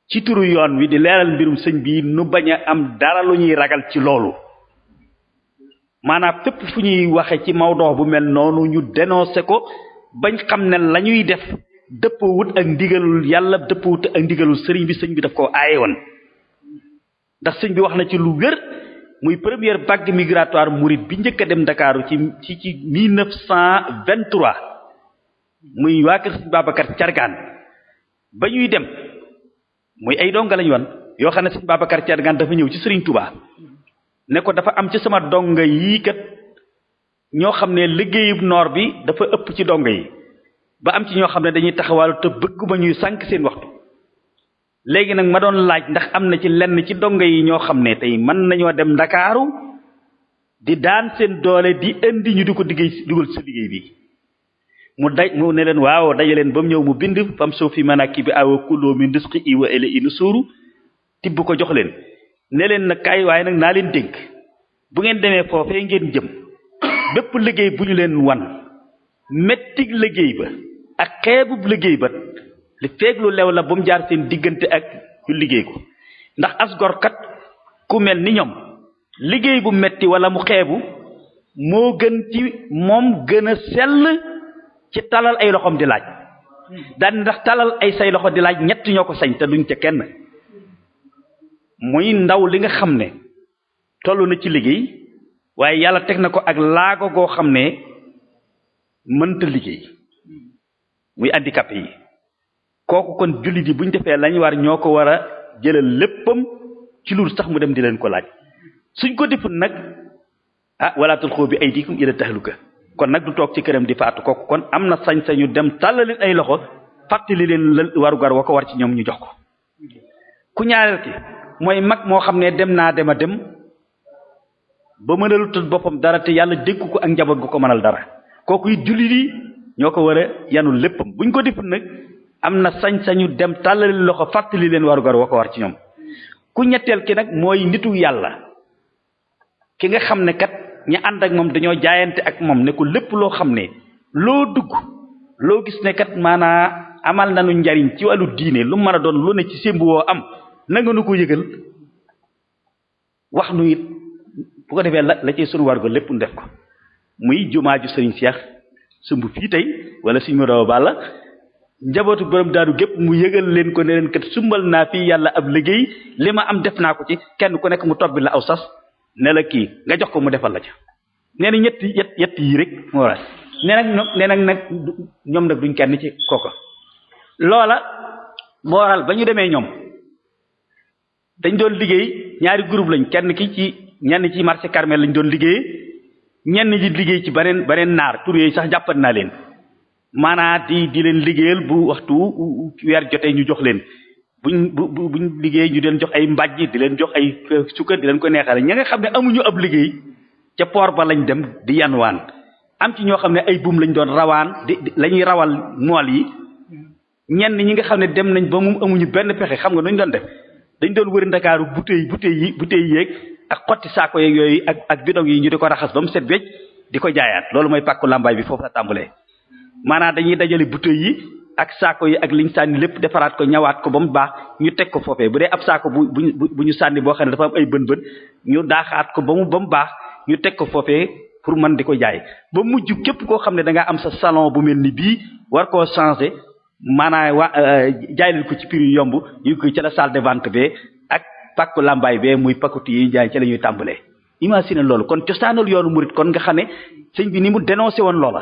ci turu yoon wi di leeral mbirum sëñ bii nu bañ a am dara lu ñuy ragal ci loolu maanaam fépp fu ñuy waxe ci mawdoox bu mel noonu ñu dénoncé ko bañ xam ne la ñuy def dëppoowut ak ndigalul yàlla dëppoowut ak ndigalul sëriñ bi sëñ bi daf koo aaye woon ndax sëñ bi wax na ci lu wér muy première vague migratoire murit bi njëkk a dem ndakaaru ci ci ci 1923 muy waa kër sëñ Babacar Cargaan ba ñuy dem muy ay donga lañu woon yoo xam ne sëñ Babacar Cargaan dafa ñëw ci sëriñ Touba ne ko dafa am ci sama donga yii kat ñoo xam ne liggéeyub noor bi dafa ëpp ci dongo yi ba am ci ñoo xam ne dañuy taxawal te bëgguma ñuy sànq seen waxtu léegi nag ma doon laaj ndax am na ci lenn ci dongo yi ñoo xam ne tey mën nañoo dem ndakaaru di daan seen doole di indi ñu di ko diggéey dugal sa liggéey bi mu daj mu ne leen waaw daje leen ba mu ñëw mu bind fam soo fi manaki bi awa kuloo min risqi i wa ila inu suuru tibb ko jox leen ne leen nag kaay waaye nag naa leen dénk bu ngeen demee foofee ngeen jëm bépp liggéey bu ñu leen wan mettig liggéey ba ak xeebub liggéey ba li feeg lu lew la ba mu jaar seen diggante ak ñu liggéey ko ndax as gorkat ku mel ni ñoom liggéey bu metti wala mu xeebu moo gën ci moom gën a sell ci talal ay loxoom di laaj daan ndax talal ay say loxo di laaj ñett ñoo ko sañ te duñ ca kenn muy ndaw li nga xam ne toll na ci liggéey waaye yàlla teg na ko ak laago goo xam ne mënta liggéey muy handicapé yi kooku kon jullit yi bu ñu defee lañu war ñoo ko war a jëlal léppam ci lu sax mu dem di leen ko laaj suñ ko deful nag ah wala tulqu bi aydikum ila tahluka kon nag du toog ci këram di faatu kooku kon am na sañ-sañu dem tàllali ay loxo fàttali leen la warugar wa ko war ci ñoom ñu jox ko ku ñaareel ki mooy mag moo xam ne dem naa dem a dem ba mënalutal boppam dara te yàlla dénk ko ak njaboot gu ko mënal dara kooku it jullit yi ñoo ko war a yanul léppam buñ ko deful nag am na sañ-sañu dem tàllali loxo fàttali leen warugar wa ko war ci ñoom ku ñetteel ki nag mooy nitu yàlla ki nga xam ne kat ña ànd ak moom dañoo jaayante ak moom ne ko lépp loo xam ne loo dugg loo gis ne kat maanaa amal na nañu njariñ ci wàllu diine lu mën a doon lu ne ci sémb woo am nanga nu ko yëgal wax nu it bu ko defee la la cay sunu war ko lépp def ko muy jumaa ju sëriñ Seex sumb fii tey wala suñu madawa bàlla njabootu borom daaru gépp mu yëgal leen ko ne kat sumbal naa fii yàlla ab liggéey li ma am def naa ko ci kenn ku nekk mu tobbi la aw sas ne la kii nga jox ko mu defal la ca nee na ñetti yet yett yi rek moo ñoom nag nag ñoom kenn ci kooka loola moo ba ñu demee ñoom dañ doon liggéey ñaari groupe lañ kenn ki ci ñenn ci marché Carmel lañ doon liggéey ñenn ñi liggéey ci beneen beneen naar tur sax jàppat naa leen maanaa di di leen liggéeyal bu waxtu weer jotee ñu jox leen buñ liggéey ñu leen jox ay mbàjj leen jox ay euh, sukkar di leen ko neexale ña nga xam ne amuñu ab liggéey ca port ba lañ dem di yanwaan am ci ñoo xam ne ay buum lañ doon rawaan di la ñuy rawal mool yi ñenn ñi nga xam ne dem nañ ba mu amuñu benn pexe xam nga nuñ doon def dañ doon wëri ndakaaru bouteille bouteille yi bouteille yeeg ak xotti saako yeeg yooyu ak ak bidong yi ñu di ko raxas ba mu set wecc di ko jaayaat loolu mooy pàkku làmbaay bi foofu la tàmbalee maanaam dañuy dajale bouteille yi ak saako yi ak liñ sànni lépp defaraat ko ñawaat ko ba mu baax ñu teg ko foofee bu ab saako bu bu bu ñu sànni boo xam ne dafa ay bën-bën ñu daaxaat ko ba mu ba baax ñu teg ko foofee pour man di ko jaay ba mujj képp koo xam ne da am sa salon bu mel ni bii war koo changer maanaam waa euh, jaay leen ko ci prix yu yomb ñu ko ci la salle de vente bee pàkku làmbaay bee muy pakkatu yi jaay ci la ñuy tàmbalee imagine loolu kon cosaanal yoonu murit kon nga xam ne sëñ bi ni mu dénoncé woon loola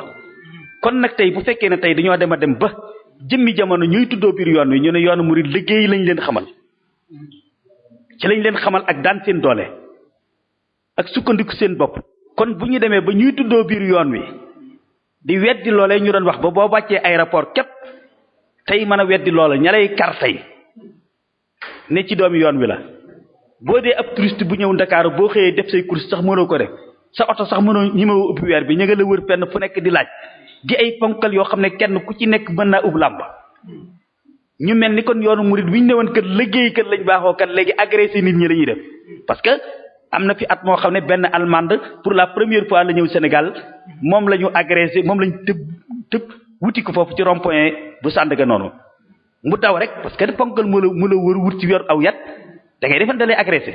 kon nag tey bu fekkee ne tey dañoo dem a dem ba jëmmi jamono ñuy tuddoo biir yoon wi ñu ne yoonu murit liggéey lañ leen xamal ci lañ leen xamal ak daan seen doole ak sukkandiku seen bopp kon bu ñu demee ba ñuy tuddoo biir yoon wi di weddi loolee ñu doon wax ba boo wàccee aéroport képp tey mën a weddi loola ña lay kar tey ci doomi yoon wi la boo dee ab touriste bu ñëw ndakaaru boo xëyee def say course sax mënoo ko def sa oto sax mënoo ñi ma ubbi weer bi ñu nga la wër fenn fu nekk di laaj di ay ponkal yoo xam ne kenn ku ci nekk mën naa ub làmb ñu mel ni kon yoonu murid wi ñu ne woon kër liggéey kat lañ baaxoo kat léegi agressé nit ñi la ñuy def parce que am na fi at moo xam ne benn allemande pour la première fois la ñëw Sénégal moom la ñu agressé moom la ñu tëb tëb wuti ko foofu ci rond-point bu Sandaga noonu mu daw rek parce que ponkal mu la mu la ci yor aw yat da ngay defan da lay agressé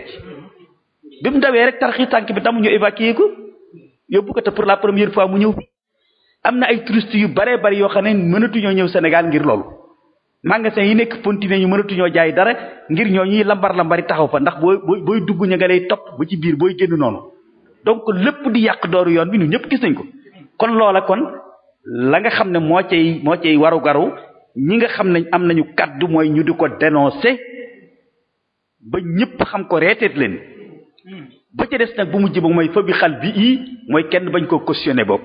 bi mu dawee rek tarxi tànk bi tam ñu évacué ko yóbbu ko te pour la première fois mu ñëw am na ay touristes yu baree bari yoo xam ne mënatuñoo ñëw Sénégal ngir loolu magasin yi nekk Pontine ñu mënatuñoo jaay dara ngir ñoo ñuy lambar lambari taxaw fa ndax booy booy dugg ñu nga lay topp ba ci biir booy génn noonu donc lépp di yàq dooru yoon bi ñun ñëpp gis ko kon loola kon la nga xam ne moo cay moo cay waru garu ñi nga xam ne am nañu kaddu mooy ñu di ko dénoncer ba ñëpp xam ko reeteet leen ba ca des nag bu mujj ba mooy fa bi xal bi ii mooy kenn bañ koo cautionné boobu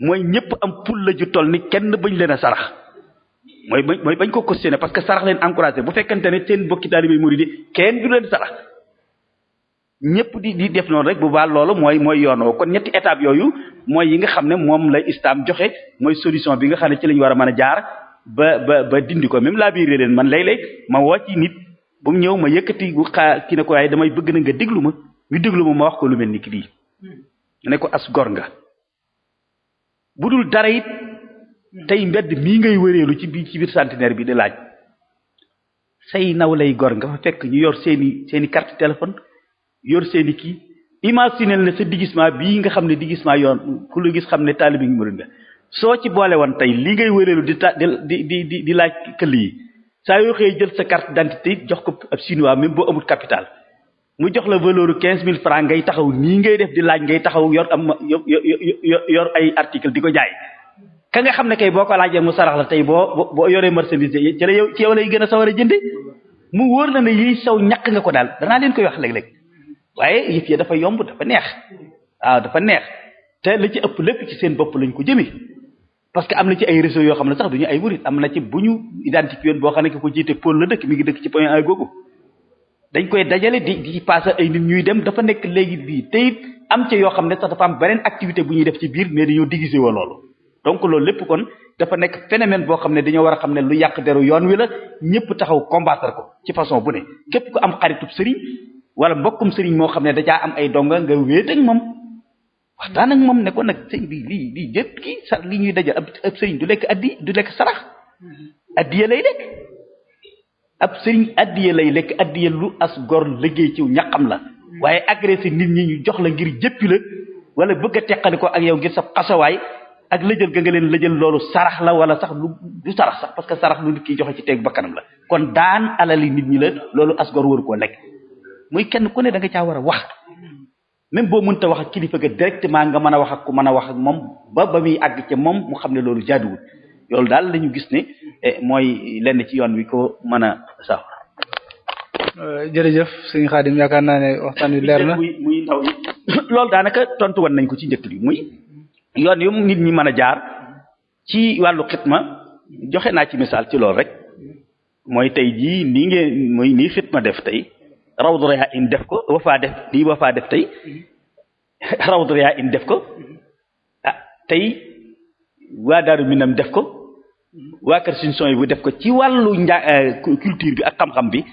mooy ñëpp am pul la ju toll ni kenn bañ leen a sarax mooy mooy bañ ko cautionné parce que sarax leen encouragé bu fekkante ne seen bokki di muridi kenn du leen sarax ñëpp di di def noonu rek bu baal loolu mooy mooy yoon woo kon ñetti étape yooyu mooy yi nga xam ne moom lay islam joxe mooy solution bi nga xam ne ci la war a mën a jaar ba ba ba dindi ko même laa biiree leen man léeg-léeg ba ñëw ma yëkkati gu xaa ki ne ko waaye damay bëgg na nga déglu ma ñu déglu ma ma wax ko lu mel ni ki lii hmm. ne ko as gor nga bu dul dara it tey mbedd mii ngay wëreelu ci biir ci biir centenaire bi di laaj say naw lay gor nga fa fekk ñu yor seeni seeni carte téléphone yor seeni kii imaginel ne sa digissement bii nga xam ne di gisma yoon ku lu gis xam ne taalibi ngi murid nga soo ci boole woon tey li ngay wëreelu di ta di di di di laaj këll yi saa yoo xëy jël sa carte d'identité jox ko ab chinois même boo amul capital mu jox la valeur quinze mille francs ngay taxaw nii ngay def di laaj ngay taxaw yor am yor ay article di ko jaay ka nga xam ne kay boo ko laajee mu sarax la tey boo boo yoree marchandise ci la yow ci yow lay gën a sawar a jënde mu wóor na ne yi saw ñàkk nga ko daal danaa leen koy wax léeg-léeg waaye yëf ya dafa yomb dafa neex waaw dafa neex te la ci ëpp lépp ci seen bopp lañ ko jëmee parce que am na ci ay réseau yoo xam ne sax ñu ay murit am na ci bu ñu identifié boo xam ne ko jiite pôle la dëkk mi ngi dëkk ci point googu dañ koy dajale di di passé ay nit ñuy dem dafa nekk léegi bii tey am ca yoo xam ne sax dafa am beneen activité bu ñuy def ci biir mais dañoo déguisé woo loolu donc loolu lépp kon dafa nekk phénomène boo xam ne dañoo war a xam ne lu yàq deru yoon wi la ñëpp taxaw combattre ko ci façon bu ne képp ku am xaritub sëriñ wala mbokkum sëriñ moo xam ne dacaa am ay donga nga wéet ak moom waxtaan ak moom ne ko nag sëñ bi lii lii jëpp ki sa li ñuy dajal ab ab sëriñ du lekk addi du lekk sarax addiya lay lekk ab sëriñ addiya lay lekk addiya lu as gor liggéey ci ñaqam la waaye agressé nit ñi ñu jox la ngir jëppi la wala bëgg a teqali ko ak yow ngir sa xasawaay ak lëjël ga nga leen lëjël loolu sarax la wala sax lu du sarax sax parce que sarax lu nit ki joxe ci teeg bakkanam la kon daan alali nit ñi la loolu as gor waru koo lekk muy kenn ku ne da nga caa war a wax même boo mënta wax ak kilifa ga directement nga mën a wax ak ku mën a wax ak moom ba ba muy àgg ca moom mu xam ne loolu jaaduwul loolu daal lañu gis ne eh, mooy lenn ci yoon wi ko mën a sax. Euh, jërëjëf sëñ Xaadim yaakaar naa ne waxtaan wi leer na muy muy ndaw yi loolu daanaka tontu woon nañ ko ci njëkk bi muy yoon yu nit ñi mën a jaar ci wàllu xitma joxe naa ci misaal ci loolu rek mooy tey jii nii ngeen muy nii xitma def tey. rawdu riyaain def ko wafa def lii wafa def tey rawdu in def ko ah tey waa daaru minam def ko waa kër suñu yi bu def ko ci wàllu nja eh, culture bi ak xam-xam bi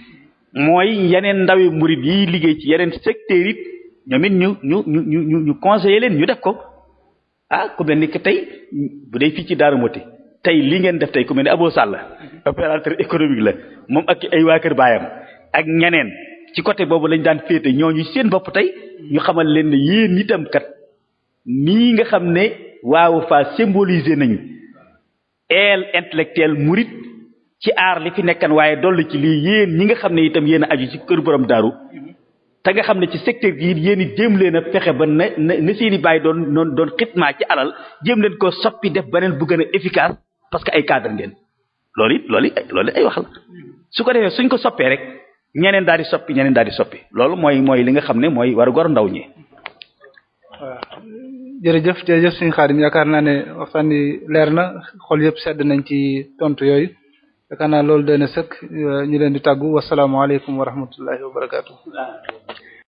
mooy yeneen ndawi murid yi liggéey ci yeneen secteur it ñoom it ñu ñu ñu ñu ñu conseiller leen ñu def ko ah ku mel ni que tey bu dee fii ci Darou Moukhty tey li ngeen def tey ku mel ni Abo Sall opérateur économique la moom ak ay waa baayam ak ñeneen ci côté boobu lañ daan féete ñooñu seen bopp tey ñu xamal leen ne yéen itam kat nii nga xam ne waaw fa symboliser nañu el intellectuel murit ci aar li fi nekkan waaye dool dolli ci lii yéen ñi nga xam ne itam yéen a aju ci kër borom daaru te nga xam ne ci secteur gi it yéen i jéem leen a fexe ba na na seen i bàyyi doon doon doon xitmaa ci alal jëm leen ko soppi def beneen bu gën a efficace parce que ay cadre ngeen loolu it loolu loolu ay wax la su ko defee suñ ko soppee rek ñeneen daal di soppi ñeneen daal di soppi loolu mooy mooy li nga xam ne mooy war a gor ndaw ñi. waaw jërëjëf jërëjëf suñu xaadim yaakaar naa ne waxtaan yi leer na xol yëpp sedd nañ ci tontu yooyu yaakaar naa loolu dana sëkk ñu leen di tàggu wasalaamaaleykum wa rahmatullahi wa barakaatu.